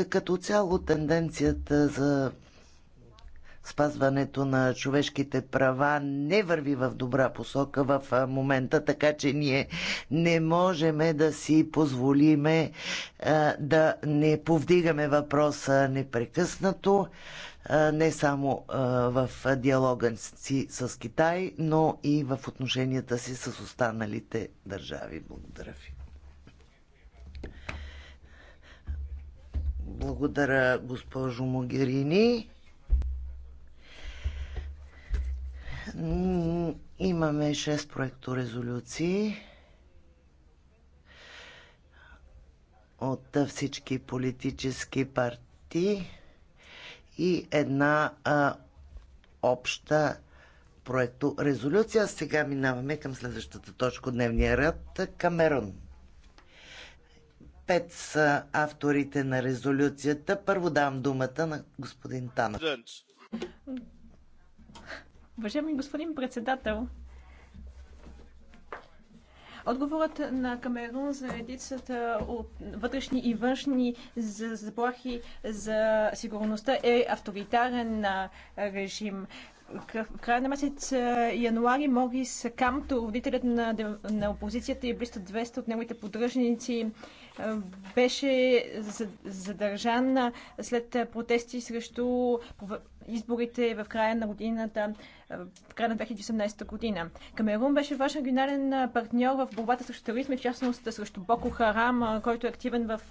като цяло тенденцията за спазването на човешките права не върви в добра посока в момента, така че ние не можем да си позволиме да не повдигаме въпроса непрекъснато, не само в диалога си с Китай, но и в отношенията си с останалите държави. Благодаря ви. Благодаря, госпожо Могерини. Имаме 6 проекто резолюции от всички политически партии и една а, обща проекто резолюция. Сега минаваме към следващата точка от дневния ред Камерун. Пет са авторите на резолюцията. Първо давам думата на господин Танов.
Уважаеми господин председател, Отговорът на Камерун за редицата от вътрешни и външни заплахи за сигурността е авторитарен режим. В края на месец януари Морис Камто, родителят на, на опозицията и близо 200 от неговите поддръжници, беше задържан след протести срещу изборите в края на годината в края на 2018 година. Камерун беше ваш регионален партньор в борбата срещу тероризма, в частност срещу Боко Харам, който е активен в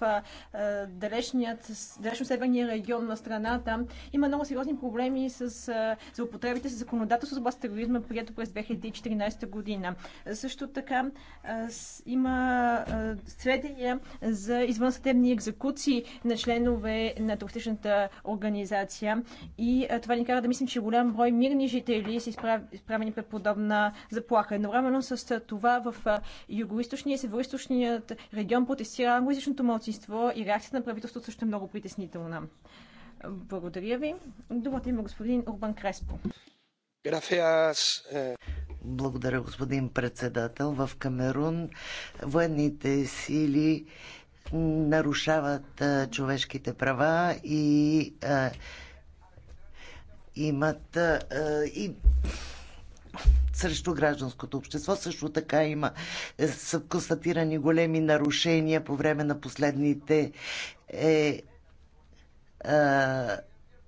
далечният, далечно северния регион на страната. Има много сериозни проблеми с злоупотребите с законодателство за борба с тероризма, прието през 2014 година. Също така има сведения за извънсъдебни екзекуции на членове на туристичната организация и това ни кара да мислим, че голям брой мирни жители били са изправени пред подобна заплаха. Едновременно с това в югоисточния и североисточният регион протестира англоязичното младсинство и реакцията на правителството също е много притеснителна. Благодаря ви. Думата има господин Урбан Креспо.
Е. Благодаря, господин председател. В Камерун военните сили нарушават човешките права и имат а, и срещу гражданското общество. Също така има е, са констатирани големи нарушения по време на последните е, е,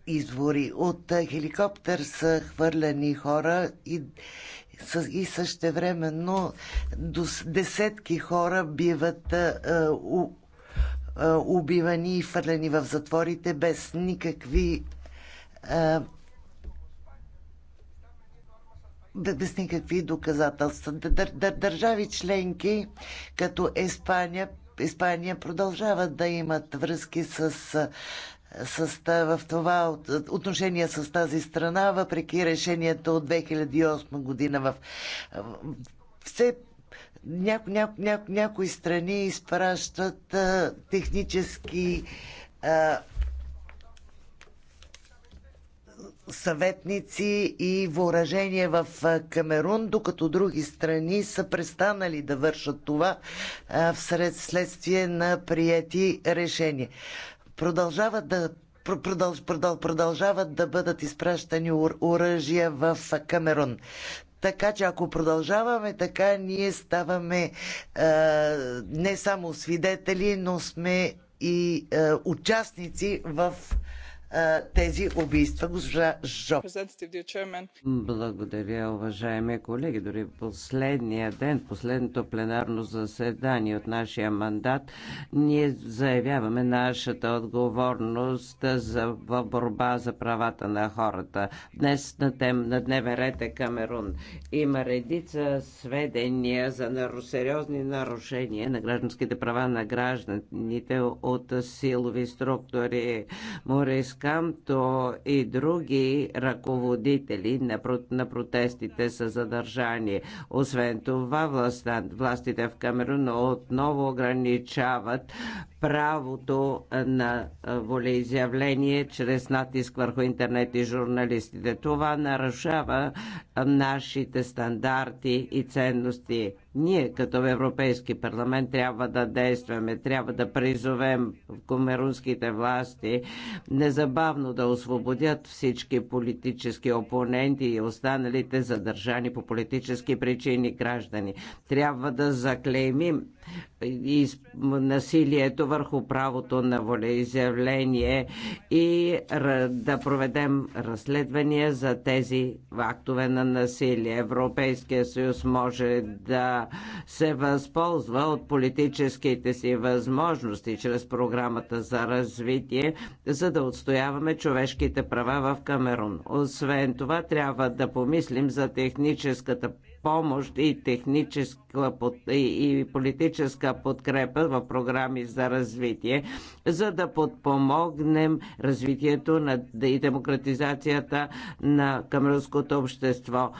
извори. От хеликоптер са хвърляни хора и, и същевременно до десетки хора биват е, у, е, убивани и хвърляни в затворите без никакви е, да обясни какви доказателства. Държави членки, като Испания, Испания продължават да имат връзки с с, в това отношение с тази страна, въпреки решението от 2008 година в все няко, няко, няко, някои страни изпращат а, технически а, съветници и въоръжение в Камерун, докато други страни са престанали да вършат това вследствие на приети решения. Продължават да продължават да бъдат изпращани оръжия в Камерун. Така че ако продължаваме така, ние ставаме е, не само свидетели, но сме и е, участници в тези убийства. Госпожа Жо.
Благодаря, уважаеми колеги. Дори последния ден, последното пленарно заседание от нашия мандат, ние заявяваме нашата отговорност за борба за правата на хората. Днес на, тем, на дневен ред е Камерун. Има редица сведения за наруш... сериозни нарушения на гражданските права на гражданите от силови структури. Морейска Канто и други ръководители на, на протестите са задържани. Освен това, властта властите в Камерун отново ограничават правото на волеизявление чрез натиск върху интернет и журналистите. Това нарушава нашите стандарти и ценности. Ние като Европейски парламент трябва да действаме, трябва да призовем комерунските власти незабавно да освободят всички политически опоненти и останалите задържани по политически причини граждани. Трябва да заклеймим и насилието върху правото на волеизявление и да проведем разследвания за тези актове на насилие. Европейския съюз може да се възползва от политическите си възможности чрез програмата за развитие, за да отстояваме човешките права в Камерун. Освен това, трябва да помислим за техническата помощ и техническа и политическа подкрепа в програми за развитие, за да подпомогнем развитието на, и демократизацията на камерунското общество.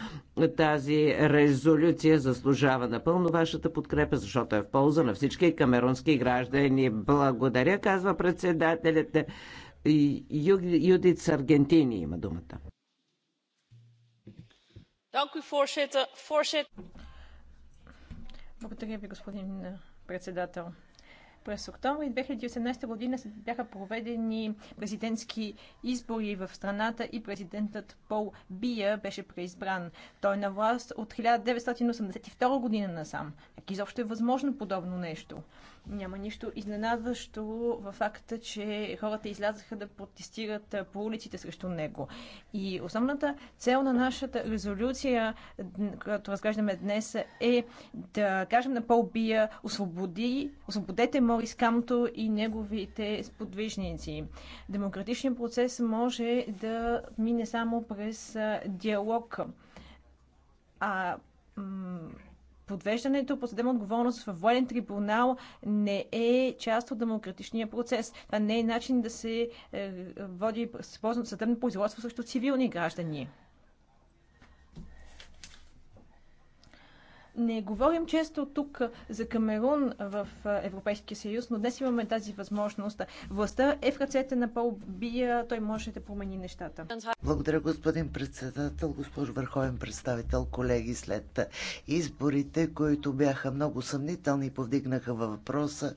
Тази резолюция заслужава напълно вашата подкрепа, защото е в полза на всички камерунски граждани. Благодаря, казва председателят. Юдит Аргентини има думата.
Благодаря ви, господин председател. През октомври 2018 година бяха проведени президентски избори в страната и президентът Пол Бия беше преизбран. Той е на власт от 1982 година насам. Как изобщо е възможно подобно нещо? Няма нищо изненадващо във факта, че хората излязаха да протестират по улиците срещу него. И основната цел на нашата резолюция, която разглеждаме днес, е да кажем на Пол Бия, освободи, освободете Морис Камто и неговите сподвижници. Демократичният процес може да мине само през диалог. А подвеждането по съдебна отговорност в военен трибунал не е част от демократичния процес. Това не е начин да се е, води съдебно производство срещу цивилни граждани. Не говорим често тук за Камерун в Европейския съюз, но днес имаме тази възможност. Властта е в ръцете на Пол Бия, той може да промени нещата.
Благодаря, господин председател, госпожо върховен представител, колеги, след изборите, които бяха много съмнителни и повдигнаха въпроса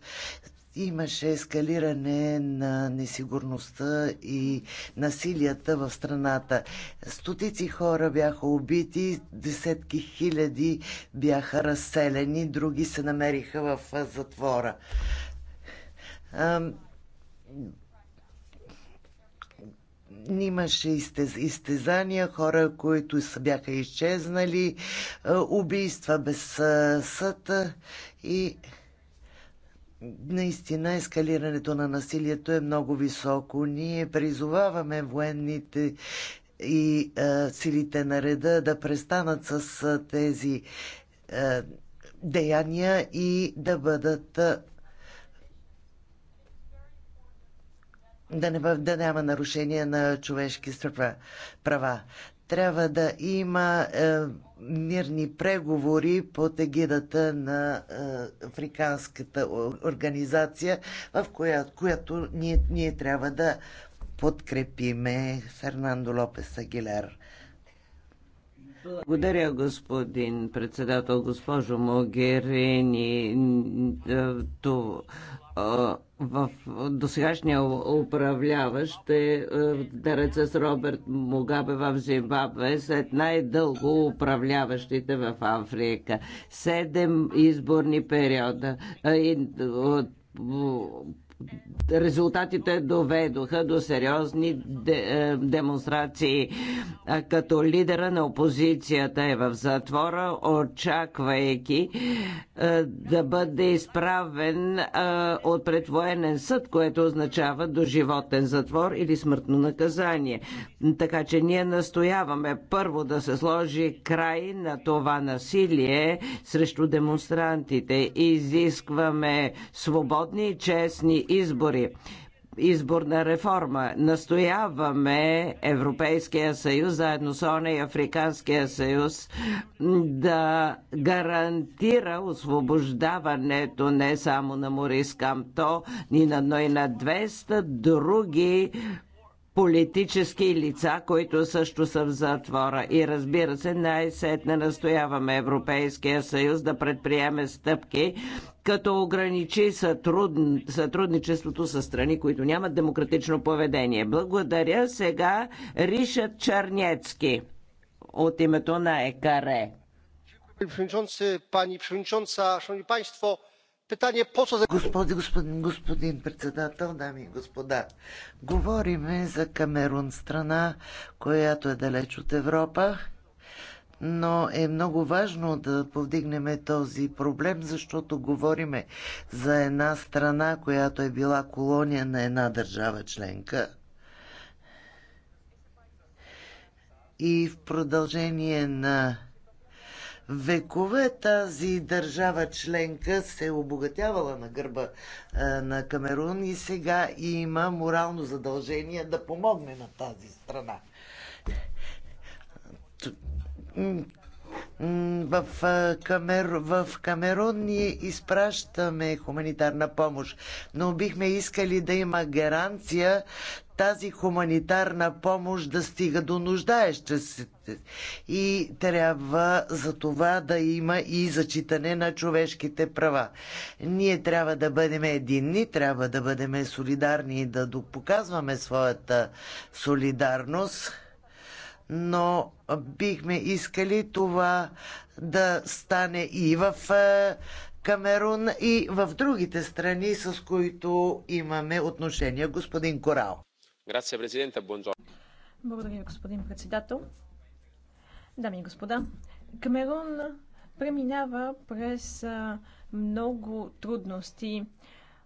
имаше ескалиране на несигурността и насилията в страната. Стотици хора бяха убити, десетки хиляди бяха разселени, други се намериха в затвора. Имаше изтезания, хора, които са бяха изчезнали, убийства без съд и наистина ескалирането на насилието е много високо. Ние призоваваме военните и а, силите на реда да престанат с а, тези а, деяния и да бъдат. А, да, не, да няма нарушение на човешки права трябва да има е, мирни преговори под егидата на е, Африканската организация, в коя, която ние, ние трябва да подкрепиме Фернандо Лопес Агилер.
Благодаря, господин председател, госпожо Могерини в досегашния управляващ е, е Дареца с Роберт Мугабе в Зимбабве след най-дълго управляващите в Африка. Седем изборни периода резултатите доведоха до сериозни де, е, демонстрации. Като лидера на опозицията е в затвора, очаквайки е, да бъде изправен е, от предвоенен съд, което означава доживотен затвор или смъртно наказание. Така че ние настояваме първо да се сложи край на това насилие срещу демонстрантите. Изискваме свободни и честни избори изборна реформа. Настояваме Европейския съюз, заедно с ОНЕ и Африканския съюз, да гарантира освобождаването не само на Морис Камто, но и на 200 други политически лица, които също са в затвора. И разбира се, най-сетне настояваме Европейския съюз да предприеме стъпки, като ограничи сътруд... сътрудничеството с страни, които нямат демократично поведение. Благодаря сега Ришат Чернецки
от името на ЕКАРЕ.
Пани Przewodniczący, шановни
Питание по Господи, господин, господин председател, дами и господа, говориме за Камерун страна, която е далеч от Европа, но е много важно да повдигнем този проблем, защото говориме за една страна, която е била колония на една държава членка. И в продължение на векове тази държава членка се е обогатявала на гърба е, на Камерун и сега има морално задължение да помогне на тази страна в, Камер... в Камерун ние изпращаме хуманитарна помощ, но бихме искали да има гаранция тази хуманитарна помощ да стига до нуждаеща се. И трябва за това да има и зачитане на човешките права. Ние трябва да бъдем единни, трябва да бъдем солидарни и да показваме своята солидарност но бихме искали това да стане и в е, Камерун, и в другите страни, с които имаме отношения. Господин Корал.
Благодаря, господин председател. Дами и господа, Камерун преминава през е, много трудности.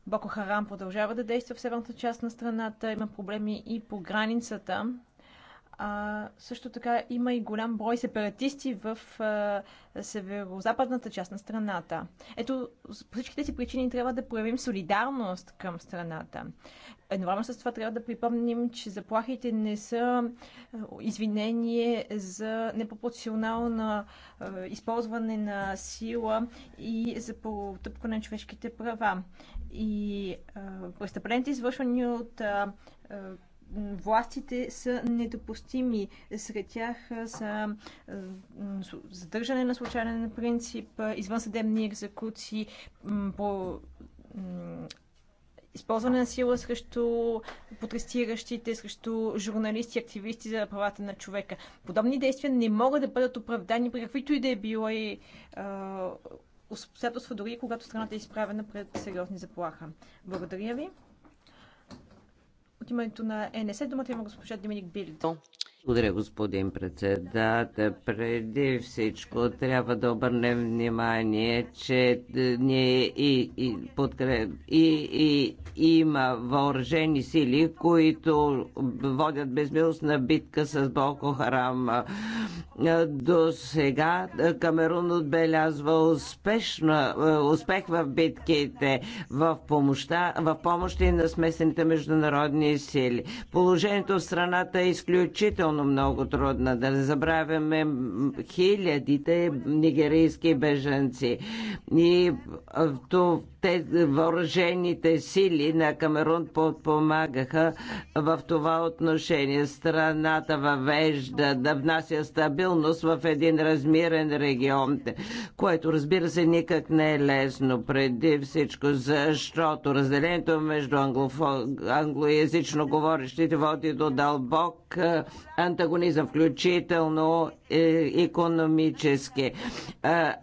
Боко Харам продължава да действа в северната част на страната. Има проблеми и по границата. А, също така има и голям брой сепаратисти в а, северо-западната част на страната. Ето, по всички тези причини трябва да проявим солидарност към страната. Едновременно с това трябва да припомним, че заплахите не са извинение за непропорционално използване на сила и за потъпкане на човешките права. И а, престъпленията, извършвани от а, властите са недопустими. Сред тях са задържане на случайен принцип, извънсъдебни екзекуции, по използване на сила срещу протестиращите, срещу журналисти, активисти за правата на човека. Подобни действия не могат да бъдат оправдани при каквито и да е било и обстоятелства, дори когато страната е изправена пред сериозни заплаха. Благодаря ви от името на ЕНС думата има госпожа Доминик Билд.
Благодаря, господин председател. Преди всичко трябва да обърнем внимание, че е, ние и, и, подкреп, и, и, има въоръжени сили, които водят безмилостна битка с Боко Харам. Е, до сега е, Камерун отбелязва успешна, успех в битките в, помощта, в помощи на смесените международни сили. Положението в страната е изключително изключително много трудна. Да не забравяме хилядите нигерийски беженци. И то те, въоръжените сили на Камерун подпомагаха в това отношение. Страната въвежда да внася стабилност в един размирен регион, което разбира се никак не е лесно преди всичко, защото разделението между англофо... англоязично говорещите води до дълбок е, антагонизъм, включително економически. Е,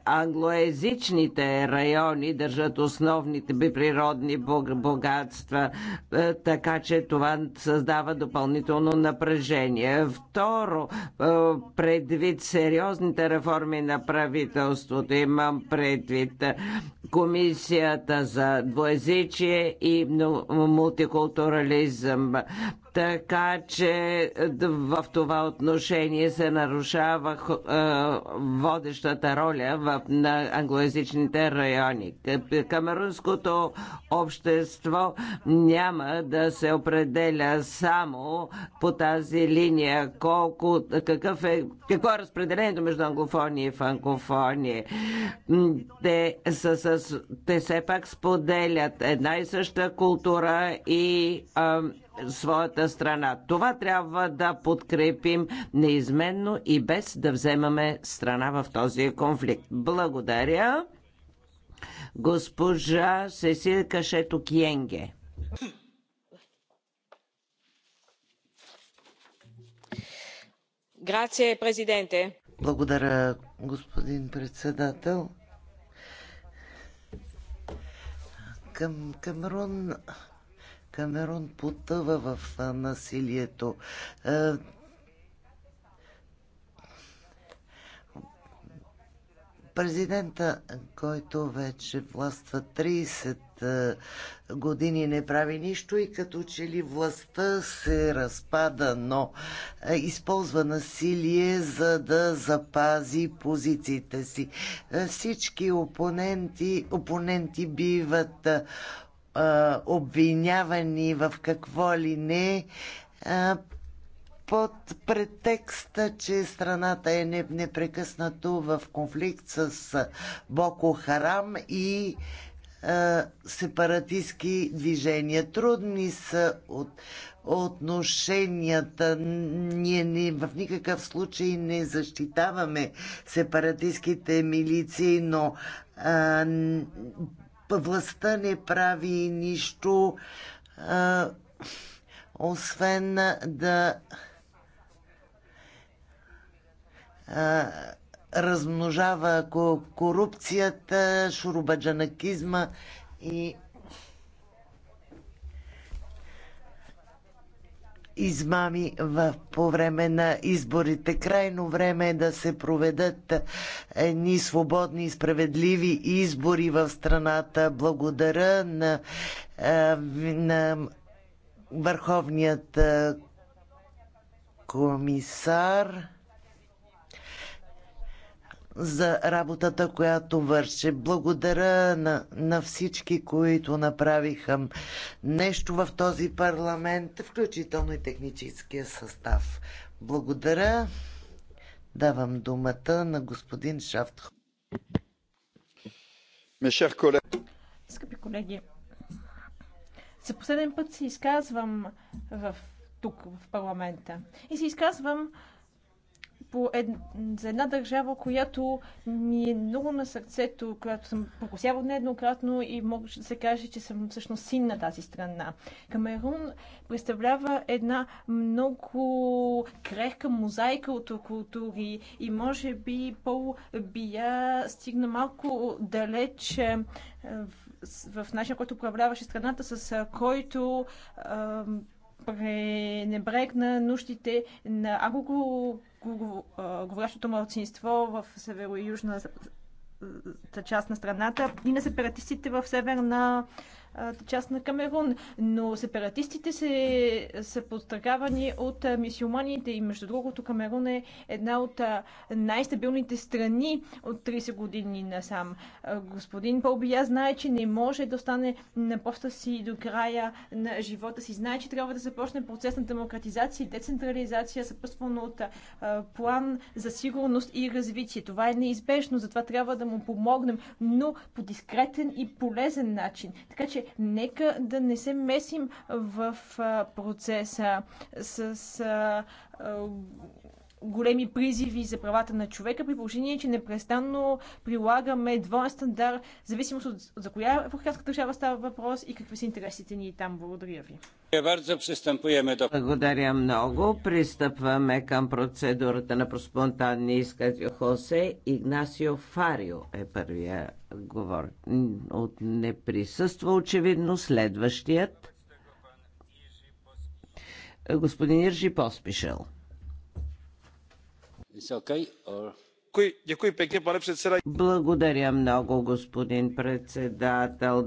англоязичните райони държат основ основните би природни богатства, е, така че това създава допълнително напрежение. Второ, е, предвид сериозните реформи на правителството, имам предвид комисията за двоязичие и мултикултурализъм. Така че в това отношение се нарушава е, водещата роля в, на англоязичните райони. Камерунското общество няма да се определя само по тази линия колко, какъв е, какво е разпределението между англофония и франкофония. Те, са, са, те все пак споделят една и съща култура и а, своята страна. Това трябва да подкрепим неизменно и без да вземаме страна в този конфликт. Благодаря. Госпожа Сесил Кашето Киенге.
Грация, президенте.
Благодаря, господин председател. Към Камерун Камерун потъва в насилието. Президента, който вече властва 30 години, не прави нищо и като че ли властта се разпада, но използва насилие, за да запази позициите си. Всички опоненти, опоненти биват обвинявани в какво ли не под претекста, че страната е непрекъснато в конфликт с Боко Харам и сепаратистски движения. Трудни са от, отношенията. Ние не, в никакъв случай не защитаваме сепаратистските милиции, но а, властта не прави нищо, а, освен да а, размножава корупцията, шурубаджанакизма и измами в, по време на изборите. Крайно време е да се проведат едни свободни и справедливи избори в страната. Благодаря на, е, на Върховният е, комисар за работата, която върши. Благодаря на, на всички, които направиха нещо в този парламент, включително и техническия състав. Благодаря. Давам думата на господин Шафтхо.
Скъпи колеги, за последен път се изказвам в, тук, в парламента. И се изказвам по ед... за една държава, която ми е много на сърцето, която съм покусявал нееднократно и мога да се каже, че съм всъщност син на тази страна. Камерун представлява една много крехка мозайка от култури и може би Пол Бия стигна малко далеч е, в, в начин, който управляваше страната, с е, който е, пренебрегна нуждите на говорящото младсинство в северо-южната част на страната и на сепаратистите в северна част на Камерун. Но сепаратистите се, са подстрагавани от мисиоманите и между другото Камерун е една от най-стабилните страни от 30 години насам. Господин Пълбия знае, че не може да остане на поста си до края на живота си. Знае, че трябва да започне процес на демократизация и децентрализация, съпътствано от план за сигурност и развитие. Това е неизбежно, затова трябва да му помогнем, но по дискретен и полезен начин. Така че нека да не се месим в процеса с големи призиви за правата на човека, при положение, че непрестанно прилагаме двоен стандарт, в зависимост от за коя африканска държава става въпрос и какви са интересите ни там. Благодаря ви.
Благодаря много. Пристъпваме към процедурата на спонтанни изкази. Хосе Игнасио Фарио е първия говор. От не присъства очевидно следващият. Господин Иржи Поспишел. Благодаря много, господин председател.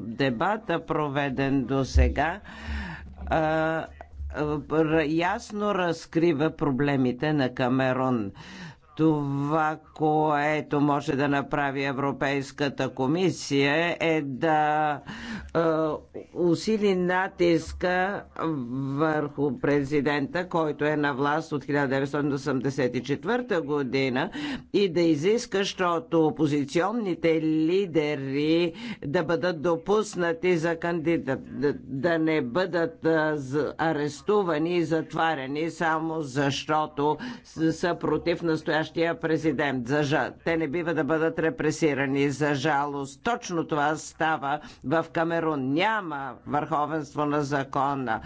Дебата, проведен до сега, ясно разкрива проблемите на Камерон. Това, което може да направи Европейската комисия е да е, усили натиска върху президента, който е на власт от 1984 година и да изиска, защото опозиционните лидери да бъдат допуснати за кандидат, да не бъдат арестувани и затваряни само защото са против настоящата настоящия президент. За жа... Те не бива да бъдат репресирани. За жалост, точно това става в Камерун. Няма върховенство на закона.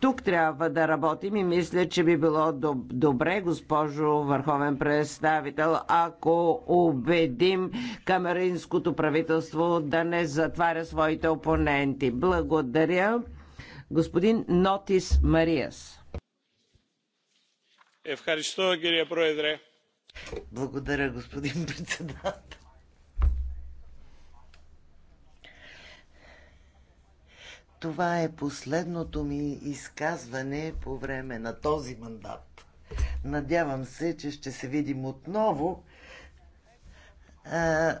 тук трябва да работим и мисля, че би било доб- добре, госпожо върховен представител, ако убедим камеринското правителство да не затваря своите опоненти. Благодаря. Господин Нотис Мариас.
Ευχαριστώ, κύριε Πρόεδρε. Благодаря, господин председател. Това е последното ми изказване по време на този мандат. Надявам се, че ще се видим отново е,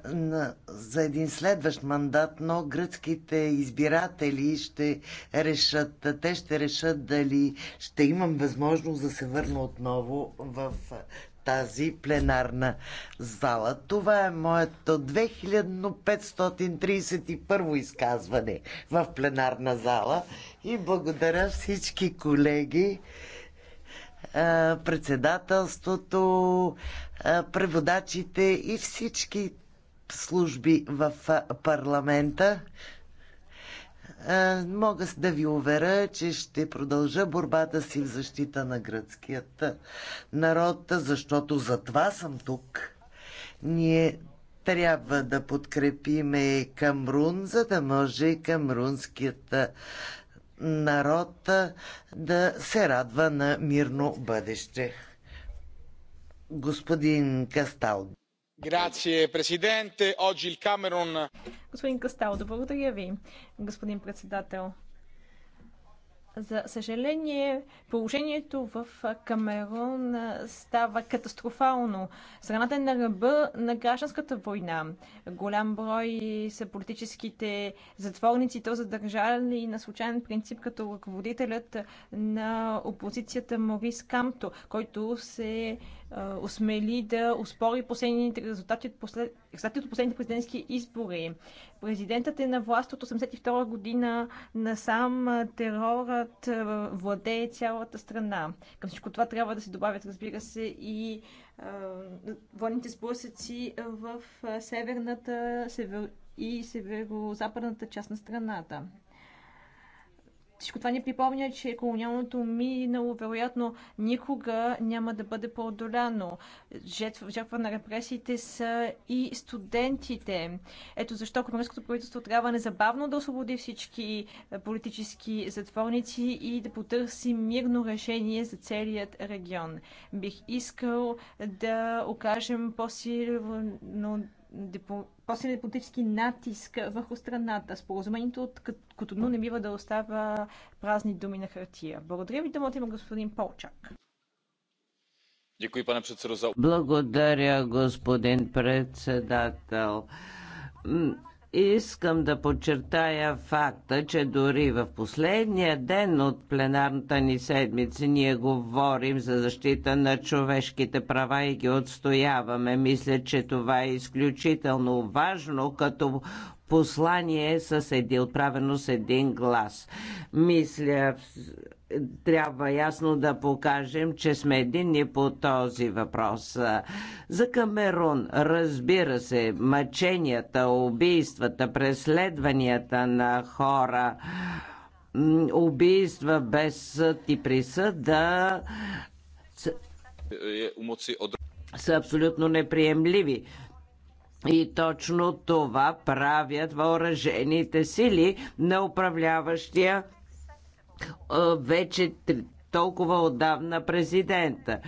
за един следващ мандат, но гръцките избиратели ще решат, те ще решат дали ще имам възможност да се върна отново в тази пленарна зала. Това е моето 2531 изказване в пленарна зала и благодаря всички колеги е, председателството, е, преводачите и всички служби в е, парламента. Мога да ви уверя, че ще продължа борбата си в защита на гръцкият народ, защото за това съм тук. Ние трябва да подкрепиме Камрун, за да може камрунският народ да се радва на мирно бъдеще. Господин Кастал. Грация,
президенте. Оджил Камерон.
Господин Кастал, да благодаря ви, господин председател. За съжаление, положението в Камерун става катастрофално. Страната е на ръба на гражданската война. Голям брой са политическите затворници, то задържали на случайен принцип като ръководителят на опозицията Морис Камто, който се осмели да успори последните резултати от, послед... резултати от последните президентски избори. Президентът е на власт от 1982 година насам терорът владее цялата страна. Към всичко това трябва да се добавят, разбира се, и военните сблъсъци в северната север... и северо-западната част на страната. Всичко това ни припомня, че колониалното минало вероятно никога няма да бъде преодоляно. Жертва, жертва на репресиите са и студентите. Ето защо Комунистското правителство трябва незабавно да освободи всички е, политически затворници и да потърси мирно решение за целият регион. Бих искал да окажем по-силно по-силен политически натиск върху страната. Споразумението от Котону не бива да остава празни думи на хартия. Благодаря ви, думата има господин Полчак.
Благодаря, господин председател Искам да подчертая факта, че дори в последния ден от пленарната ни седмица ние говорим за защита на човешките права и ги отстояваме. Мисля, че това е изключително важно като послание с един, отправено с един глас. Мисля, трябва ясно да покажем, че сме единни по този въпрос. За Камерун, разбира се, мъченията, убийствата, преследванията на хора, убийства без съд и присъда са абсолютно неприемливи. И точно това правят въоръжените сили на управляващия вече толкова отдавна президента.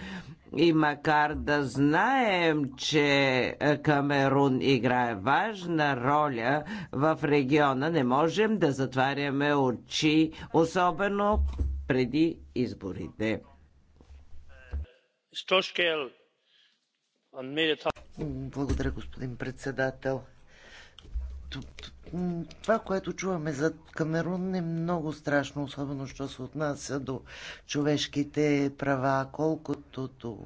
И макар да знаем, че Камерун играе важна роля в региона, не можем да затваряме очи, особено
преди изборите. Благодаря, господин председател това, което чуваме за Камерун е много страшно, особено що се отнася до човешките права, колкото до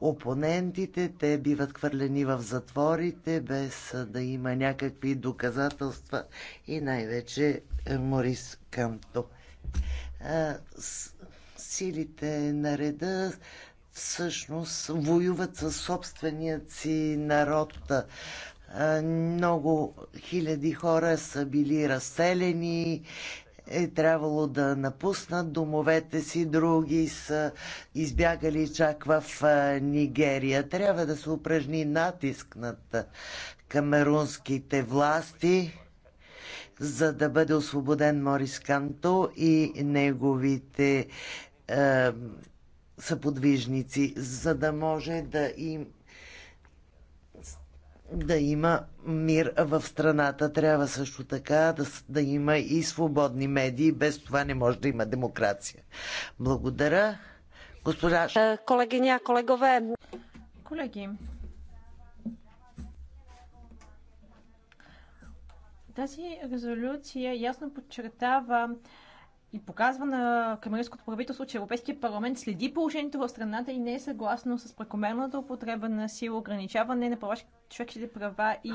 опонентите. Те биват хвърлени в затворите, без да има някакви доказателства и най-вече е, Морис Канто. Силите на реда всъщност воюват със собственият си народ много хиляди хора са били разселени, е трябвало да напуснат домовете си, други са избягали чак в Нигерия. Трябва да се упражни натиск над камерунските власти, за да бъде освободен Морис Канто и неговите е, съподвижници, за да може да им да има мир в страната. Трябва също така да, да има и свободни медии. Без това не може да има демокрация. Благодаря. Госпожа... Е, колегиня, колегове. Колеги,
Тази резолюция ясно подчертава и показва на камерийското правителство, че Европейския парламент следи положението в страната и не е съгласно с прекомерната употреба на сила, ограничаване на права, човешките права и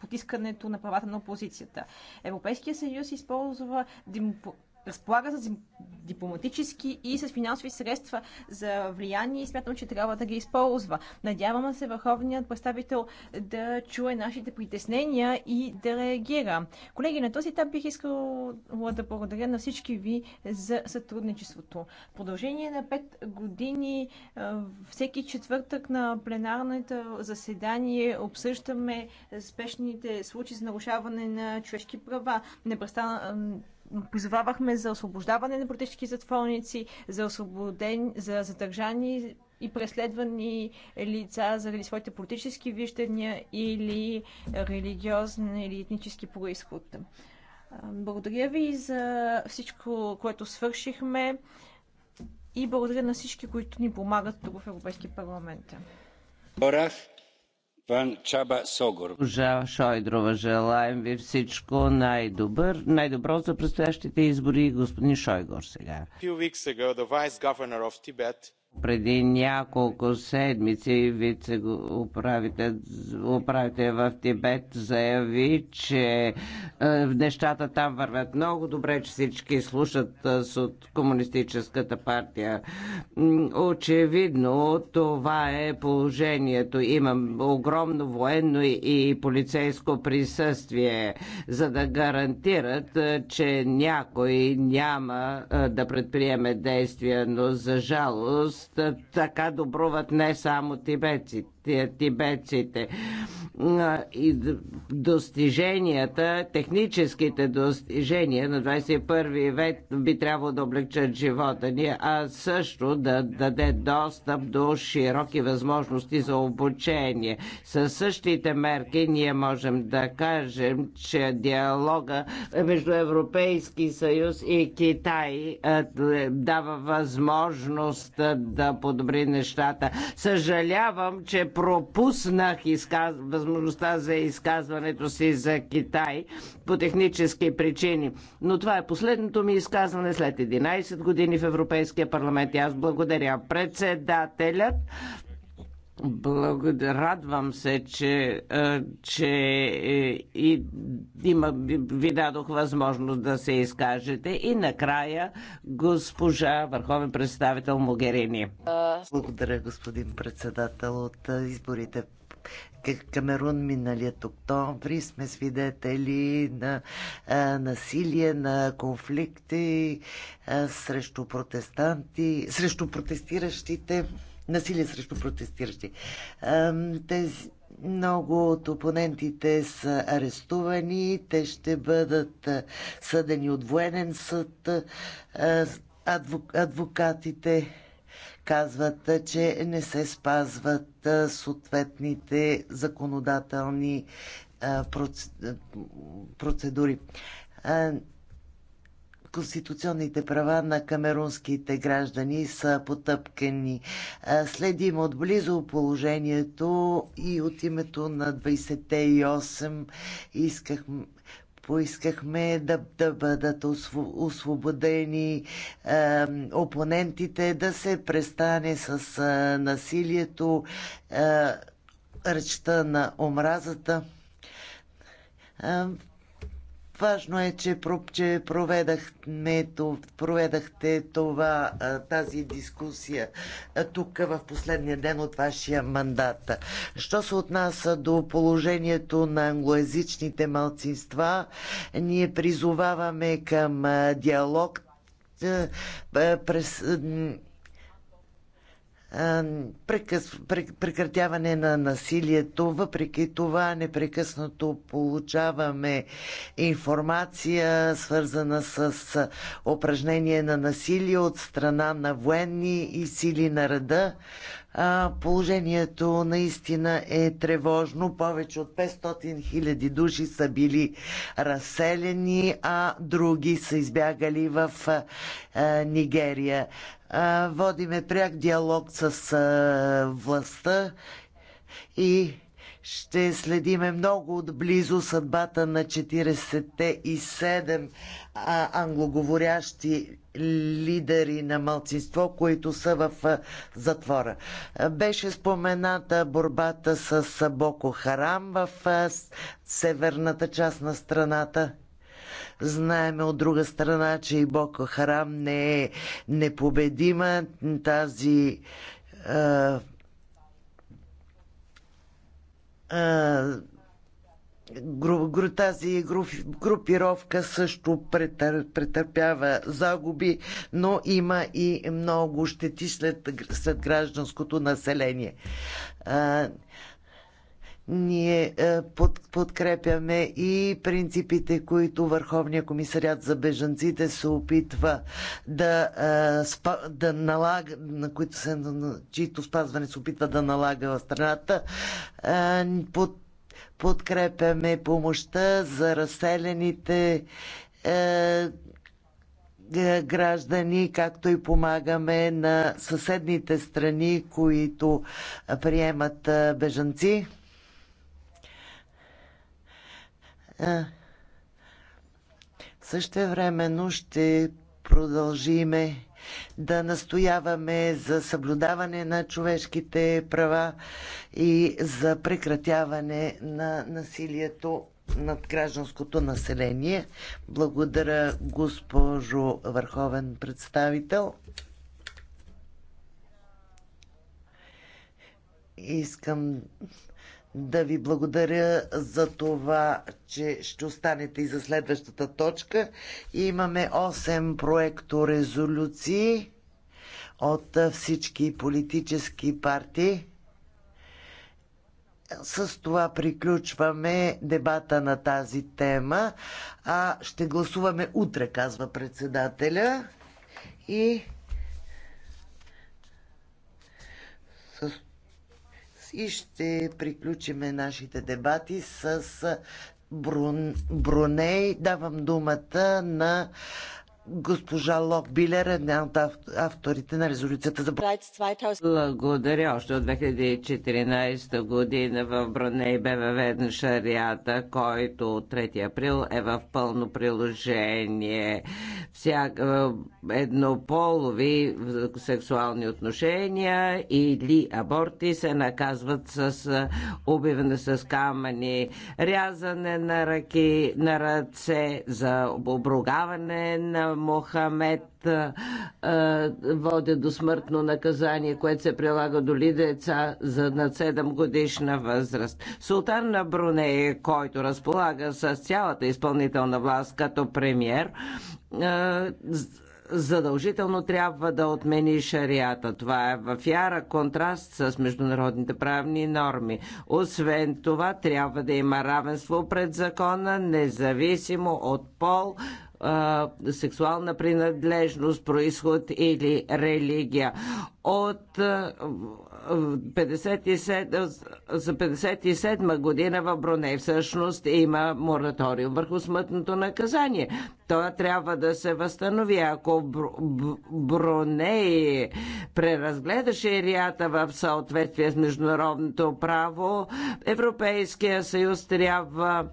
потискането на правата на опозицията. Европейския съюз използва разполага с дипломатически и с финансови средства за влияние и смятам, че трябва да ги използва. Надяваме се върховният представител да чуе нашите притеснения и да реагира. Колеги, на този етап бих искала да благодаря на всички ви за сътрудничеството. В продължение на 5 години всеки четвъртък на пленарното заседание обсъждаме спешните случаи за нарушаване на човешки права. Непрестанно позовавахме за освобождаване на политически затворници, за, освободен, за задържани и преследвани лица заради своите политически виждания или религиозен или етнически происход. Благодаря ви за всичко, което свършихме и благодаря на всички, които ни помагат тук в Европейския парламент.
Пан Чаба Согор.
Жа Шойдрова, желаем ви всичко най-добър, най-добро за предстоящите избори, господин Шойгор сега преди няколко седмици вице-управител в Тибет заяви, че е, нещата там вървят много добре, че всички слушат е, от Комунистическата партия. Очевидно, това е положението. Имам огромно военно и полицейско присъствие, за да гарантират, е, че някой няма да предприеме действия, но за жалост така добруват не само тибетците тибетците. И достиженията, техническите достижения на 21 век би трябвало да облегчат живота ни, а също да даде достъп до широки възможности за обучение. Със същите мерки ние можем да кажем, че диалога между Европейски съюз и Китай е, дава възможност да подобри нещата. Съжалявам, че пропуснах изказ... възможността за изказването си за Китай по технически причини. Но това е последното ми изказване след 11 години в Европейския парламент. И аз благодаря председателят. Благодаря. Радвам се, че, е, че е, и, има, ви дадох възможност да се изкажете. И накрая госпожа върховен представител Могерини.
Благодаря, господин председател от е, изборите Камерун миналият октомври сме свидетели на а, насилие, на конфликти а, срещу протестанти, срещу протестиращите насилие срещу протестиращи. Тези много от опонентите са арестувани, те ще бъдат съдени от военен съд. Адвокатите казват, че не се спазват съответните законодателни процедури конституционните права на камерунските граждани са потъпкани. Следим отблизо положението и от името на 28 исках, поискахме да, да бъдат освободени е, опонентите, да се престане с е, насилието, е, речта на омразата. Важно е, че, че проведахме, проведахте това, тази дискусия тук в последния ден от вашия мандат. Що се отнася до положението на англоязичните малцинства, ние призоваваме към диалог през прекратяване на насилието. Въпреки това, непрекъснато получаваме информация, свързана с упражнение на насилие от страна на военни и сили на реда, Положението наистина е тревожно. Повече от 500 хиляди души са били разселени, а други са избягали в Нигерия. Водиме пряк диалог с властта и ще следиме много отблизо съдбата на 47 англоговорящи лидери на мълцинство, които са в затвора. Беше спомената борбата с Боко Харам в северната част на страната. Знаеме от друга страна, че и Боко Харам не е непобедима. Тази а, тази групировка също претърпява загуби, но има и много щети след, след гражданското население. Ние под, подкрепяме и принципите, които Върховния комисарят за бежанците се опитва да, да налага, на които се, на чието спазване се опитва да налага в страната. Под подкрепяме помощта за разселените е, граждани, както и помагаме на съседните страни, които приемат е, бежанци. Е, времено ще продължиме да настояваме за съблюдаване на човешките права и за прекратяване на насилието над гражданското население. Благодаря, госпожо Върховен представител. Искам да ви благодаря за това, че ще останете и за следващата точка. Имаме 8 проекто резолюции от всички политически партии. С това приключваме дебата на тази тема, а ще гласуваме утре, казва председателя. И и ще приключиме нашите дебати с Бруней. Давам думата на госпожа Лок Билер, една от авторите на резолюцията за
Благодаря още от 2014 година в Бруней бе въведен шарията, който от 3 април е в пълно приложение. Всяка е, еднополови сексуални отношения или аборти се наказват с е, убиване с камъни, рязане на ръки, на ръце, за обругаване на Мохамед водят до смъртно наказание, което се прилага до ли деца за над 7 годишна възраст. Султан на Бруне, който разполага с цялата изпълнителна власт като премьер, задължително трябва да отмени шарията. Това е в яра контраст с международните правни норми. Освен това, трябва да има равенство пред закона, независимо от пол, сексуална принадлежност, происход или религия. От 57, за 57 година в Броне всъщност има мораториум върху смътното наказание. Той трябва да се възстанови. Ако Броне преразгледа ширията в съответствие с международното право, Европейския съюз трябва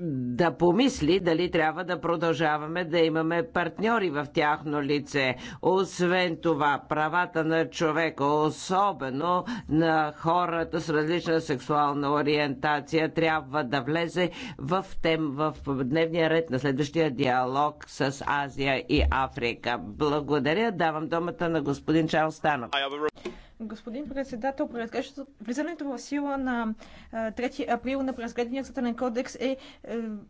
да помисли дали трябва да продължаваме да имаме партньори в тяхно лице. Освен това, правата на човека, особено на хората с различна сексуална ориентация, трябва да влезе в тем в дневния ред на следващия диалог с Азия и Африка. Благодаря. Давам думата на господин Чарл Станов.
Господин председател, влизането в сила на 3 април на преразгледания съдебен кодекс е, е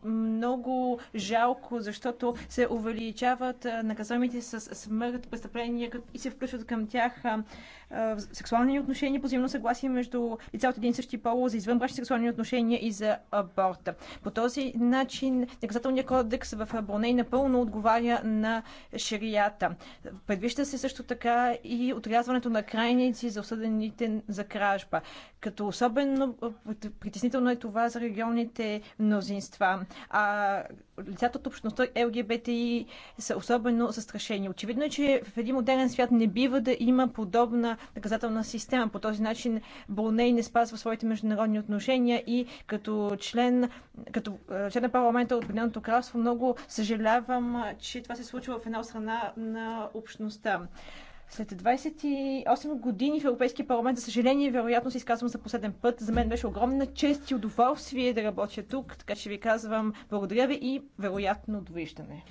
много жалко, защото се увеличават наказаните с смърт престъпления и се включват към тях сексуални отношения по взаимно съгласие между лица от един същи пол за извънбрачни сексуални отношения и за аборта. По този начин наказателният кодекс в Бруней напълно отговаря на шарията. Предвижда се също така и отрязването на крайници за осъдените за кражба. Като особено притеснително е това за регионите мнозинства. А лицата от общността ЛГБТИ са особено застрашени. Очевидно е, че в един модерен свят не бива да има подобна наказателна система. По този начин Бруней не спазва своите международни отношения и като член, като е, член на парламента от Обединеното кралство много съжалявам, че това се случва в една страна на общността. След 28 години в Европейския парламент, за съжаление, вероятно се изказвам за последен път. За мен беше огромна чест и удоволствие да работя тук, така че ви казвам благодаря ви и вероятно довиждане.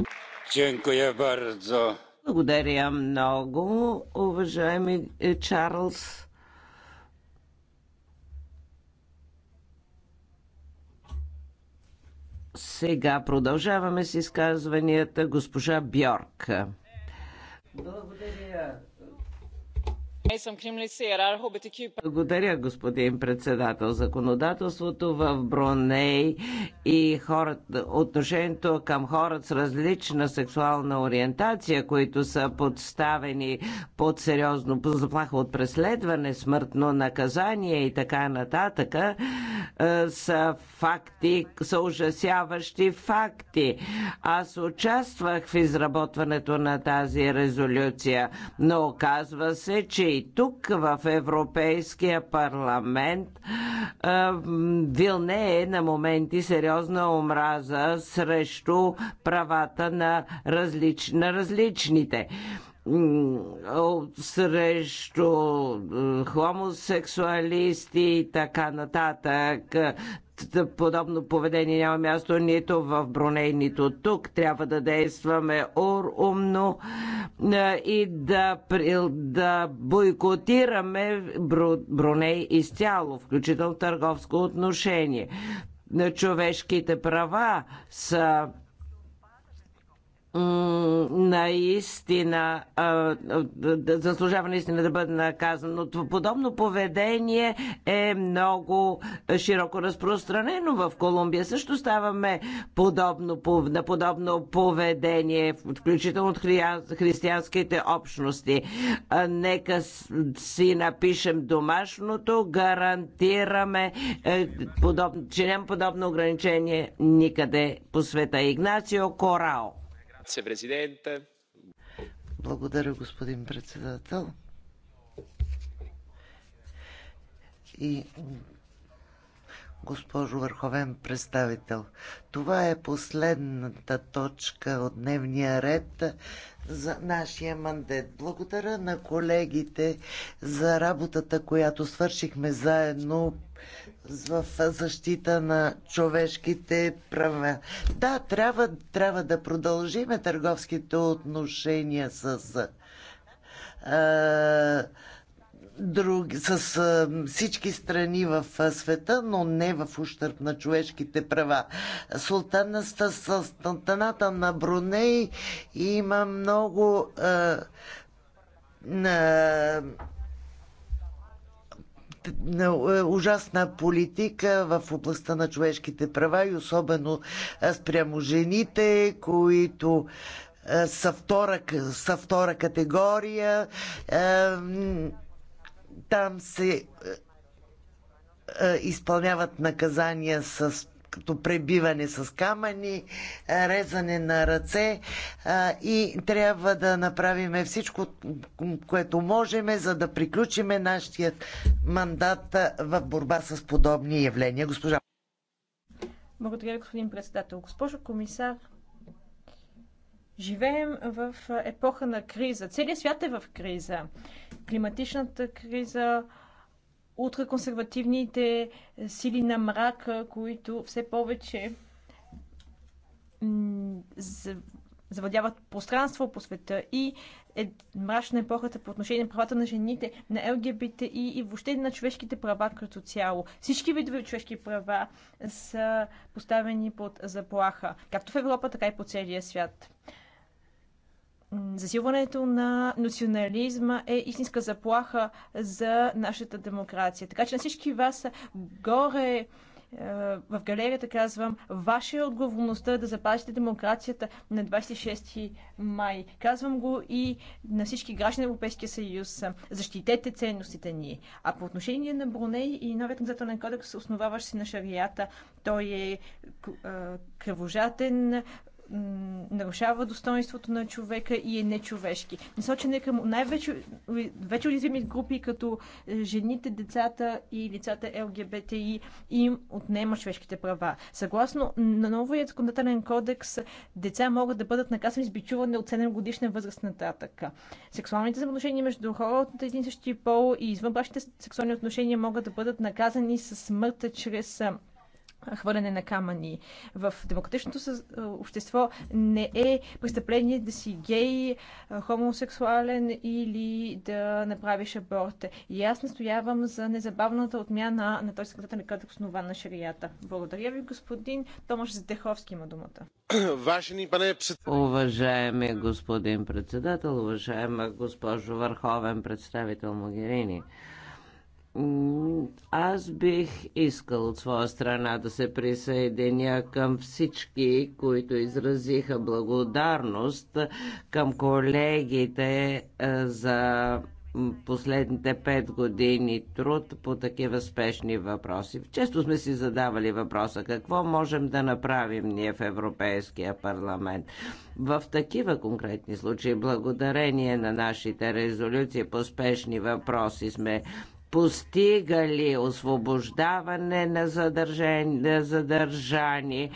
Благодаря много, уважаеми е, Чарлз. Сега продължаваме с изказванията госпожа Бьорк.
Благодаря.
Благодаря, господин председател. Законодателството в Бруней и хората, отношението към хората с различна сексуална ориентация, които са подставени под сериозно заплаха от преследване, смъртно наказание и така нататък, е, са факти, са ужасяващи факти. Аз участвах в изработването на тази резолюция, но оказва се, че и тук в Европейския парламент вилне е на моменти сериозна омраза срещу правата на, различ... на различните срещу хомосексуалисти и така нататък подобно поведение няма място нито в Бруней, нито тук. Трябва да действаме ур, умно и да, да бойкотираме Бруней изцяло, включително търговско отношение. На Човешките права са наистина заслужава наистина да бъде наказан. Но подобно поведение е много широко разпространено в Колумбия. Също ставаме подобно, на подобно поведение, включително от християнските общности. Нека си напишем домашното, гарантираме, е, подобно, че няма подобно ограничение никъде по света. Игнацио Корао.
Благодаря, господин председател. И госпожо Върховен представител, това е последната точка от дневния ред за нашия мандет. Благодаря на колегите за работата, която свършихме заедно в защита на човешките права. Да, трябва, трябва да продължиме търговските отношения с а, друг, с а, всички страни в а, света, но не в ущърп на човешките права. Султанната, султаната на Бруней има много а, на е, ужасна политика в областта на човешките права и особено е, спрямо жените, които е, са втора, са втора категория. Там се изпълняват наказания с като пребиване с камъни, е, резане на ръце е, и трябва да направим всичко, което можем, за да приключиме нашия мандат е, в борба с подобни явления. Госпожа.
Благодаря, господин председател. Госпожо комисар, живеем в епоха на криза. Целият свят е в криза. Климатичната криза, ултраконсервативните сили на мрака, които все повече завладяват пространство по света и е мрачна епохата по отношение на правата на жените, на ЛГБТ и, и въобще на човешките права като цяло. Всички видове човешки права са поставени под заплаха, както в Европа, така и по целия свят засилването на национализма е истинска заплаха за нашата демокрация. Така че на всички вас горе е, в галерията казвам, ваша е отговорността да запазите демокрацията на 26 май. Казвам го и на всички граждани на Европейския съюз. Защитете ценностите ни. А по отношение на Бруней и новият наказателен кодекс, основаващ се на шарията, той е, е кръвожатен, нарушава достоинството на човека и е нечовешки. Насочен е към най-вече уязвими групи, като е, жените, децата и лицата ЛГБТИ им отнема човешките права. Съгласно на новия законодателен кодекс, деца могат да бъдат наказани с бичуване от 7 годишна възраст нататък. Сексуалните взаимоотношения между хората от един същи пол и извънбрачните сексуални отношения могат да бъдат наказани с смърт чрез е, хвърляне на камъни. В демократичното общество не е престъпление да си гей, хомосексуален или да направиш аборт. И аз настоявам за незабавната отмяна на този съкратен кодекс, основан на шарията. Благодаря ви, господин Томаш Здеховски има думата.
Важни пане Уважаеми господин председател, уважаема госпожо Върховен представител Могерини. Аз бих искал от своя страна да се присъединя към всички, които изразиха благодарност към колегите е, за последните пет години труд по такива спешни въпроси. Често сме си задавали въпроса какво можем да направим ние в Европейския парламент. В такива конкретни случаи, благодарение на нашите резолюции по спешни въпроси, сме постигали освобождаване на задържани,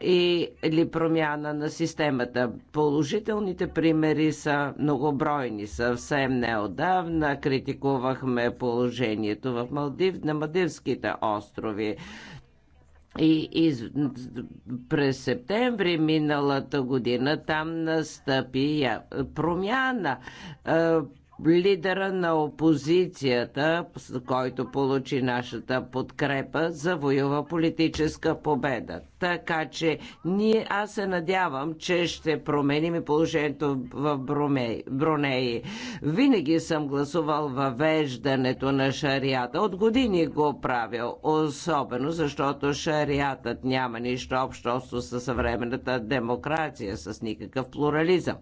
и, или промяна на системата. Положителните примери са многобройни. Съвсем неодавна критикувахме положението в Малдив, на Мадивските острови. И, и през септември миналата година там настъпи промяна лидера на опозицията, който получи нашата подкрепа, завоюва политическа победа. Така че ние, аз се надявам, че ще променим и положението в Бронеи. Винаги съм гласувал въвеждането на шарията. От години го правя, особено защото шариатът няма нищо общо с съвременната демокрация, с никакъв плурализъм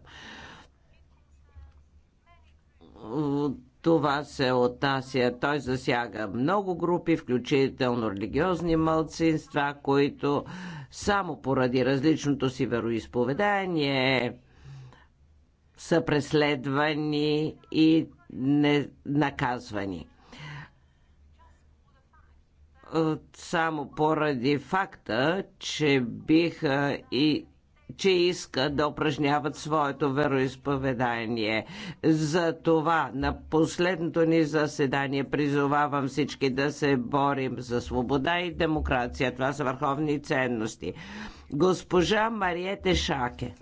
това се отнася, той засяга много групи, включително религиозни мълцинства, които само поради различното си вероисповедание са преследвани и не наказвани. Само поради факта, че биха и че искат да упражняват своето вероисповедание. За това на последното ни заседание призовавам всички да се борим за свобода и демокрация. Това са върховни ценности.
Госпожа Мариете Шаке.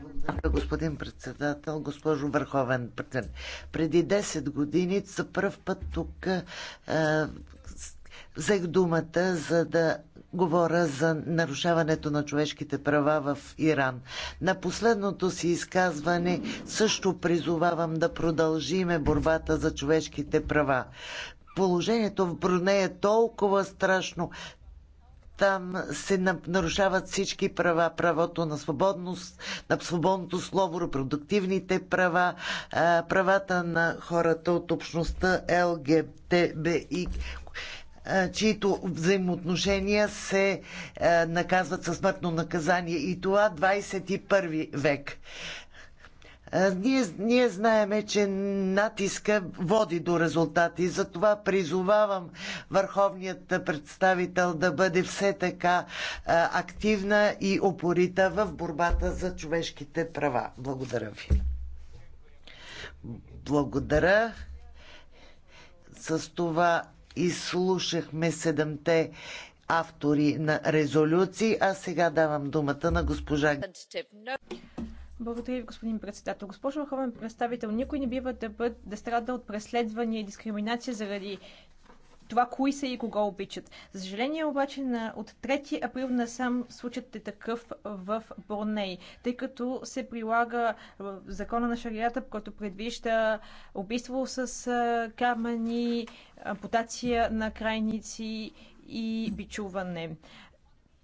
Благодаря, господин председател, госпожо Върховен председател. Преди 10 години за първ път тук е, взех думата, за да говоря за нарушаването на човешките права в Иран. На последното си изказване също призовавам да продължиме борбата за човешките права. Положението в Бруне е толкова страшно. Там се нарушават всички права. Правото на свободност, на свободното слово, репродуктивните права, правата на хората от общността ЛГБТБИ чието взаимоотношения се наказват със смъртно наказание. И това 21 век. Ние, ние знаеме, че натиска води до резултати. Затова призовавам върховният представител да бъде все така а, активна и опорита в борбата за човешките права. Благодаря ви. Благодаря. С това изслушахме седемте автори на резолюции, а сега давам думата на госпожа.
Благодаря ви, господин председател. Госпожо Върховен представител, никой не бива да, бъд, да страда от преследване и дискриминация заради това кои са и кого обичат. За съжаление обаче на, от 3 април насам случат е такъв в Борней, тъй като се прилага закона на шарията, който предвижда убийство с камъни, ампутация на крайници и бичуване.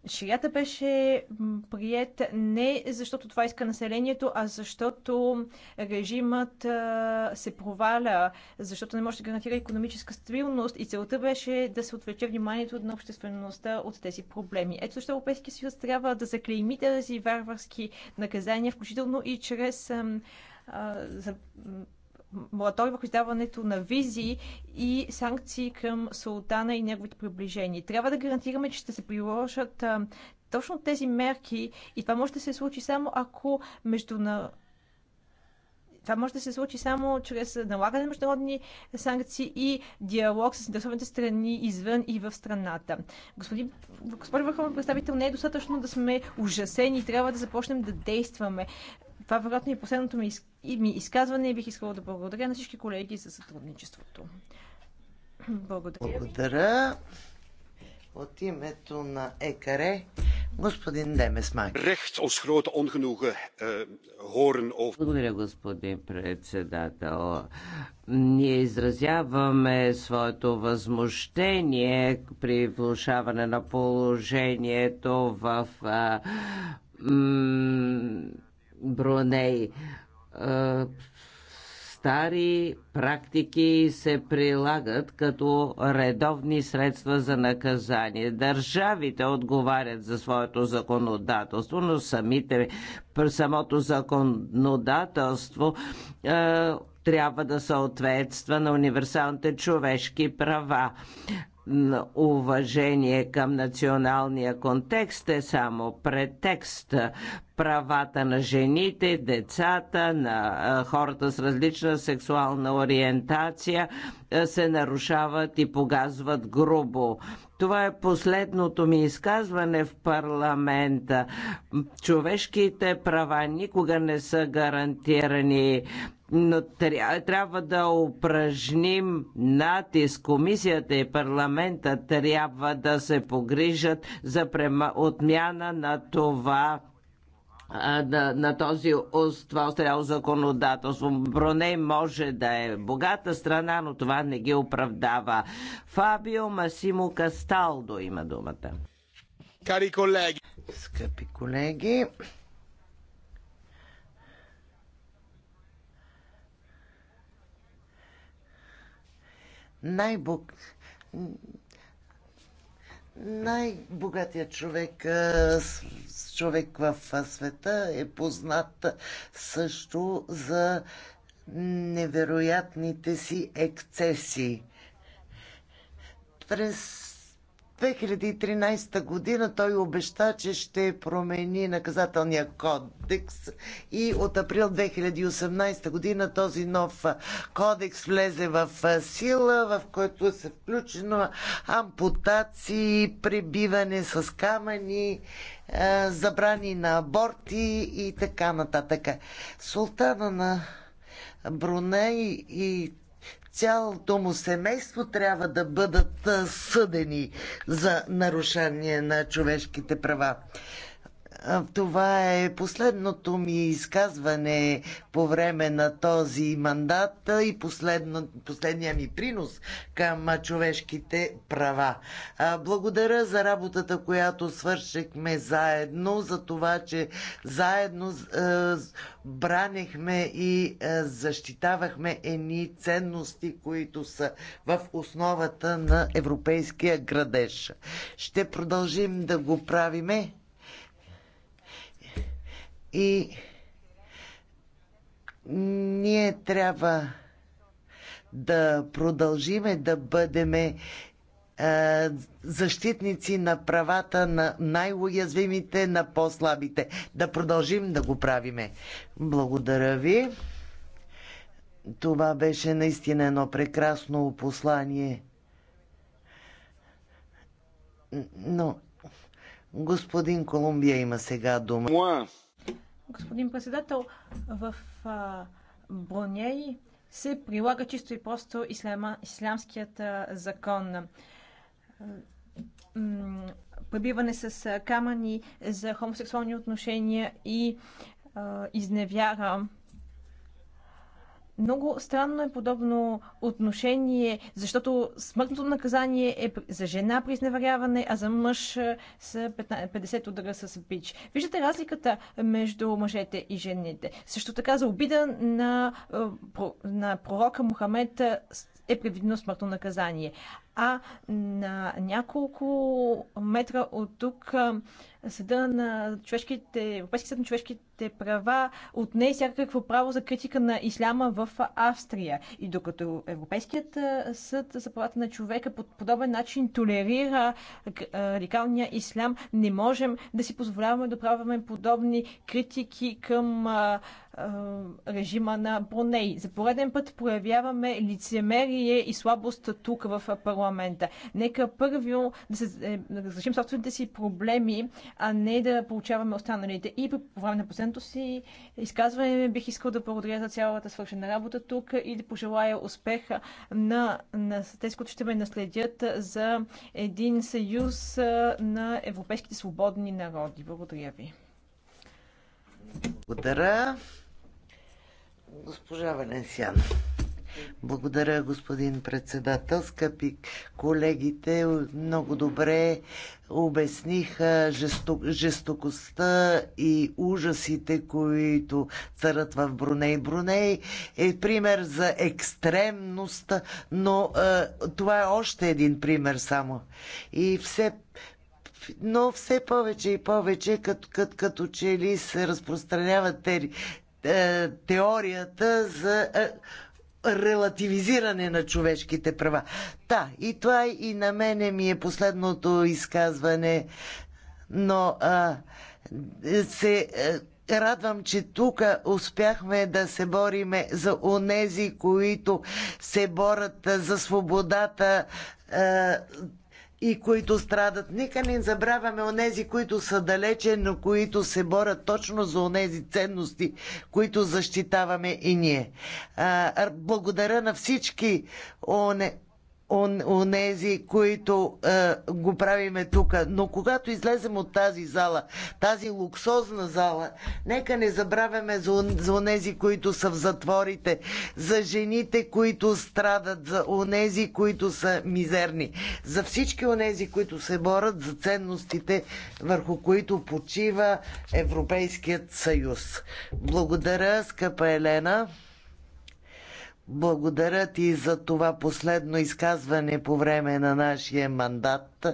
Шията беше прият не защото това иска населението, а защото режимът а, се проваля, защото не може да гарантира економическа стабилност и целта беше да се отвлече вниманието на обществеността от тези проблеми. Ето защо Европейския съюз трябва да заклейми тези варварски наказания, включително и чрез а, а, за, мораториум върху издаването на визи и санкции към султана и неговите приближени. Трябва да гарантираме, че ще се приложат а, точно тези мерки и това може да се случи само ако междуна... Това може да се случи само чрез налагане на международни санкции и диалог с интересованите страни извън и в страната. Господин, господин Върховен представител, не е достатъчно да сме ужасени, и трябва да започнем да действаме. Това вероятно е последното ми, из... ми изказване и бих искала да благодаря на всички колеги за сътрудничеството.
Благодаря. Благодаря. От името на ЕКАРЕ, господин Демесмак. Рехт ons grote ongenoegen eh, horen Благодаря,
господин председател. Ние изразяваме своето възмущение при влушаване на положението в а, Бруней. Е, стари практики се прилагат като редовни средства за наказание. Държавите отговарят за своето законодателство, но самите, самото законодателство е, трябва да съответства на универсалните човешки права уважение към националния контекст е само претекст правата на жените, децата, на хората с различна сексуална ориентация се нарушават и погазват грубо. Това е последното ми изказване в парламента. Човешките права никога не са гарантирани, но трябва да упражним натиск. Комисията и парламента трябва да се погрижат за отмяна на това на, на този, това остаряло законодателство. Броней може да е богата страна, но това не ги оправдава. Фабио Масимо Касталдо има думата.
Кари колеги! Скъпи колеги! Най-бог най богатият човек, човек в света е познат също за невероятните си ексцесии. През 2013 година той обеща, че ще промени наказателния кодекс и от април 2018 година този нов кодекс влезе в сила, в който се включено ампутации, пребиване с камъни, забрани на аборти и така нататък. Султана на Бруней и цялото му семейство трябва да бъдат съдени за нарушение на човешките права. Това е последното ми изказване по време на този мандат и последно, последния ми принос към човешките права. Благодаря за работата, която свършихме заедно, за това, че заедно бранехме и защитавахме едни ценности, които са в основата на европейския градеж. Ще продължим да го правиме и ние трябва да продължиме да бъдеме защитници на правата на най-уязвимите, на по-слабите. Да продължим да го правиме. Благодаря ви. Това беше наистина едно прекрасно послание. Но господин Колумбия има сега дума.
Господин председател, в Бруней се прилага чисто и просто исляма, ислямският закон. Пребиване с камъни за хомосексуални отношения и изневяра много странно е подобно отношение, защото смъртното наказание е за жена при изневаряване, а за мъж е, са 50 удара с бич. Виждате разликата между мъжете и жените. Също така за обида на, е, на пророка Мухамед е, е предвидено смъртно наказание. А на няколко метра от тук съда на човешките, Европейски съд на човешките човешките права, отне всякакво право за критика на исляма в Австрия. И докато Европейският съд за правата на човека по подобен начин толерира радикалния ислям, не можем да си позволяваме да правим подобни критики към режима на Броней. За пореден път проявяваме лицемерие и слабост тук в парламента. Нека първо да, се, е, да разрешим собствените си проблеми, а не да получаваме останалите. И по време на последната последното си изказване бих искал да благодаря за цялата свършена работа тук и да пожелая успех на, на тези, които ще ме наследят за един съюз на европейските свободни народи. Благодаря ви.
Благодаря. Госпожа Валенсиан, благодаря, господин председател. Скъпи колегите, много добре обясниха жесток, жестокостта и ужасите, които царат в Бруней. Бруней е пример за екстремност, но е, това е още един пример само. И все но все повече и повече, като, като, като че ли се разпространява те, е, теорията за е, релативизиране на човешките права. Та, да, и това и на мене ми е последното изказване, но а, се. А, радвам, че тук успяхме да се бориме за онези, които се борят за свободата, и които страдат. Нека не забравяме онези, които са далече, но които се борят точно за онези ценности, които защитаваме и ние. А, благодаря на всички оне, онези, които е, го правиме тук. Но когато излезем от тази зала, тази луксозна зала, нека не забравяме за, за онези, които са в затворите, за жените, които страдат, за онези, които са мизерни, за всички онези, които се борят за ценностите, върху които почива Европейският съюз. Благодаря, скъпа Елена благодаря ти за това последно изказване по време на нашия мандат.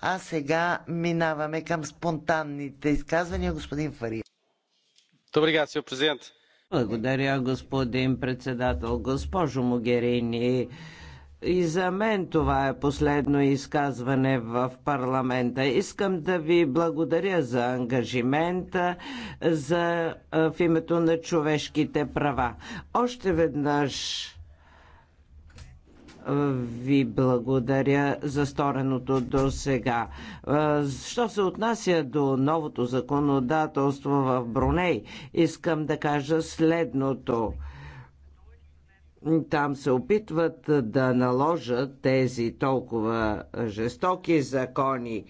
А сега минаваме към спонтанните изказвания. Господин Фария.
Добре, гасио, президент.
Благодаря,
господин председател. Госпожо Могерини, и за мен това е последно изказване в парламента. Искам да ви благодаря за ангажимента за, в името на човешките права. Още веднъж ви благодаря за стореното до сега. Що се отнася до новото законодателство в Бруней, искам да кажа следното – там се опитват да наложат тези толкова жестоки закони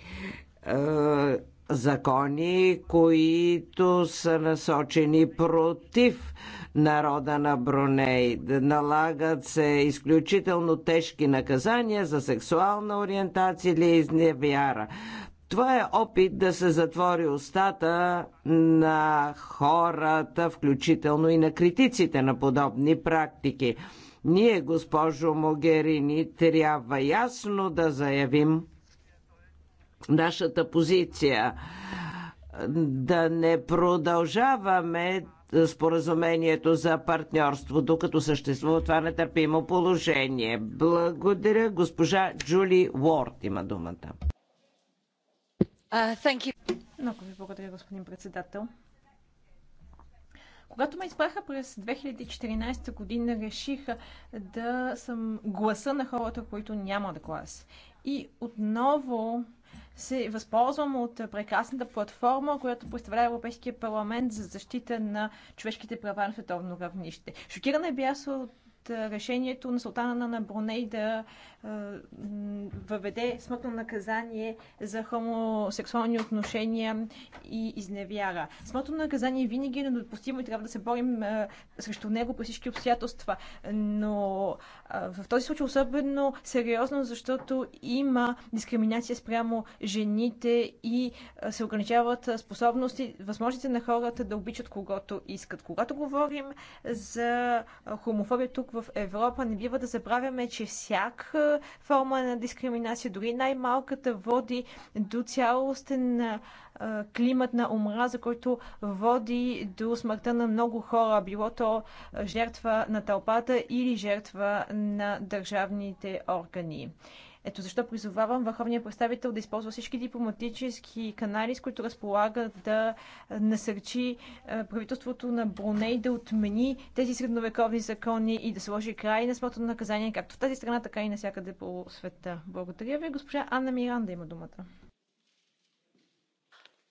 закони, които са насочени против народа на Бруней. Налагат се изключително тежки наказания за сексуална ориентация или изневяра. Това е опит да се затвори устата на хората, включително и на критиците на подобни практики. Ние, госпожо Могерини, трябва ясно да заявим нашата позиция. Да не продължаваме споразумението за партньорство, докато съществува това нетърпимо положение. Благодаря. Госпожа Джули Уорд има думата.
Uh, Много
ви благодаря, господин председател. Когато ме избраха през 2014 година, решиха да съм гласа на хората, които нямат глас. И отново се възползвам от прекрасната платформа, която представлява Европейския парламент за защита на човешките права на световно равнище. Шокирана е бях от решението на султана на Броней да въведе смъртно наказание за хомосексуални отношения и изневяра. Смъртно наказание винаги е недопустимо и трябва да се борим срещу него по всички обстоятелства. Но в този случай особено сериозно, защото има дискриминация спрямо жените и се ограничават способности, възможности на хората да обичат когото искат. Когато говорим за хомофобия тук в Европа. Не бива да забравяме, че всяка е, форма на дискриминация, дори най-малката, води до цялостен е, е, климат на омраза, който води до смъртта на много хора, било то жертва на тълпата или жертва на държавните органи. Ето защо призовавам върховния представител да използва всички дипломатически канали, с които разполага да насърчи е, правителството на Бруней да отмени тези средновековни закони и да сложи край на смъртното наказание, както в тази страна, така и навсякъде по света. Благодаря ви. Госпожа Анна Миранда има думата.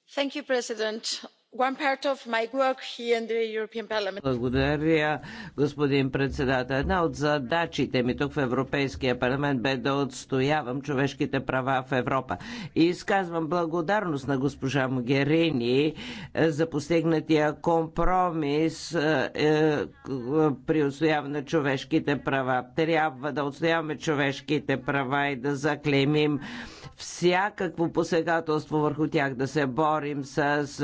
Thank you, President.
Благодаря, господин председател. Една от задачите ми тук в Европейския парламент бе да отстоявам човешките права в Европа. И изказвам благодарност на госпожа Могерини е, за постигнатия компромис е, е, при отстояване на човешките права. Трябва да отстояваме човешките права и да заклеймим всякакво посегателство върху тях, да се борим с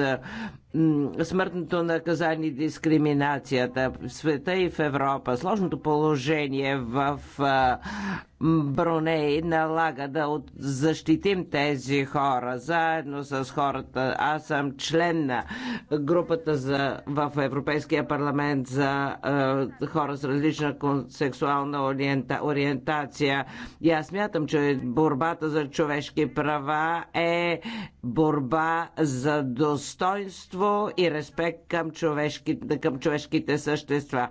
смъртното наказание и дискриминацията в света и в Европа. Сложното положение в Бруней налага да защитим тези хора заедно с хората. Аз съм член на групата за, в Европейския парламент за а, хора с различна сексуална ориента, ориентация. И аз смятам, че борбата за човешки права е борба за достоинство чувство и респект към човешките, към човешките същества.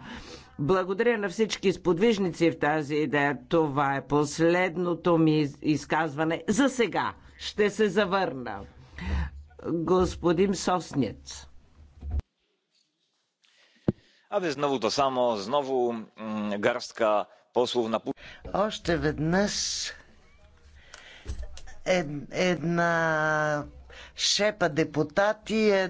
Благодаря на всички сподвижници в тази идея. Това е последното ми изказване за сега. Ще се завърна. Господин Соснец.
Абе, знову то само, знову гарстка пословна Още веднъж една шепа депутати,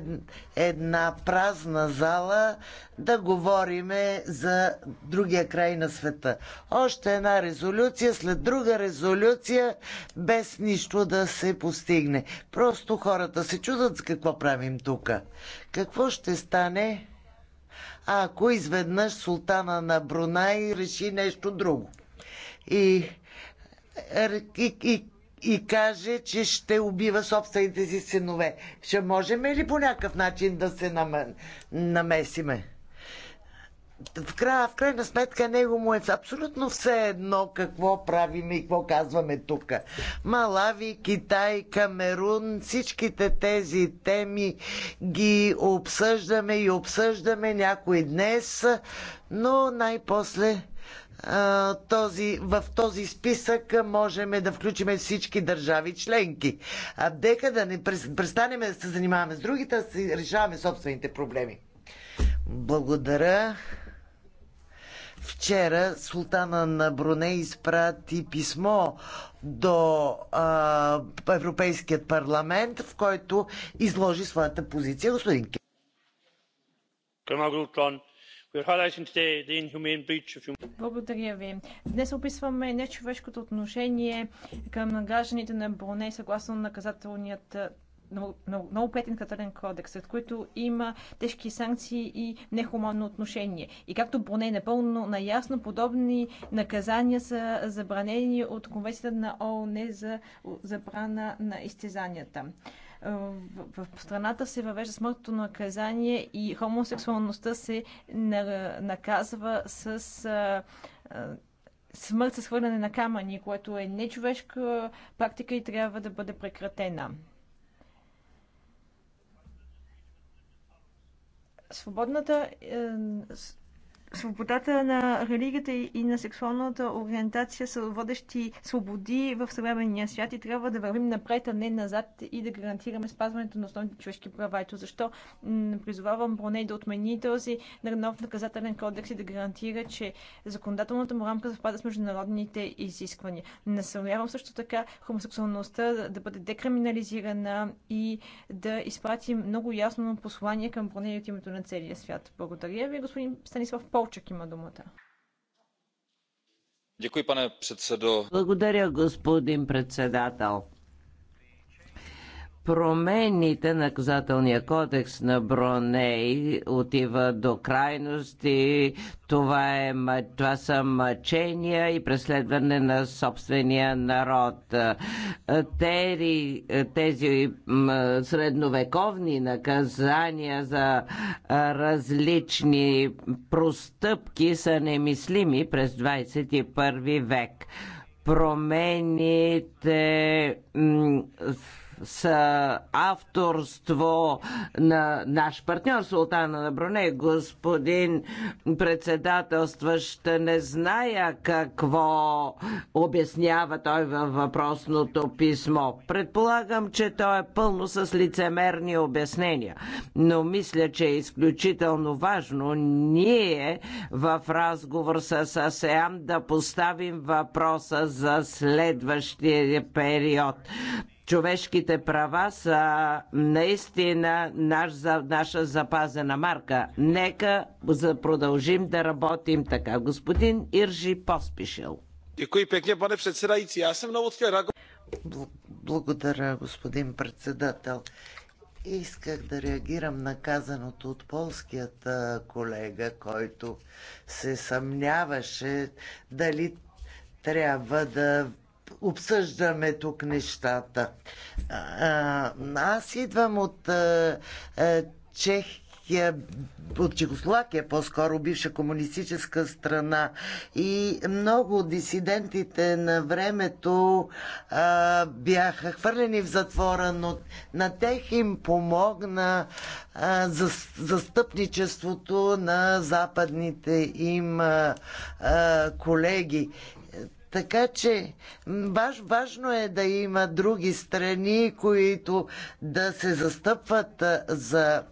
една празна зала, да говориме за другия край на света. Още една резолюция, след друга резолюция, без нищо да се постигне. Просто хората се чудат с какво правим тук. Какво ще стане, ако изведнъж султана на Брунай реши нещо друго? И и, и и каже, че ще убива собствените си синове. Ще можем ли по някакъв начин да се нам... намесиме? В, края, в крайна сметка него му е абсолютно все едно какво правим и какво казваме тук. Малави, Китай, Камерун, всичките тези теми ги обсъждаме и обсъждаме някой днес, но най-после този, в този списък можем да включим всички държави членки. А дека да не престанем да се занимаваме с другите, да си решаваме собствените проблеми. Благодаря. Вчера султана на Броне изпрати писмо до а, Европейският парламент, в който изложи своята позиция. Господин Кей.
Благодаря ви. Днес описваме нечовешкото отношение към гражданите на Бруней съгласно наказателният много петен катален кодекс, от които има тежки санкции и нехуманно отношение. И както Броне е напълно наясно, подобни наказания са забранени от Конвенцията на ООН за забрана на изтезанията. Е, в страната се въвежда смъртното наказание и хомосексуалността се наказва с е, е, смърт с хвърляне на камъни, което е нечовешка практика и трябва да бъде прекратена. Свободната, свободата на религията и на сексуалната ориентация са водещи свободи в съвременния свят и трябва да вървим напред, а не назад и да гарантираме спазването на основните човешки права. Ето защо призовавам Броней да отмени този нов наказателен кодекс и да гарантира, че законодателната му рамка съвпада с международните изисквания. Насъмявам също така хомосексуалността да бъде декриминализирана и да изпрати много ясно послание към Броней от името на целия свят. Благодаря ви, господин Станислав Полчак има думата.
Благодаря, господин председател промените на наказателния кодекс на Броней отива до крайности. Това, е, това са мъчения и преследване на собствения народ. Тери, тези средновековни наказания за различни простъпки са немислими през 21 век. Промените с авторство на наш партньор Султана на Броне, господин председателстващ, не зная какво обяснява той във въпросното писмо. Предполагам, че то е пълно с лицемерни обяснения, но мисля, че е изключително важно ние в разговор с АСЕАМ да поставим въпроса за следващия период човешките права са наистина наш, наша запазена марка. Нека за продължим да
работим така. Господин Иржи Поспишел. Благодаря, господин председател. Исках да реагирам на казаното от полският колега, който се съмняваше дали трябва да обсъждаме тук нещата. Аз идвам от а, Чехия, от Чехословакия, по-скоро бивша комунистическа страна. И много от дисидентите на времето а, бяха хвърлени в затвора, но на тех им помогна а, за, застъпничеството на западните им а, а, колеги. Така че важ, важно е да има други страни, които да се застъпват за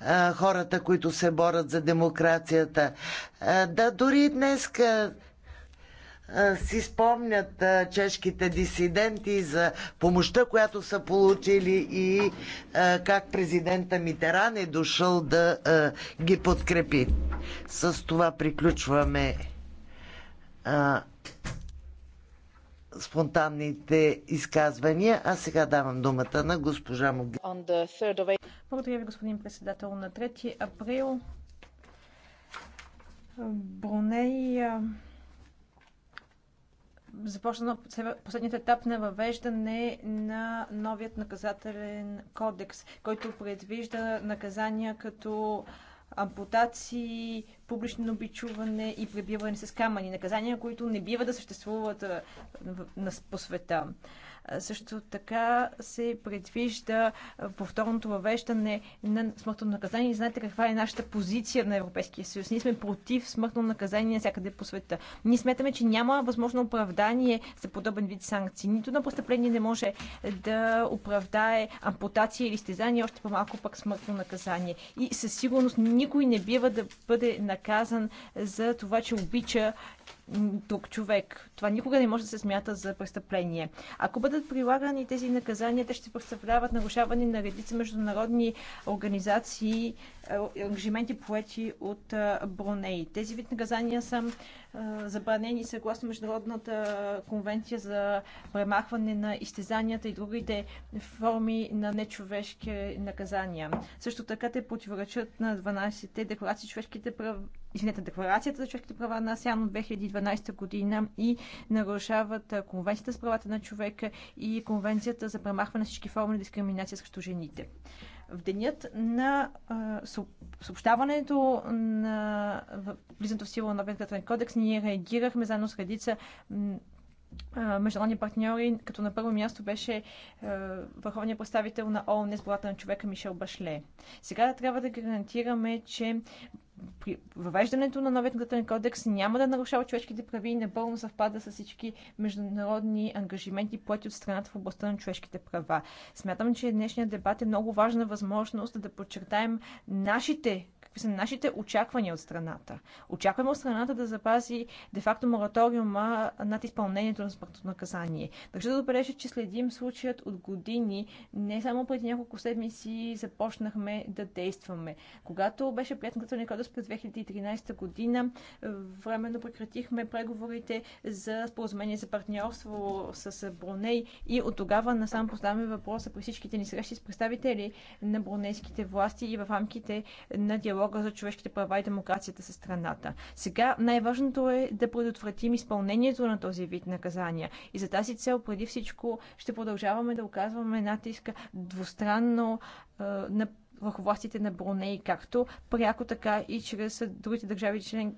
а, хората, които се борят за демокрацията. А, да, дори днес си спомнят а, чешките дисиденти за помощта, която са получили и а, как президента Митеран е дошъл да а, ги подкрепи. С това приключваме спонтанните изказвания. А сега давам думата на госпожа Могли.
Благодаря ви, господин председател. На 3 април Бруней започна последният етап на въвеждане на новият наказателен кодекс, който предвижда наказания като ампутации, публично обичуване и пребиване с камъни. Наказания, които не бива да съществуват по света. Също така се предвижда повторното въвеждане на смъртно наказание. Знаете каква е нашата позиция на Европейския съюз. Ние сме против смъртно наказание навсякъде по света. Ние сметаме, че няма възможно оправдание за подобен вид санкции. Нито на престъпление не може да оправдае ампутация или стезание, още по-малко пък смъртно наказание. И със сигурност никой не бива да бъде наказан за това, че обича друг човек. Това никога не може да се смята за престъпление. Ако бъдат прилагани тези наказания, те ще представляват нарушаване на редица международни организации, е, ангажименти поети от е, Броней. Тези вид наказания са е, забранени съгласно Международната конвенция за премахване на изтезанията и другите форми на нечовешки наказания. Също така те противоречат на 12-те декларации човешките права извинете, Декларацията за човешките права на АСЯН от 2012 година и нарушават Конвенцията за правата на човека и Конвенцията за премахване на всички форми на дискриминация срещу жените. В денят на съобщаването на влизането в сила на Новия кодекс ние реагирахме заедно с редица международни партньори, като на първо място беше е, върховният представител на ООН с на човека Мишел Башле. Сега трябва да гарантираме, че при въвеждането на новият наказателен кодекс няма да нарушава човешките прави и напълно съвпада с всички международни ангажименти, поети от страната в областта на човешките права. Смятам, че днешният дебат е много важна възможност да подчертаем нашите какви са нашите очаквания от страната. Очакваме от страната да запази де-факто мораториума над изпълнението на смъртното наказание. Държа да отбележа, че следим случаят от години. Не само преди няколко седмици започнахме да действаме. Когато беше прият наказателен кодекс през 2013 година, временно прекратихме преговорите за споразумение за партньорство с Броней, и от тогава насам поставяме въпроса при всичките ни срещи с представители на бронейските власти и в рамките на диалог диалога за човешките права и демокрацията със страната. Сега най-важното е да предотвратим изпълнението на този вид наказания. И за тази цел преди всичко ще продължаваме да оказваме натиска двустранно е, на върху властите на Бруней, както пряко, така и чрез другите държави член,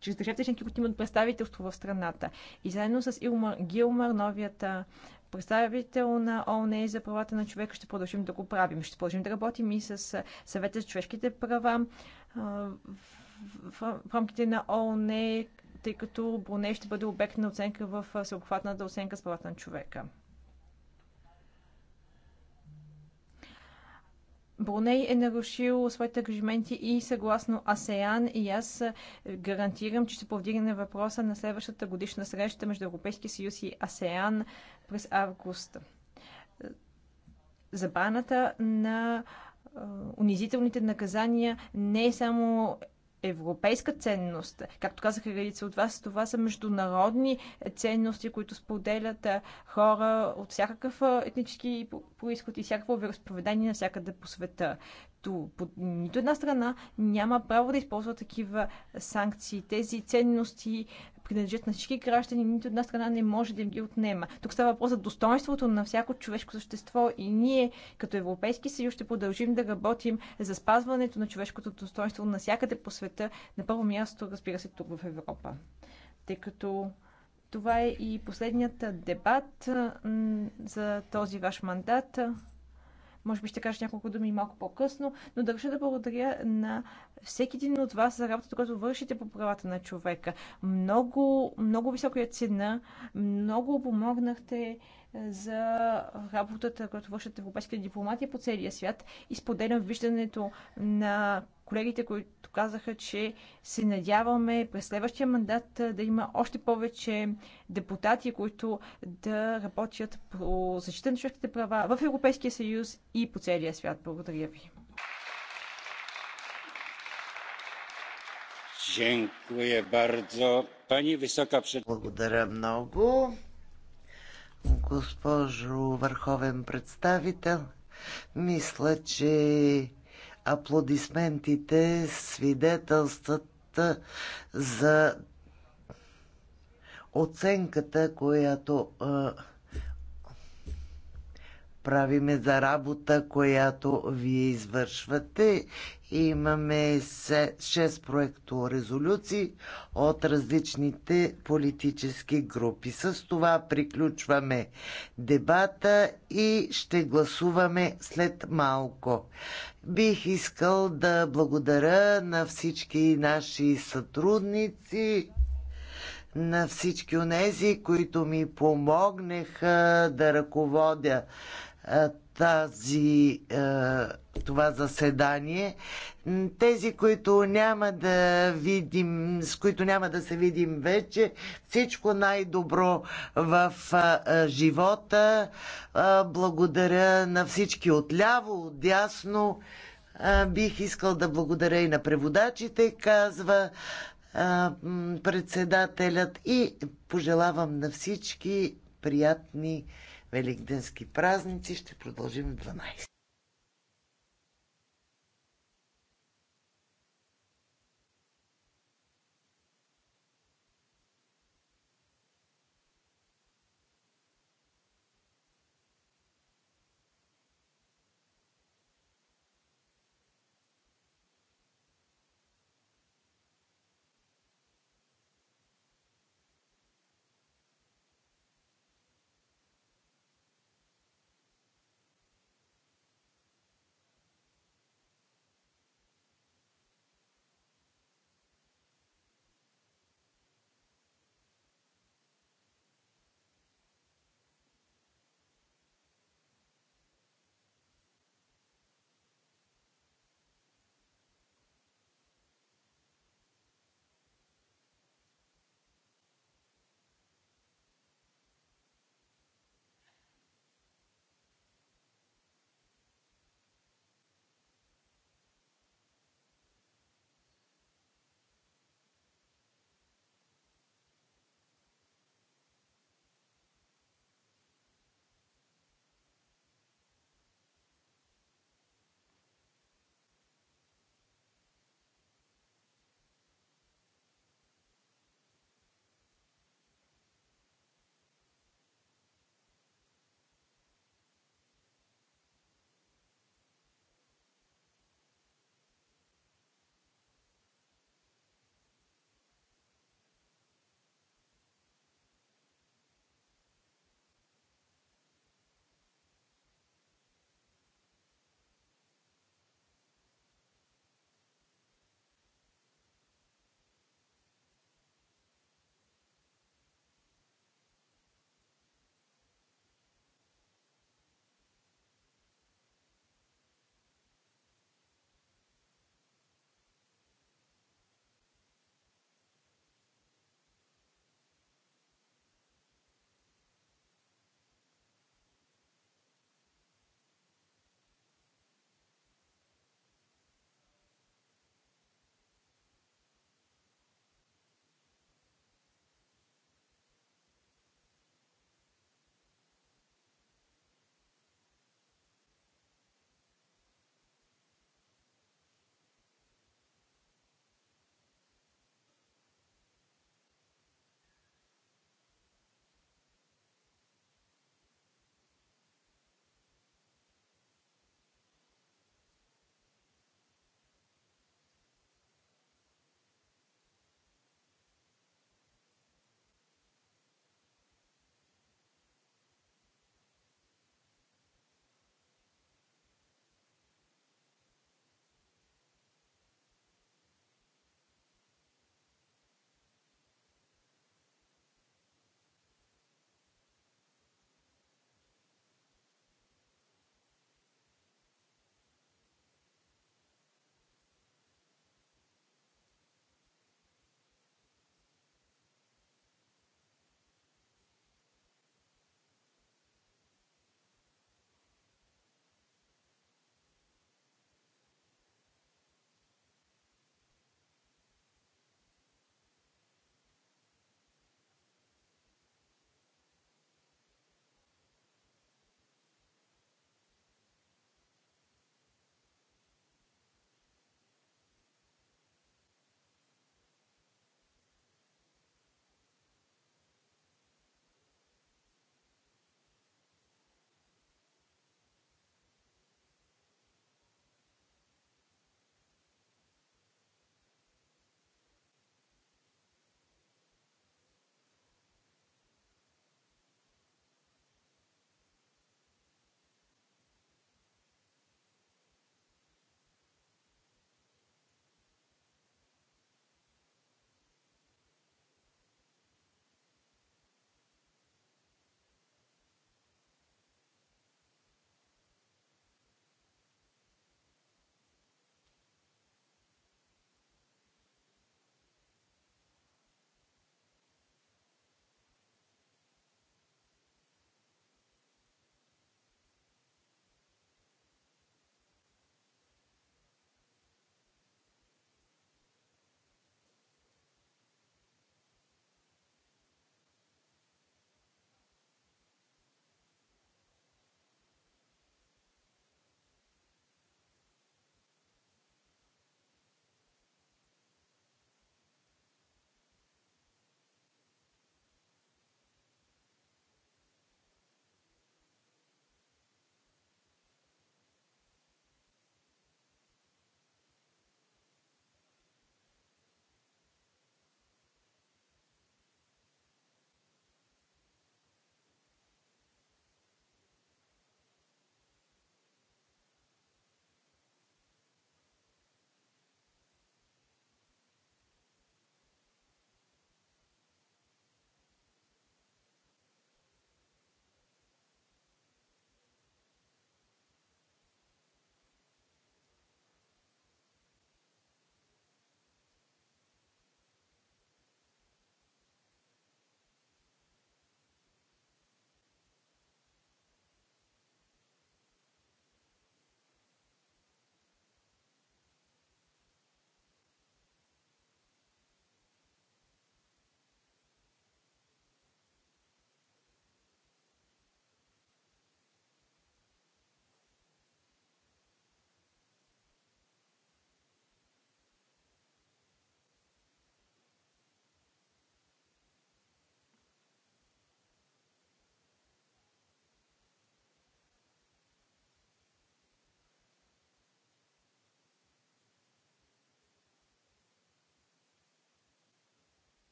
чрез държавите членки, които имат представителство в страната. И заедно с Илмар Гилмар, новият представител на ООН за правата на човека, ще продължим да го правим. Ще продължим да работим и с съвета за човешките права в рамките на ООН, тъй като Броне ще бъде обект на оценка в съобхватната оценка с правата на човека. Бруней е нарушил своите ангажименти и съгласно АСЕАН и аз гарантирам, че ще повдигне въпроса на следващата годишна среща между Европейския съюз и АСЕАН през август. Забраната на унизителните наказания не е само европейска ценност. Както казаха редица от вас, това са международни ценности, които споделят хора от всякакъв етнически происход и всякакво вероисповедание навсякъде по света нито една страна няма право да използва такива санкции. Тези ценности принадлежат на всички граждани, нито една страна не може да им ги отнема. Тук става въпрос за достоинството на всяко човешко същество и ние, като Европейски съюз, ще продължим да работим за спазването на човешкото достоинство навсякъде по света, на първо място, разбира се, тук в Европа. Тъй като това е и последният дебат за този ваш мандат. Може би ще кажа няколко думи малко по-късно, но държа да благодаря на всеки един от вас за работата, която вършите по правата на човека. Много, много висока я е цена, много помогнахте за работата, която вършат европейските дипломатия по целия свят и споделям виждането на колегите, които казаха, че се надяваме през следващия мандат да има още повече депутати, които да работят по защита на човешките права в Европейския съюз и по целия свят. Благодаря ви.
Благодаря много. Госпожо върховен представител, мисля, че аплодисментите свидетелстват за оценката, която правиме за работа, която вие извършвате. Имаме 6 проекто резолюции от различните политически групи. С това приключваме дебата и ще гласуваме след малко. Бих искал да благодаря на всички наши сътрудници, на всички онези, които ми помогнаха да ръководя тази, това заседание. Тези, които няма да видим, с които няма да се видим вече, всичко най-добро в живота. Благодаря на всички отляво, отдясно. Бих искал да благодаря и на преводачите, казва председателят и пожелавам на всички приятни великденски празници. Ще продължим в 12.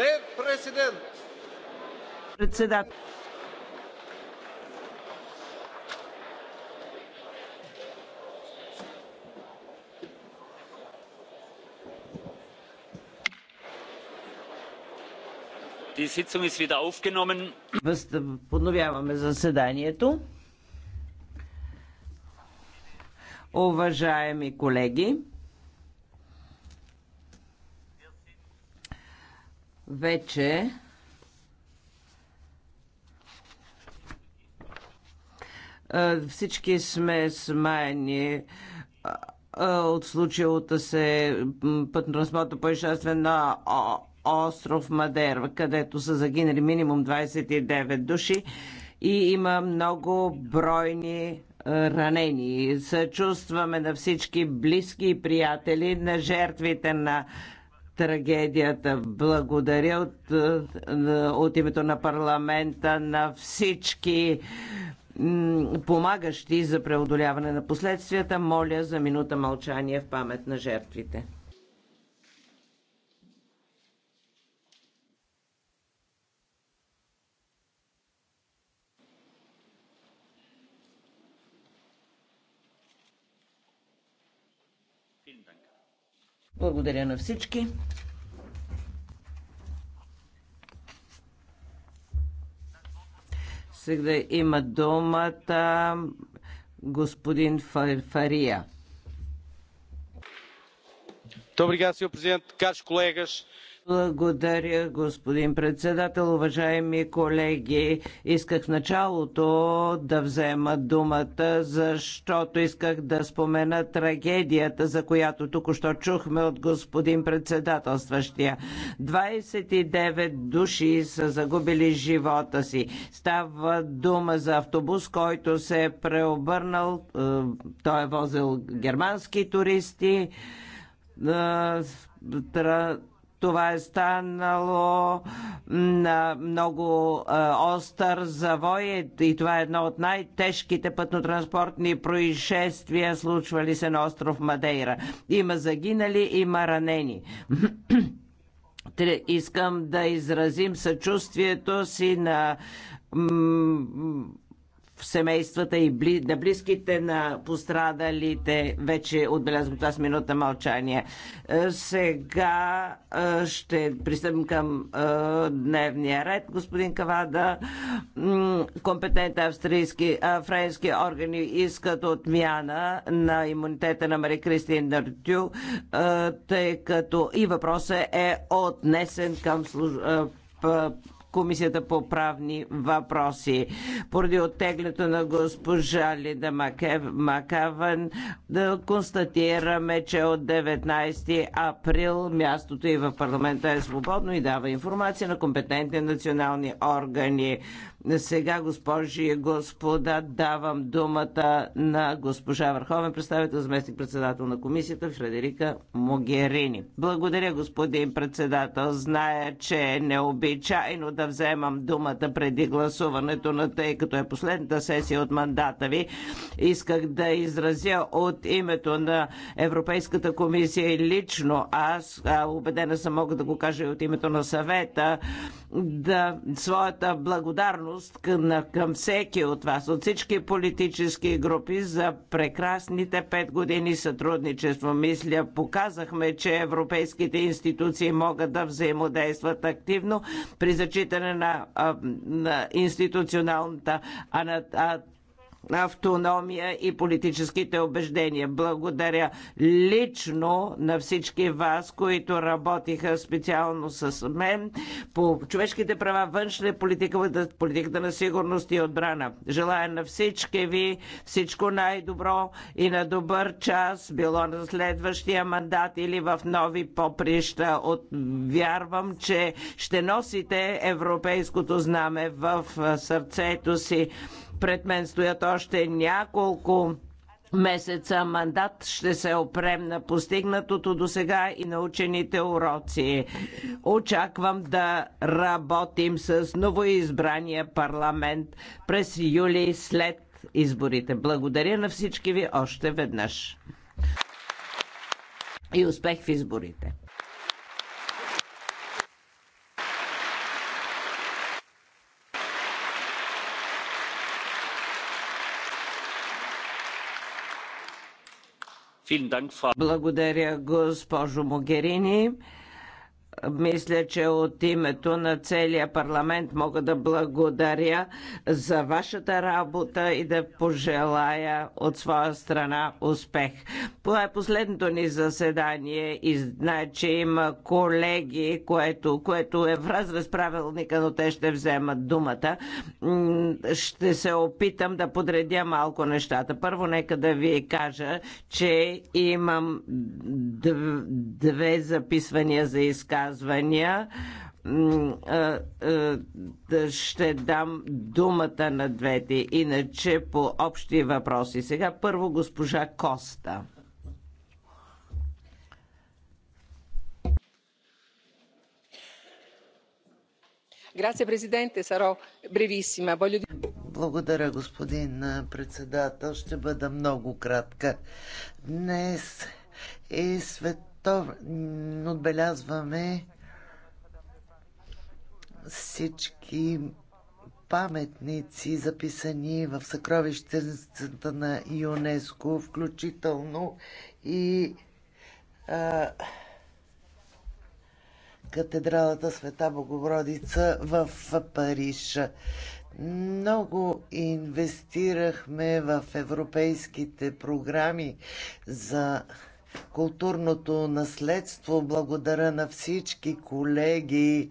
Der президент. Председател. Подновяваме заседанието. Уважаеми колеги, вече всички сме смаяни от случилото се пътно-транспортно происшествие на остров Мадерва, където са загинали минимум 29 души и има много бройни ранени. Съчувстваме на всички близки и приятели на жертвите на трагедията. Благодаря от, от името на парламента на всички помагащи за преодоляване на последствията. Моля за минута мълчание в памет на жертвите. Благодаря на всички. Сега има думата господин Фария.
Muito obrigado, Sr. Presidente. Caros colegas,
благодаря, господин председател. Уважаеми колеги, исках в началото да взема думата, защото исках да спомена трагедията, за която току-що чухме от господин председателстващия. 29 души са загубили живота си. Става дума за автобус, който се е преобърнал. Е, той е возил германски туристи е, това е станало на много остър завой и това е едно от най-тежките пътнотранспортни происшествия, случвали се на остров Мадейра. Има загинали, има ранени. <clears throat> Искам да изразим съчувствието си на в семействата и бли, на близките на пострадалите. Вече отбелязвам това с минута мълчание. Е, сега е, ще пристъпим към е, дневния ред. Господин Кавада, компетентни австрийски, френски органи искат отмяна на имунитета на Мари Кристин Нартю, тъй като и въпросът е отнесен към служба Комисията по правни въпроси. Поради оттеглянето на госпожа Лида Макев, Макаван, да констатираме, че от 19 април мястото и в парламента е свободно и дава информация на компетентни национални органи. Сега, госпожи и господа, давам думата на госпожа Върховен представител, заместник председател на комисията Фредерика Могерини. Благодаря, господин председател. Зная, че е необичайно да вземам думата преди гласуването на тъй като е последната сесия от мандата ви. Исках да изразя от името на Европейската комисия и лично аз, убедена съм, мога да го кажа и от името на съвета, да своята благодарност благодарност към, към всеки от вас, от всички политически групи за прекрасните пет години сътрудничество. Мисля, показахме, че европейските институции могат да взаимодействат активно при зачитане на, на институционалната а, автономия и политическите убеждения. Благодаря лично на всички вас, които работиха специално с мен по човешките права, външна политика, политиката на сигурност и отбрана. Желая на всички ви всичко най-добро и на добър час, било на следващия мандат или в нови поприща. От... Вярвам, че ще носите европейското знаме в сърцето си пред мен стоят още няколко месеца мандат ще се опрем на постигнатото до сега и научените уроци. Очаквам да работим с новоизбрания парламент през юли след изборите. Благодаря на всички ви още веднъж. И успех в изборите! Благодаря, госпожо Могерини мисля, че от името на целия парламент мога да благодаря за вашата работа и да пожелая от своя страна успех. Това е последното ни заседание и знае, че има колеги, което, което е в разрез правилника, но те ще вземат думата. Ще се опитам да подредя малко нещата. Първо, нека да ви кажа, че имам две записвания за изказване изказвания ще дам думата на двете, иначе по общи въпроси. Сега първо госпожа Коста.
Благодаря, господин председател. Ще бъда много кратка. Днес е свет отбелязваме всички паметници, записани в съкровищата на ЮНЕСКО, включително и а, катедралата Света Богородица в Париж. Много инвестирахме в европейските програми за културното наследство. Благодаря на всички колеги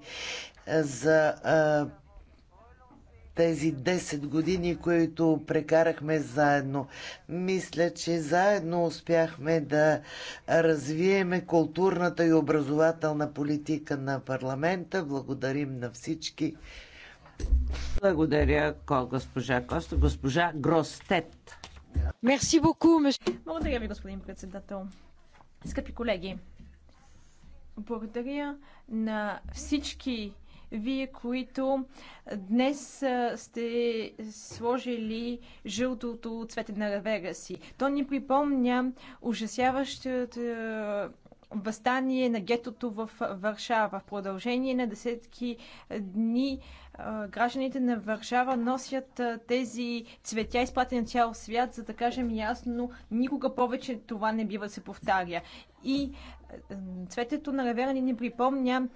за а, тези 10 години, които прекарахме заедно. Мисля, че заедно успяхме да развиеме културната и образователна политика на парламента. Благодарим на всички.
Благодаря, госпожа Коста. Госпожа Гростет.
Мерси боку, Благодаря ви, господин председател. Скъпи колеги, благодаря на всички вие, които днес сте сложили жълтото цвете на ревера си. То ни припомня ужасяващата възстание на гетото в Варшава. В продължение на десетки дни гражданите на Варшава носят тези цветя, изплатени на цял свят, за да кажем ясно, никога повече това не бива да се повтаря. И цветето на ревера ни припомня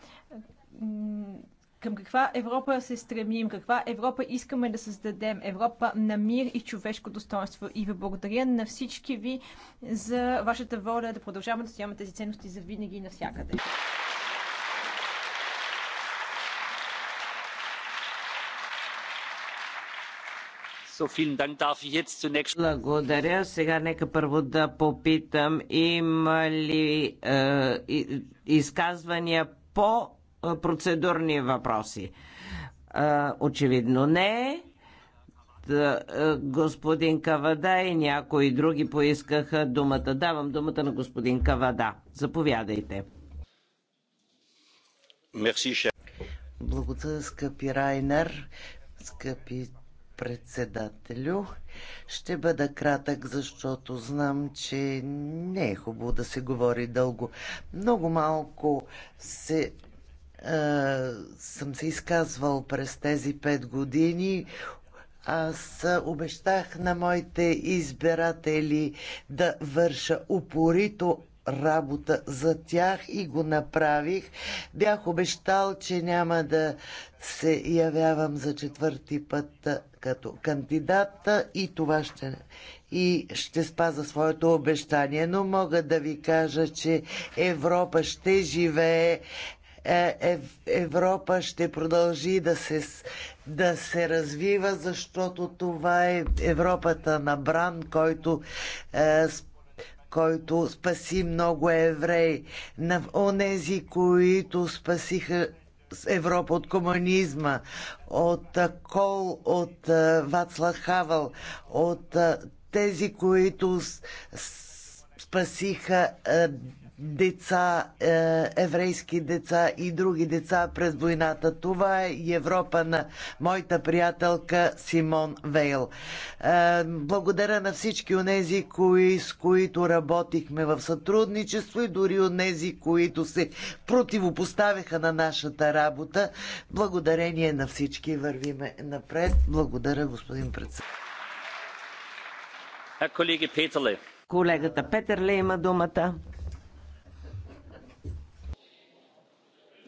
към каква Европа се стремим, каква Европа искаме да създадем, Европа на мир и човешко достоинство. И ви благодаря на всички ви за вашата воля да продължаваме да стояваме тези ценности за винаги и навсякъде.
Благодаря. Сега нека първо да попитам има ли е, изказвания по процедурни въпроси? Очевидно не е господин Кавада и някои други поискаха думата. Давам думата на господин Кавада.
Заповядайте. Мерси, Благодаря, скъпи Райнер, скъпи председателю. Ще бъда кратък, защото знам, че не е хубаво да се говори дълго. Много малко се е, съм се изказвал през тези пет години. Аз обещах на моите избиратели да върша упорито работа за тях и го направих. Бях обещал, че няма да се явявам за четвърти път е, като кандидата е, и това ще и ще спаза своето обещание, но мога да ви кажа, че Европа ще живее е, е, Европа ще продължи да се, да се развива, защото това е Европата на Бран, който е, който спаси много евреи, на онези, които спасиха Европа от комунизма, от Кол, от Вацла Хавал, от тези, които спасиха деца, е, еврейски деца и други деца през войната. Това е Европа на моята приятелка Симон Вейл. Е, благодаря на всички онези, кои, с които работихме в сътрудничество и дори онези, които се противопоставяха на нашата работа. Благодарение на всички вървиме напред. Благодаря, господин председател. Колегата Ле има думата.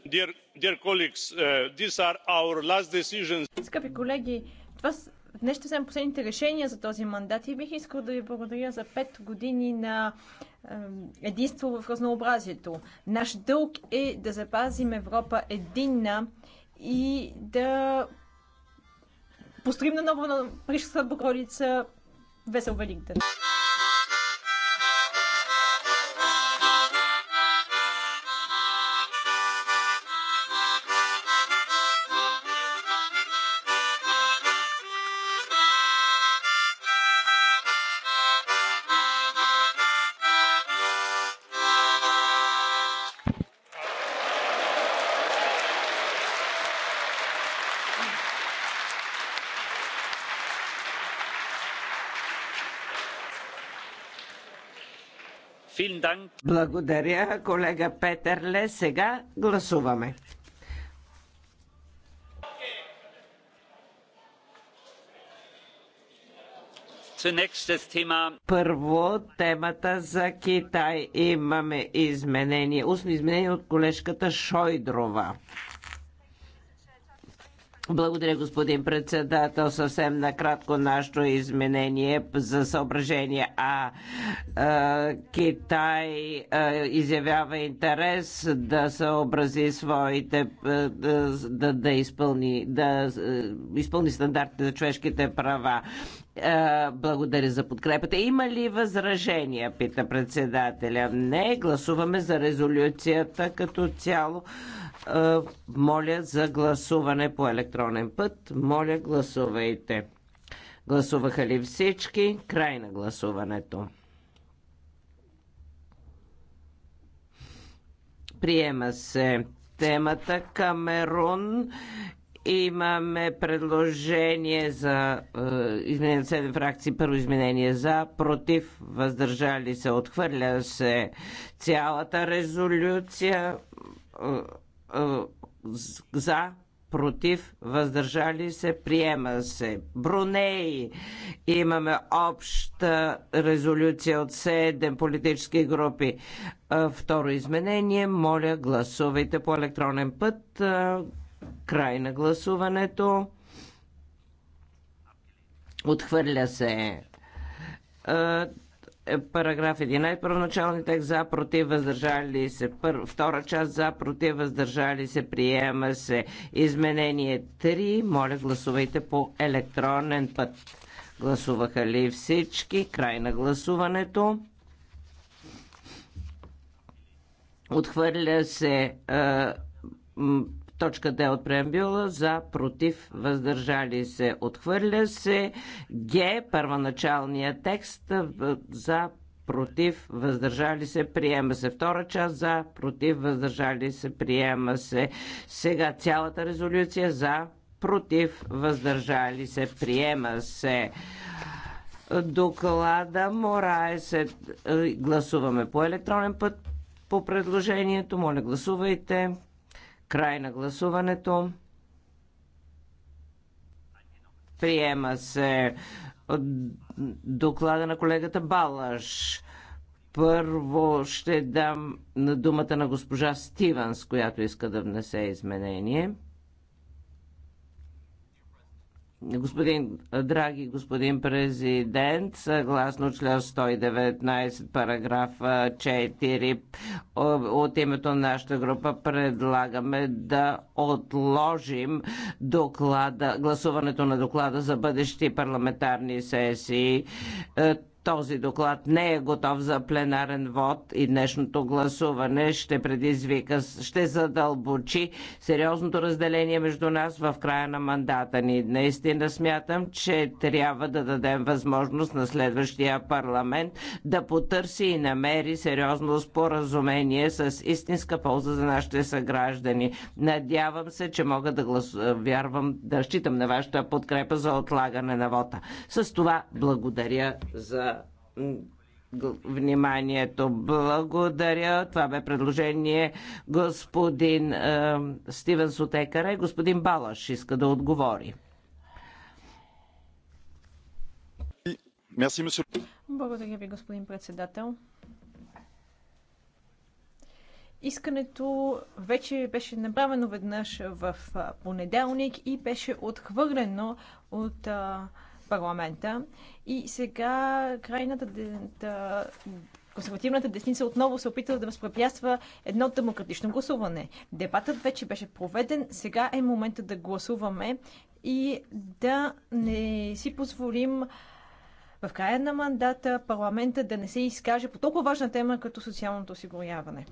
Uh, Скъпи
колеги, това Днес ще вземем последните решения за този мандат и бих искал да ви благодаря за пет години на единство в разнообразието. Наш дълг е да запазим Европа единна и да построим на нова на Пришка Богородица Весел Великден.
Благодаря, колега Петерле. Сега гласуваме. Първо темата за Китай. Имаме изменение. Устно изменение от колежката Шойдрова. Благодаря, господин председател. Съвсем накратко нашето изменение за съображение А. Китай изявява интерес да съобрази своите, да, да, изпълни, да изпълни стандартите за човешките права благодаря за подкрепата. Има ли възражения, пита председателя? Не, гласуваме за резолюцията като цяло е, моля за гласуване по електронен път. Моля, гласувайте. Гласуваха ли всички? Край на гласуването. Приема се темата Камерун. Имаме предложение за е, изменение на 7 фракции. Първо изменение за, против, въздържали се, отхвърля се цялата резолюция. Е, е, за против, въздържали се, приема се. Бруней. Имаме обща резолюция от 7 политически групи. Е, второ изменение. Моля, гласувайте по електронен път. Е, край на гласуването. Отхвърля се. Параграф 11, първоначални текст за, против, въздържали се. Пър... Втора част за, против, въздържали се. Приема се. Изменение 3. Моля, гласувайте по електронен път. Гласуваха ли всички? Край на гласуването. Отхвърля се. Е, Точка Д от преамбюла за против въздържали се отхвърля се. Г първоначалния текст за против, въздържали се, приема се. Втора част за, против, въздържали се, приема се. Сега цялата резолюция за, против, въздържали се, приема се. Доклада Морае се гласуваме по електронен път по предложението. Моля, гласувайте. Край на гласуването. Приема се доклада на колегата Балаш. Първо ще дам на думата на госпожа Стиванс, която иска да внесе изменение господин Драги господин президент, съгласно член 119 параграф 4 от името на нашата група предлагаме да отложим доклада, гласуването на доклада за бъдещи парламентарни сесии. Е, този доклад не е готов за пленарен вод и днешното гласуване ще предизвика, ще задълбочи сериозното разделение между нас в края на мандата ни. Наистина смятам, че трябва да дадем възможност на следващия парламент да потърси и намери сериозно споразумение с истинска полза за нашите съграждани. Надявам се, че мога да глас... вярвам, да считам на вашата подкрепа за отлагане на вота. С това благодаря за вниманието. Благодаря. Това бе предложение господин е, Стивен Сотекара и господин Балаш иска да отговори.
Благодаря ви, господин председател. Искането вече беше направено веднъж в понеделник и беше отхвърлено от парламента. И сега крайната да, консервативната десница отново се опитва да възпрепятства едно демократично гласуване. Дебатът вече беше проведен, сега е момента да гласуваме и да не си позволим в края на мандата парламента да не се изкаже по толкова важна тема като социалното осигуряване.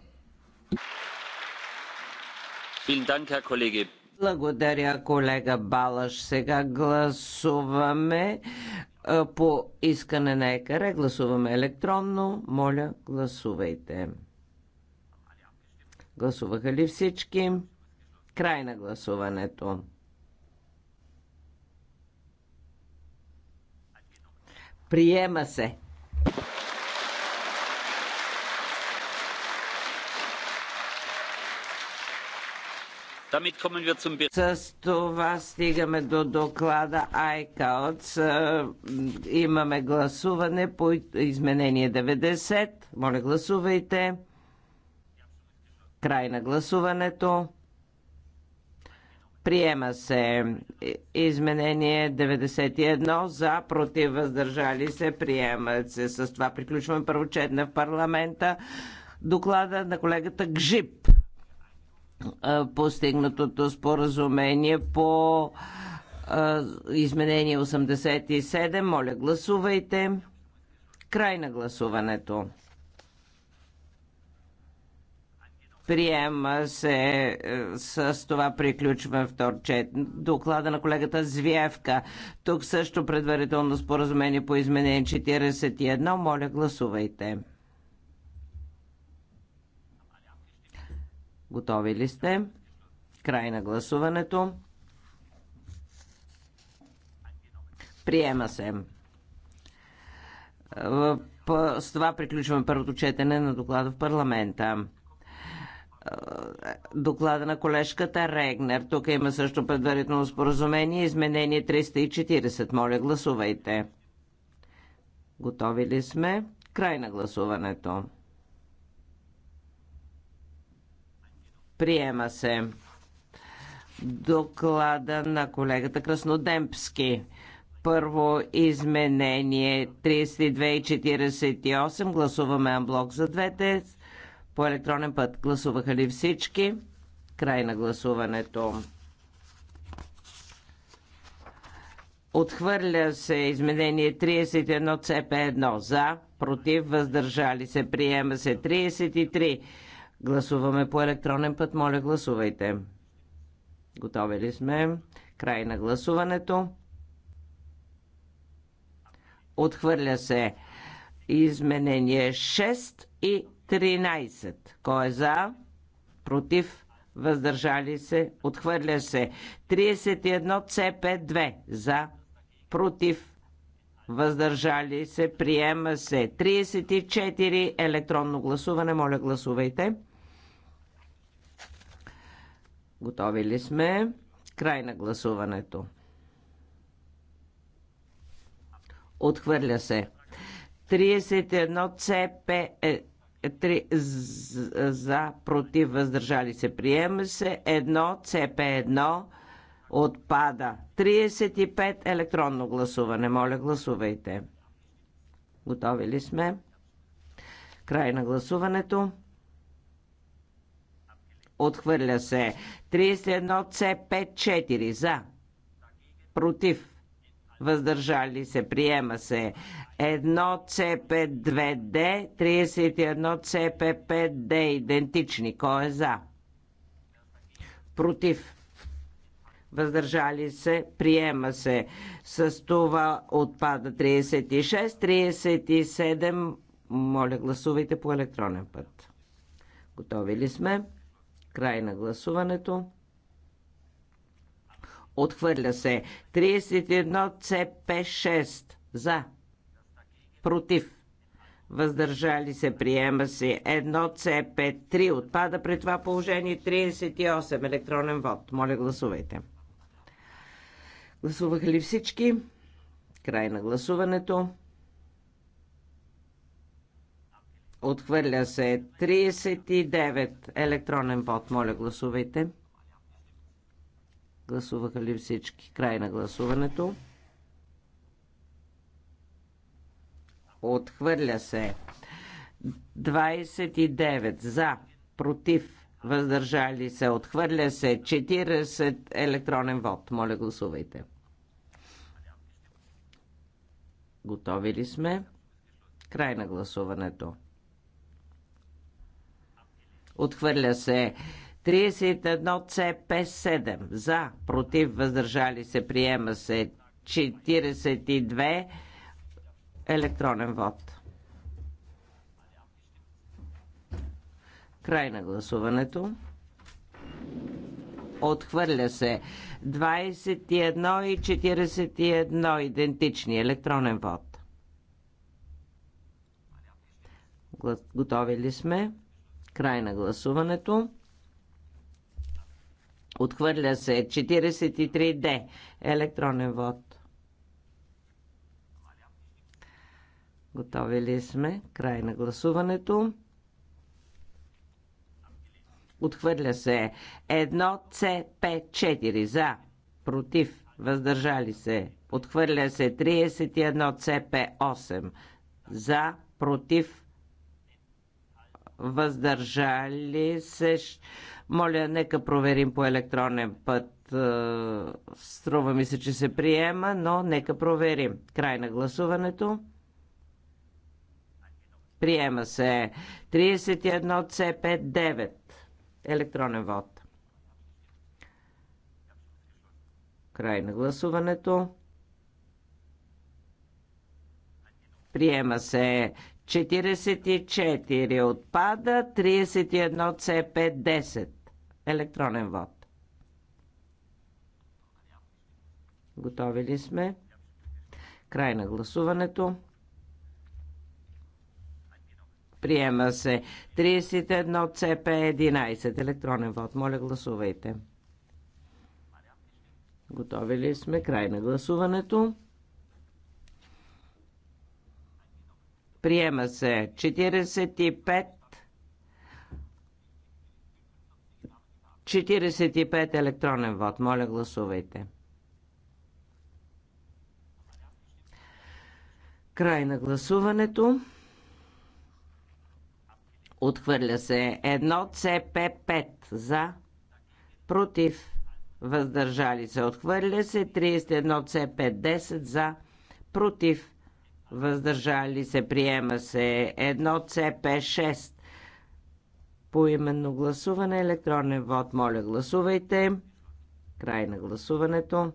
Благодаря, колега Балаш. Сега гласуваме по искане на ЕКАРЕ. Гласуваме електронно. Моля, гласувайте. Гласуваха ли всички? Край на гласуването. Приема се. С това стигаме до доклада ICAOTS. Е, имаме гласуване по изменение 90. Моля, гласувайте. Край на гласуването. Приема се е, изменение 91 за, против, въздържали се, приемат се. С това приключваме първо четене в парламента. Доклада на колегата Гжип постигнатото споразумение по изменение 87. Моля, гласувайте. Край на гласуването. Приема се е, с това приключваме втор чет. Доклада на колегата Звявка. Тук също предварително споразумение по изменение 41. Моля, гласувайте. Готови ли сте? Край на гласуването. Приема се. Е, с това приключваме първото четене на доклада в парламента е, доклада на колежката Регнер. Тук има също предварително споразумение. Изменение 340. Моля, гласувайте. Готови ли сме? Край на гласуването. Приема се. Доклада на колегата Краснодемпски. Първо изменение 32 и 48. Гласуваме амблок за двете. По електронен път гласуваха ли всички? Край на гласуването. Отхвърля се изменение 31 cp 1 за, против, въздържали се, приема се 33 Гласуваме по електронен път. Моля, гласувайте. Готови ли сме? Край на гласуването. Отхвърля се изменение 6 и 13. Кой е за? Против? Въздържали се? Отхвърля се. 31 CP2. За? Против? Въздържали се? Приема се. 34 електронно гласуване. Моля, гласувайте. Готови ли сме? Край на гласуването. Отхвърля се. 31 ЦП е, 3 е, за, против, въздържали се, приема се. 1 ЦП1 отпада. 35 електронно гласуване. Моля, гласувайте. Готови ли сме? Край на гласуването. Отхвърля се. 31 C54 за. Против. Въздържали се. Приема се. 1 CP2D, 31 CP5D. Идентични. Кой е за? Против въздържали се, приема се. С това отпада 36, 37. Моля, гласувайте по електронен път. Готови ли сме? Край на гласуването. Отхвърля се. 31 CP6 за. Против. Въздържали се. Приема се. 1 CP3 отпада при това положение. 38 електронен вод. Моля гласувайте. Гласуваха ли всички? Край на гласуването. Отхвърля се 39 електронен вод. Моля, гласувайте. Гласуваха ли всички? Край на гласуването. Отхвърля се 29 за, против, въздържали се. Отхвърля се 40 електронен вод. Моля, гласувайте. Готови ли сме? Край на гласуването. Отхвърля се 31 c 7 за, против, въздържали се, приема се 42 електронен вод. Край на гласуването. Отхвърля се 21 и 41 идентични електронен вод. Готови ли сме? Край на гласуването. Отхвърля се 43D. Електронен вод. Готови ли сме? Край на гласуването. Отхвърля се 1CP4 за, против, въздържали се. Отхвърля се 31CP8 за, против, въздържали се. Моля, нека проверим по електронен път. Е, струва ми се, че се приема, но нека проверим. Край на гласуването. Приема се 31 C59. Електронен вод. Край на гласуването. Приема се 44 отпада, 31 CP 10. Електронен вод. Готови ли сме? Край на гласуването. Приема се 31 CP 11. Електронен вод. Моля, гласувайте. Готови ли сме? Край на гласуването. Приема се 45 45 електронен вод. Моля, гласувайте. Край на гласуването. Отхвърля се 1 ЦП5 за, против, въздържали се. Отхвърля се 31 ЦП10 за, против, въздържали се, приема се. 1 ЦП6 по именно гласуване, електронен вод. Моля, гласувайте. Край на гласуването.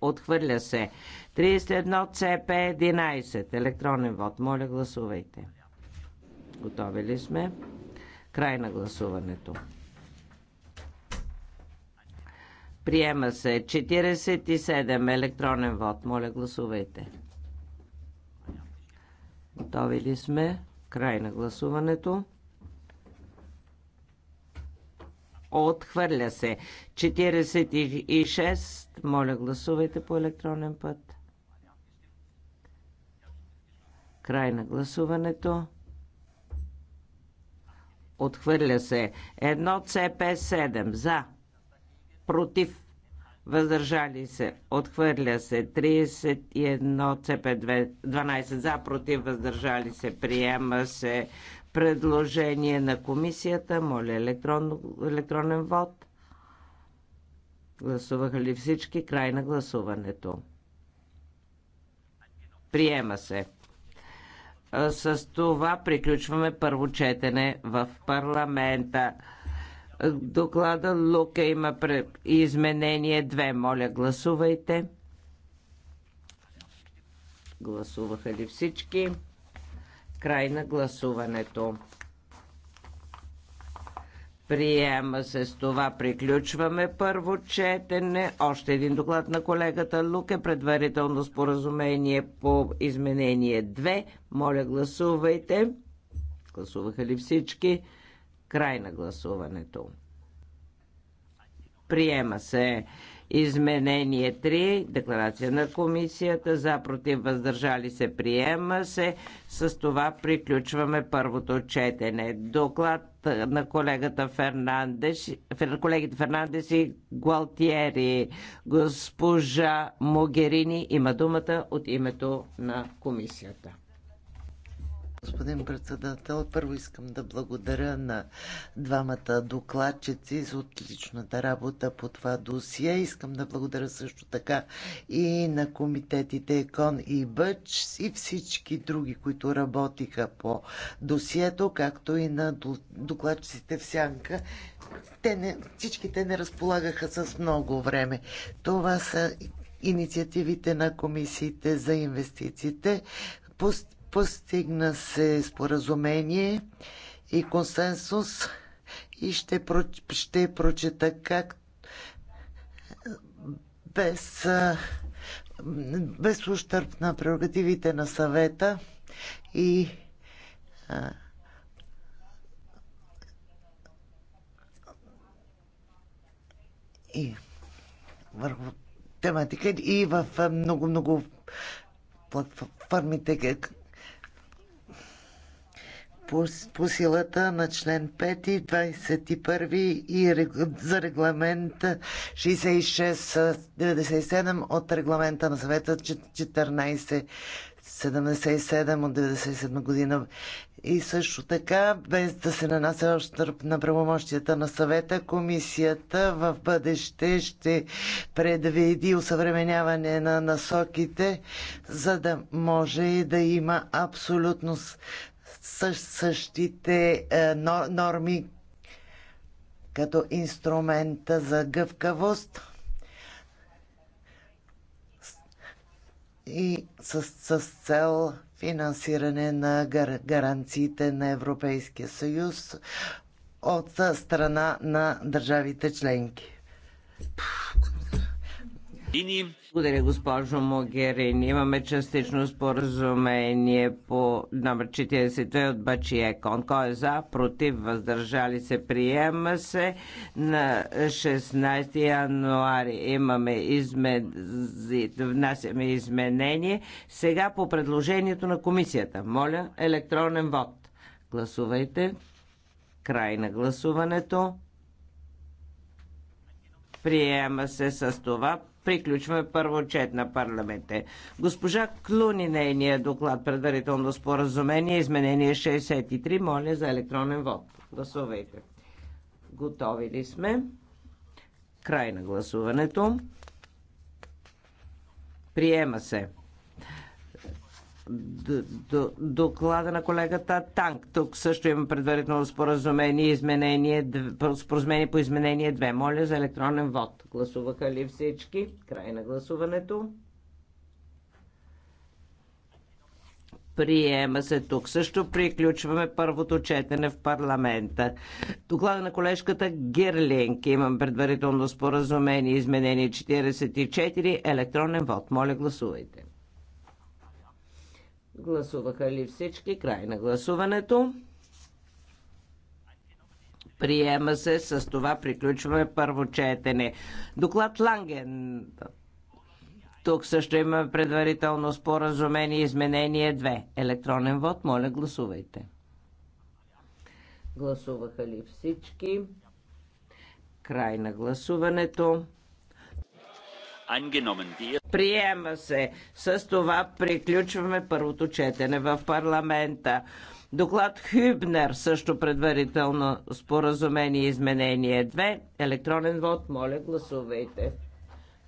Отхвърля се. 31 CP11. Електронен вод. Моля, гласувайте. Готови ли сме? Край на гласуването. Приема се 47 електронен вод. Моля, гласувайте. Готови ли сме? Край на гласуването. Отхвърля се. 46. Моля, гласувайте по електронен път. Край на гласуването. Отхвърля се. 1 ЦП 7. За против, въздържали се, отхвърля се 31 цп 12 за, против, въздържали се, приема се предложение на комисията. Моля електрон, електронен вод. Гласуваха ли всички? Край на гласуването. Приема се. С това приключваме първо четене в парламента доклада Лука има изменение 2. Моля, гласувайте. Гласуваха ли всички? Край на гласуването. Приема се с това. Приключваме първо четене. Още един доклад на колегата Луке. Предварително споразумение по изменение 2. Моля, гласувайте. Гласуваха ли всички? Край на гласуването. Приема се изменение 3, декларация на комисията за против въздържали се приема се. С това приключваме първото четене. Доклад на колегата Фернандеш, колегите Фернандес и Гуалтиери. Госпожа Могерини има думата от името на комисията.
Господин председател, първо искам да благодаря на двамата докладчици за отличната работа по това досие. Искам да благодаря също така и на комитетите ЕКОН и БЪЧ и всички други, които работиха по досието, както и на докладчиците в Сянка. Те не, всичките не разполагаха с много време. Това са инициативите на комисиите за инвестициите Постигна се споразумение и консенсус и ще, про, ще прочета как без, без ущърп на прерогативите на съвета и и върху тематика и в много-много платформите, по, по силата на член 5, 21 и за регламент 6697 от регламента на съвета 1477 от 97 година. И също така, без да се нанася ощърп на правомощията на съвета, комисията в бъдеще ще предвиди усъвременяване на насоките, за да може да има абсолютно същ, същите е, норми като инструмента за гъвкавост и с, с цел финансиране на гар, гаранциите на Европейския съюз от страна на държавите членки.
Благодаря, госпожо Могерин. Имаме частично споразумение по номер 42 от Кон. Кой е за, против, въздържали се, приема се. На 16 януари имаме измен... внасяме изменение. Сега по предложението на комисията. Моля, електронен вод. Гласувайте. Край на гласуването. Приема се с това приключваме първо чет на парламенте. Госпожа Клуни, нейният доклад предварително споразумение, изменение 63, моля за електронен вод. Гласувайте. Готови ли сме? Край на гласуването. Приема се доклада на колегата Танк. Тук също има предварително споразумение, изменение, споразумение по изменение 2. Моля за електронен вод. Гласуваха ли всички? Край на гласуването. Приема се тук. Също приключваме първото четене в парламента. Доклада на колежката Гирлинг. Имам предварително споразумение, изменение 44, електронен вод. Моля, гласувайте. Гласуваха ли всички? Край на гласуването. Приема се. С това приключваме първо четене. Доклад Ланген. Тук също имаме предварително споразумение изменение 2. Електронен вод. Моля, гласувайте. Гласуваха ли всички? Край на гласуването. Приема се. С това приключваме първото четене в парламента. Доклад Хюбнер, също предварително споразумение изменение 2. Електронен вод, моля гласувайте.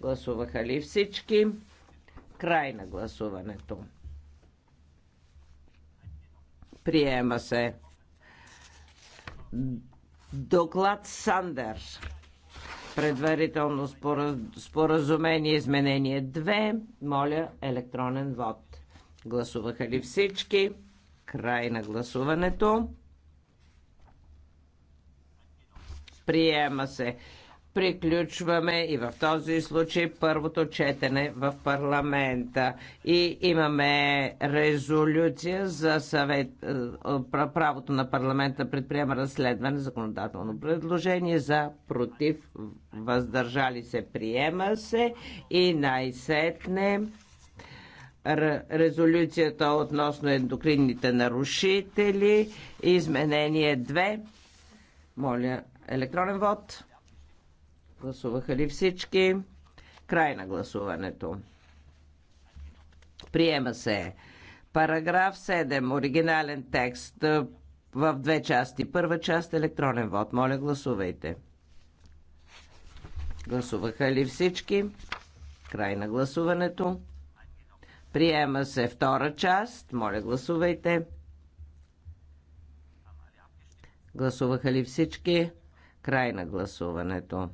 Гласуваха ли всички? Край на гласуването. Приема се. Доклад Сандерс предварително споразумение изменение 2. Моля електронен вод. Гласуваха ли всички? Край на гласуването. Приема се приключваме и в този случай първото четене в парламента. И имаме резолюция за съвет, е, правото на парламента да предприема разследване, законодателно предложение за против, въздържали се, приема се и най-сетне резолюцията относно ендокринните нарушители, изменение 2. Моля, електронен вод. Гласуваха ли всички? Край на гласуването. Приема се. Параграф 7. Оригинален текст в две части. Първа част електронен вод. Моля, гласувайте. Гласуваха ли всички? Край на гласуването. Приема се втора част. Моля, гласувайте. Гласуваха ли всички? Край на гласуването.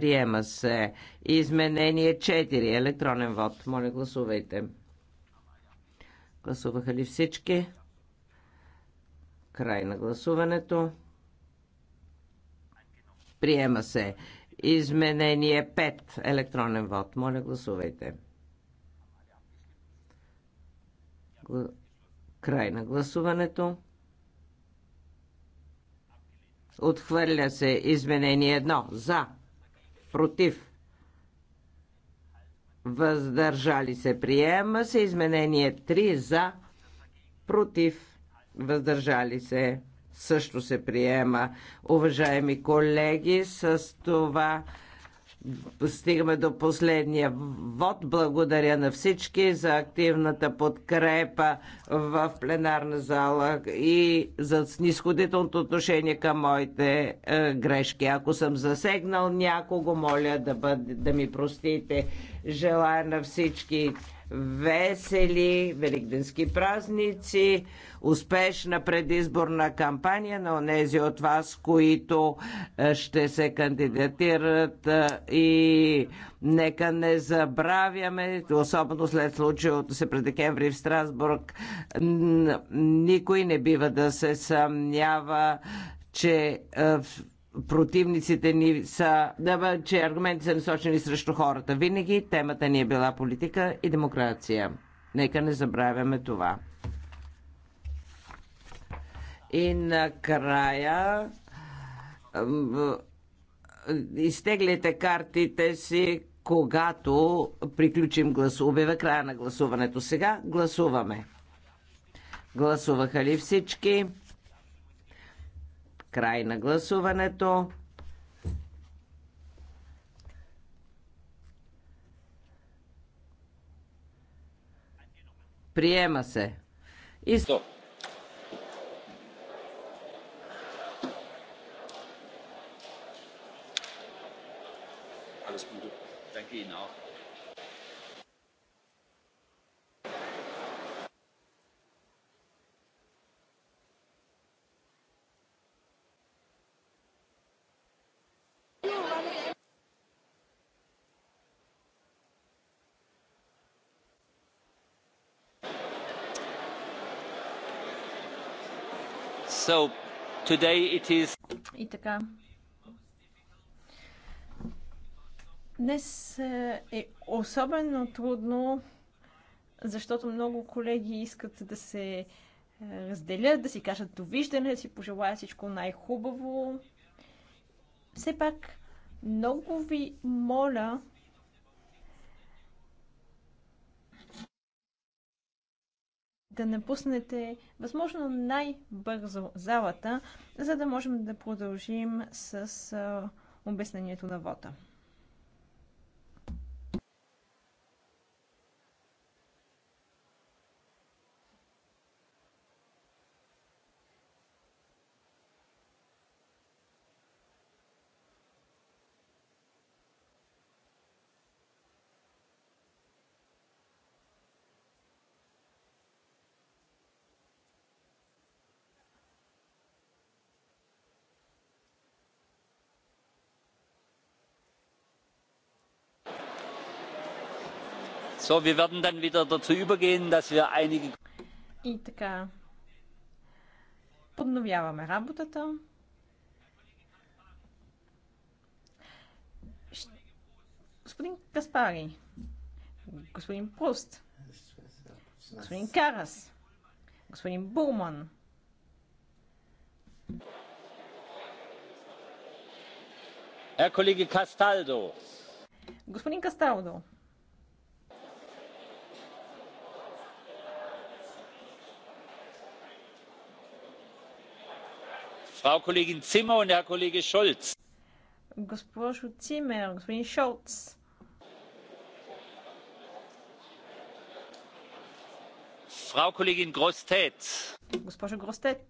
Приема се. Изменение 4. Електронен вод. Моля, гласувайте. Гласуваха ли всички? Край на гласуването. Приема се. Изменение 5. Електронен вод. Моля, гласувайте. Край на гласуването. Отхвърля се изменение 1. За против, въздържали се, приема се. Изменение 3 за, против, въздържали се, също се приема. Уважаеми колеги, с това стигаме до последния вод. Благодаря на всички за активната подкрепа в пленарна зала и за снисходителното отношение към моите е, грешки. Ако съм засегнал някого, моля да, бъде да ми простите. Желая на всички весели великденски празници, успешна предизборна кампания на онези от вас, които е, ще се кандидатират е, и нека не забравяме, особено след случилото се пред декември в Страсбург, никой не бива да се съмнява, че е, противниците ни са, да, че аргументи са насочени срещу хората. Винаги темата ни е била политика и демокрация. Нека не забравяме това. И накрая изтегляйте картите си, когато приключим гласуване. Обявя края на гласуването. Сега гласуваме. Гласуваха ли всички? Край на гласуването. Приема се. И...
So, today it is...
И така. Днес е, е особено трудно, защото много колеги искат да се е, разделят, да си кажат довиждане, да си пожелая всичко най-хубаво. Все пак, много ви моля да напуснете възможно най-бързо залата, за да можем да продължим с обяснението на вота.
So, wir werden dann wieder dazu übergehen, dass wir einige...
И така. Подновяваме работата. Господин Каспари. Господин Пруст. Господин Карас. Господин Булман. Господин Касталдо.
Госпожо Цимер,
господин Шолц. Госпожо Гростет.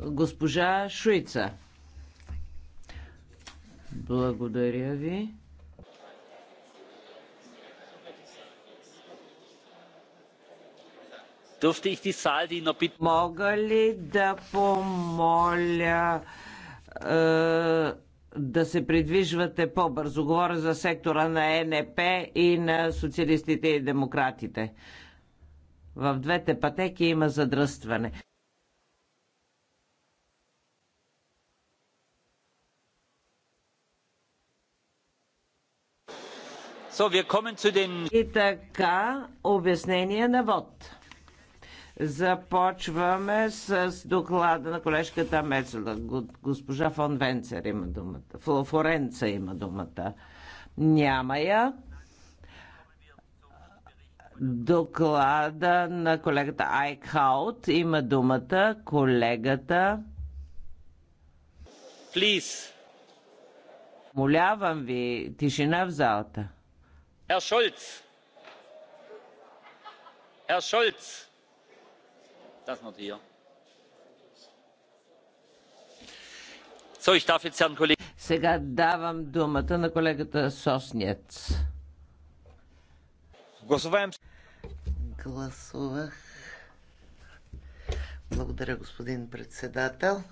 Госпожа Шуица.
Благодаря ви.
Мога ли да помоля е, да се придвижвате по-бързо? Говоря за сектора на е НП и на социалистите и демократите. В двете пътеки има задръстване. И така, обяснение на вод. Започваме с доклада на колежката Мецела. Госпожа фон Венцер има думата. Флоренца има думата. Няма я. Доклада на колегата Айкхаут има думата. Колегата. Please. Молявам ви, тишина в залата
herr scholz herr scholz
сега давам думата на колегата Соснец.
Гласувах. Благодаря, господин председател.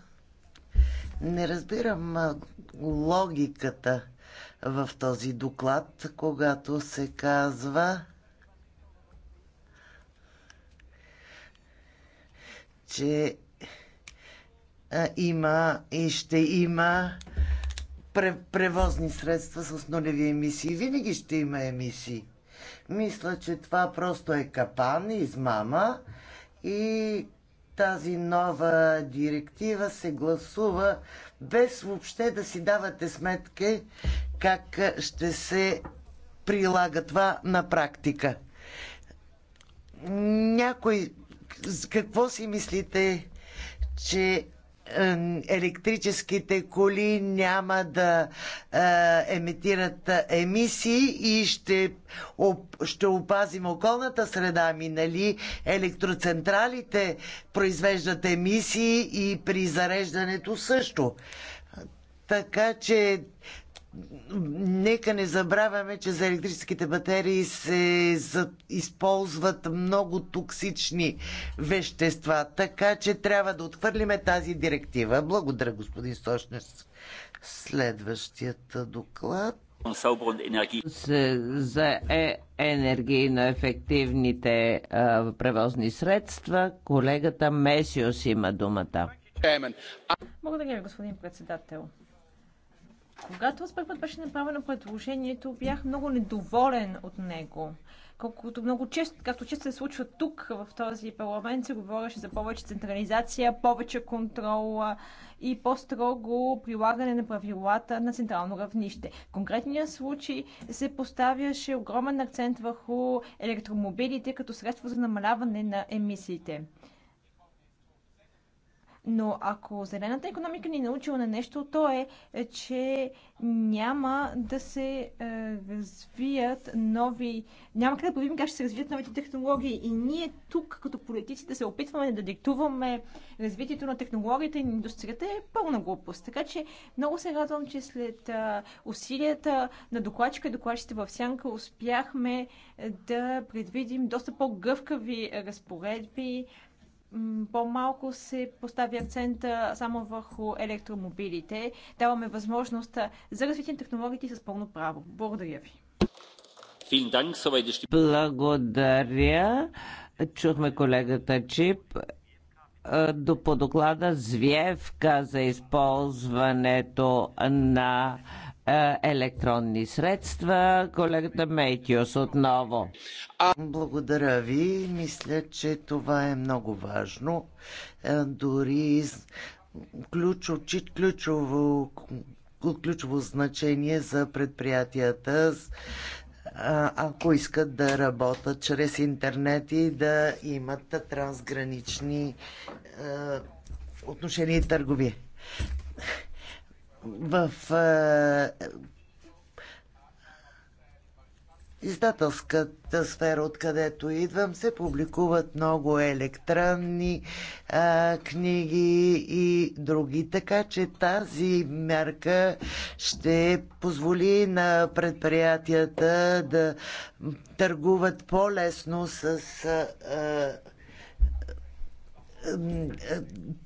Не разбирам логиката в този доклад, когато се казва, че има и ще има превозни средства с нулеви емисии. Винаги ще има емисии. Мисля, че това просто е капан, измама и тази нова директива се гласува без въобще да си давате сметка как ще се прилага това на практика. Някой, какво си мислите, че е, електрическите коли няма да е, емитират емисии и ще, ще опазим околната среда. Ми, нали, електроцентралите произвеждат емисии и при зареждането също. Така че Нека не забравяме, че за електрическите батерии се използват много токсични вещества, така че трябва да отхвърлиме тази директива. Благодаря, господин Сошнес. Следващият доклад за е
енергийно ефективните а, превозни средства. Колегата Месиос има думата.
Благодаря ви, господин председател. Когато аз път беше направено предложението, бях много недоволен от него. Колкото много често, както често се случва тук, в този парламент, се говореше за повече централизация, повече контрол и по-строго прилагане на правилата на централно равнище. В конкретния случай се поставяше огромен акцент върху електромобилите като средство за намаляване на емисиите. Но ако зелената економика ни е научила на нещо, то е, е че няма да се е, развият нови. Няма как да проявим как ще се развият новите технологии. И ние тук, като политици, да се опитваме да диктуваме развитието на технологията и индустрията е пълна глупост. Така че много се радвам, че след е, усилията на докладчика и докладчите в Сянка успяхме е, да предвидим доста по-гъвкави разпоредби по-малко се постави акцента само върху електромобилите. Даваме възможност за развитие на технологиите с пълно право. Благодаря ви.
Благодаря. Чухме колегата Чип до подоклада Звиевка за използването на е, електронни средства. Колегата Мейтиос отново.
Благодаря ви. Мисля, че това е много важно. Е, дори ключов, ключово, ключово значение за предприятията ако искат да работят чрез интернет и да имат трансгранични е, отношения и търговия в е, издателската сфера, откъдето идвам, се публикуват много електронни а, е, книги и други. Така че тази мерка ще позволи на предприятията да търгуват по-лесно с а, е, е,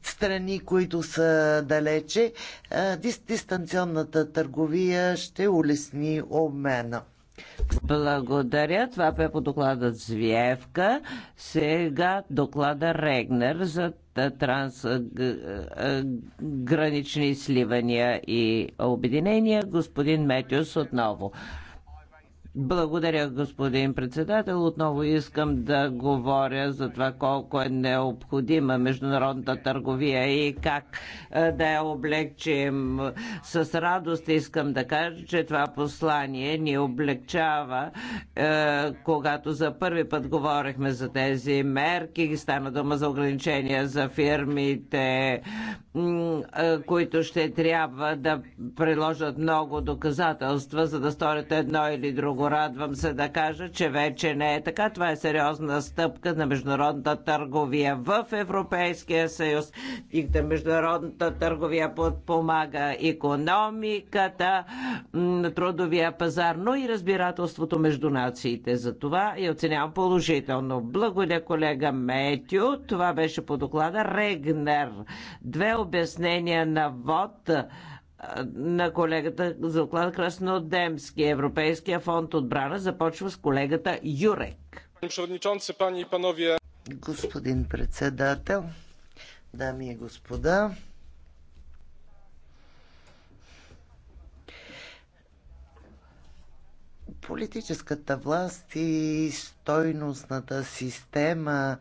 страни, които са далече, е, дистанционната търговия ще улесни обмена.
Благодаря. Това бе по докладът Звиевка. Сега доклада Регнер за трансгранични е, сливания и обединения. Господин Метиус отново. Благодаря, господин председател. Отново искам да говоря за това колко е необходима международната търговия и как е, да я облегчим. С радост искам да кажа, че това послание ни облегчава, е, когато за първи път говорихме за тези мерки. Стана дума за ограничения за фирмите, е, които ще трябва да приложат много доказателства, за да сторят едно или друго много радвам се да кажа, че вече не е така. Това е сериозна стъпка на международната търговия в Европейския съюз и да международната търговия подпомага економиката, трудовия пазар, но и разбирателството между нациите. За това и оценявам положително. Благодаря колега Метю. Това беше по доклада Регнер. Две обяснения на ВОД на колегата за оклада Краснодемски. Европейския фонд отбрана започва с колегата
Юрек. Господин председател, дами и господа, политическата власт и стойностната система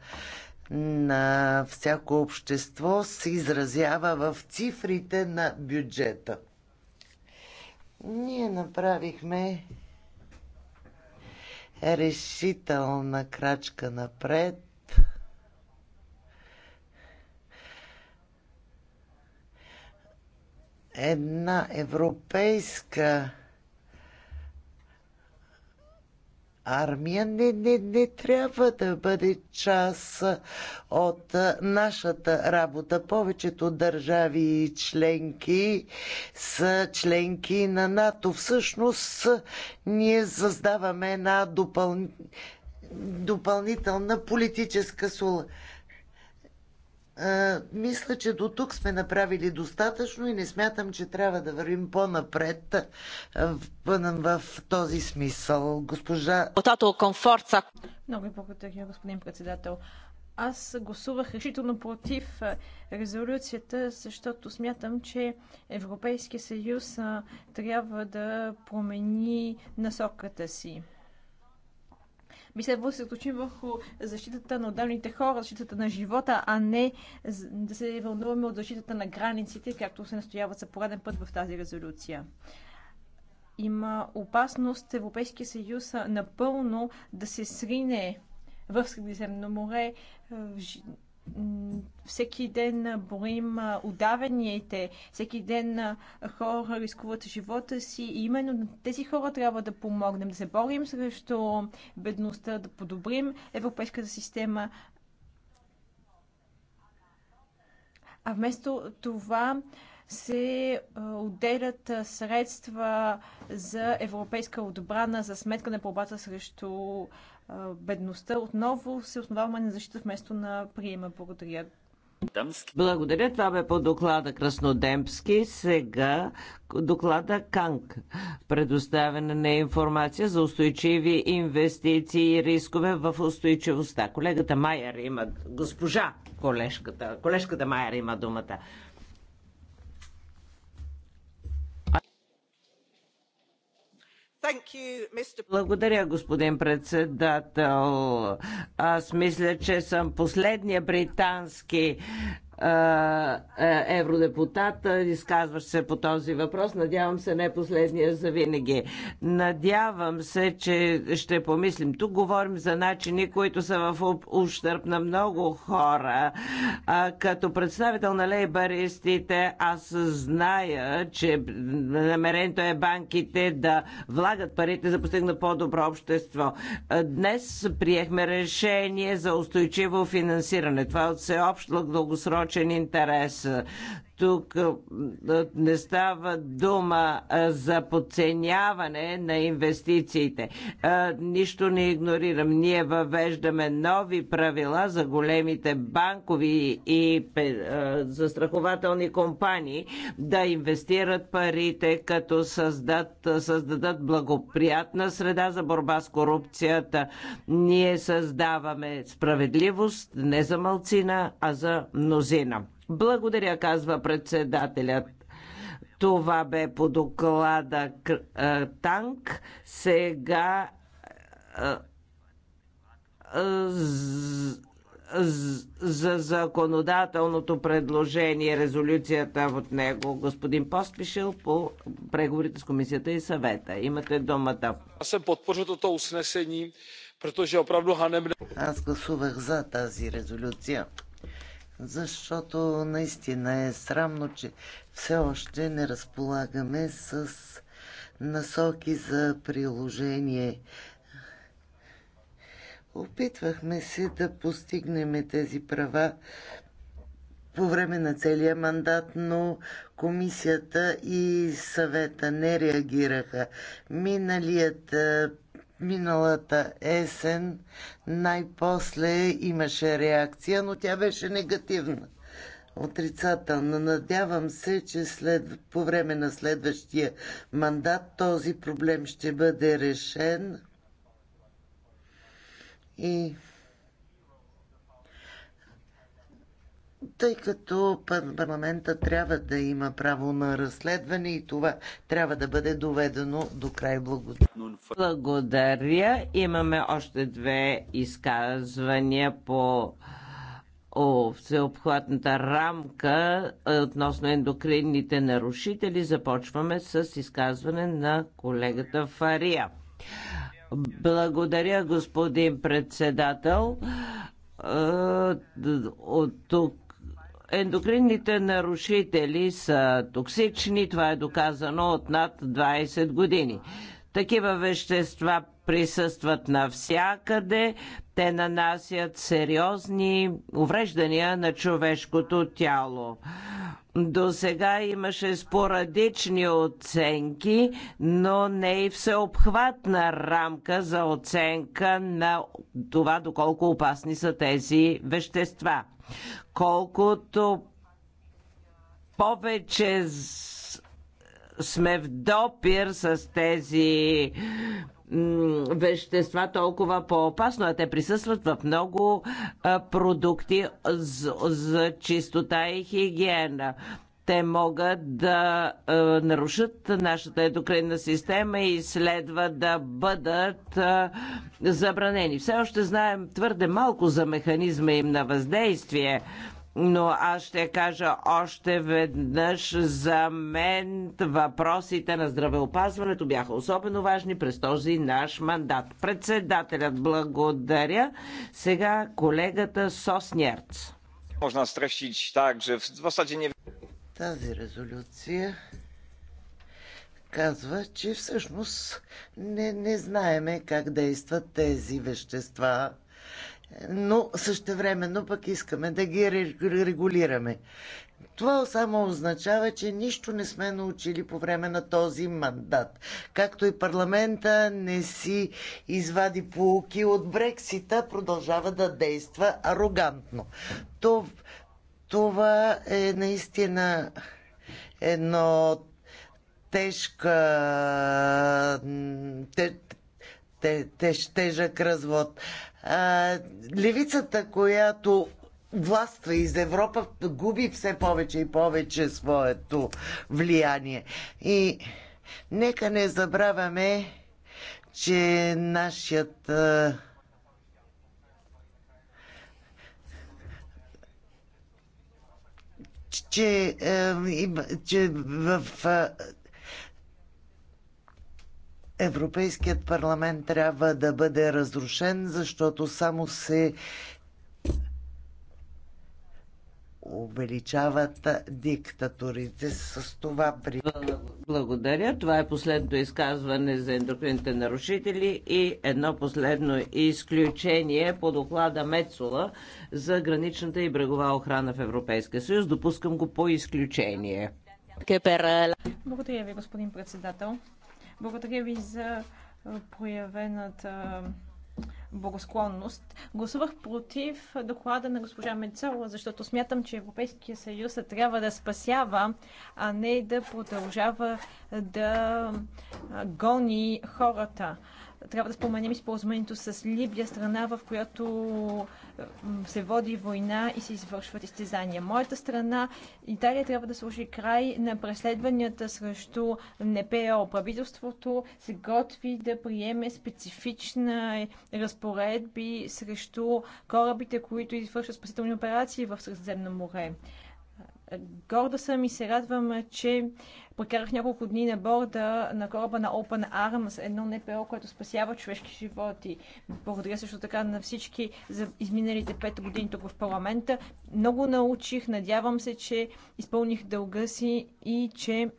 на всяко общество се изразява в цифрите на бюджета. Ние направихме решителна крачка напред една европейска армия не, не, не трябва да бъде част от нашата работа. Повечето държави и членки са членки на НАТО. Всъщност ние създаваме една допъл... допълнителна политическа сула мисля, че до тук сме направили достатъчно и не смятам, че трябва да вървим по-напред в, в, в този смисъл. Госпожа...
Много ви благодаря, господин председател. Аз гласувах решително против резолюцията, защото смятам, че Европейския съюз трябва да промени насоката си би следвало да се случи върху защитата на отделните хора, защитата на живота, а не да се вълнуваме от защитата на границите, както се настояват за пореден път в тази резолюция има опасност Европейския съюз напълно да се срине в Средиземно море всеки ден борим удавените, всеки ден хора рискуват живота си и именно на тези хора трябва да помогнем, да се борим срещу бедността, да подобрим европейската система. А вместо това се отделят средства за европейска отбрана за сметка на борбата срещу бедността, отново се основава на защита вместо на приема. Благодаря.
Благодаря. Това бе по доклада Краснодемски. Сега доклада КАНК. Предоставена на информация за устойчиви инвестиции и рискове в устойчивостта. Колегата Майер има, госпожа колешката Колешката Майер има думата. Благодаря, господин председател. Аз мисля, че съм последния британски евродепутат, изказващ се по този въпрос. Надявам се не последния за винаги. Надявам се, че ще помислим. Тук говорим за начини, които са в ущърп на много хора. А, като представител на лейбаристите, аз зная, че намерението е банките да влагат парите за постигна по-добро общество. Днес приехме решение за устойчиво финансиране. Това е от всеобщо дългосрочно дългосрочен интерес тук не става дума за подценяване на инвестициите. Нищо не игнорирам. Ние въвеждаме нови правила за големите банкови и застрахователни компании да инвестират парите, като създадат, създадат благоприятна среда за борба с корупцията. Ние създаваме справедливост не за малцина, а за мнозина. Благодаря, казва председателят. Това бе по доклада е, Танк. Сега е, е, за законодателното предложение, резолюцията от него, господин Постпишил, по преговорите с комисията и съвета. Имате думата. Аз съм подпържа това уснесение, защото оправдано ханебне.
Аз гласувах за тази резолюция, защото наистина е срамно, че все още не разполагаме с насоки за приложение. Опитвахме се да постигнем тези права по време на целия мандат, но комисията и съвета не реагираха. Миналият миналата есен най-после имаше реакция, но тя беше негативна, отрицателна. Надявам се, че след, по време на следващия мандат този проблем ще бъде решен и тъй като парламента трябва да има право на разследване и това трябва да бъде доведено до край. Благодаря.
Благодаря. Имаме още две изказвания по о, всеобхватната рамка относно ендокринните нарушители. Започваме с изказване на колегата Фария. Благодаря, господин председател от тук Ендокринните нарушители са токсични, това е доказано от над 20 години. Такива вещества присъстват навсякъде, те нанасят сериозни увреждания на човешкото тяло. До сега имаше спорадични оценки, но не и всеобхватна рамка за оценка на това доколко опасни са тези вещества. Колкото повече сме в допир с тези вещества, толкова по-опасно, а те присъстват в много продукти за, чистота и хигиена те могат да е, нарушат нашата едокринна система и следва да бъдат е, забранени. Все още знаем твърде малко за механизма им на въздействие, но аз ще кажа още веднъж за мен въпросите на здравеопазването бяха особено важни през този наш мандат. Председателят благодаря. Сега колегата Соснерц. Можна streścić так, że в
тази резолюция казва, че всъщност не, не знаеме как действат тези вещества, но същевременно пък искаме да ги регулираме. Това само означава, че нищо не сме научили по време на този мандат. Както и парламента не си извади полуки от Брексита, продължава да действа арогантно. То това е наистина едно тежка, теж, тежък развод. А, левицата, която властва из Европа, губи все повече и повече своето влияние. И нека не забравяме, че нашият а, че, е, че в е, Европейският парламент трябва да бъде разрушен, защото само се увеличават диктатурите С това при... Благодаря. Това
е последното изказване за ендокрините нарушители и едно последно изключение по доклада Мецола за граничната и брегова охрана в Европейския съюз. Допускам го по изключение.
Благодаря ви, господин председател. Благодаря ви за проявената благосклонност. Гласувах против доклада на госпожа Мецова, защото смятам, че Европейския съюз трябва да спасява, а не да продължава да гони хората трябва да споменем и с Либия, страна, в която се води война и се извършват изтезания. Моята страна, Италия, трябва да сложи край на преследванията срещу НПО. Правителството се готви да приеме специфична разпоредби срещу корабите, които извършват спасителни операции в Средиземно море. Горда съм и се радвам, че Прекарах няколко дни на борда на кораба на Open Arms, едно НПО, което спасява човешки животи. Благодаря също така на всички за изминалите пет години тук в парламента. Много научих, надявам се, че изпълних дълга си и че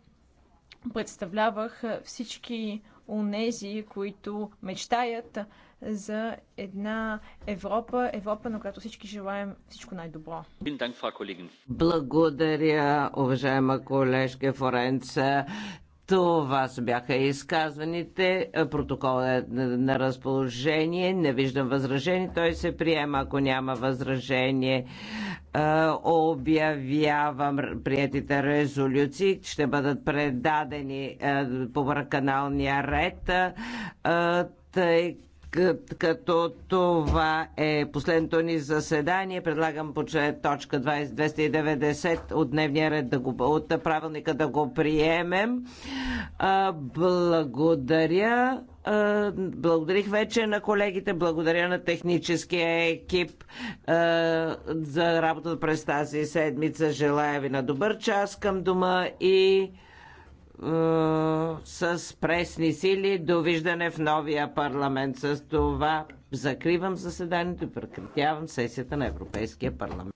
представлявах всички онези, които мечтаят за една Европа, Европа, на която всички желаем всичко най-добро.
Благодаря, уважаема колежка Форенца. Това бяха изказваните. Протоколът е на разположение. Не виждам възражение. Той се приема, ако няма възражение. Обявявам приятите резолюции. Ще бъдат предадени по каналния ред, тъй като това е последното ни заседание. Предлагам по точка 290 от дневния ред да го, от правилника да го приемем. благодаря. благодарих вече на колегите, благодаря на техническия екип за работата през тази седмица. Желая ви на добър час към дома и е, с пресни сили. Довиждане в новия парламент. С това закривам заседанието и прекратявам сесията на Европейския парламент.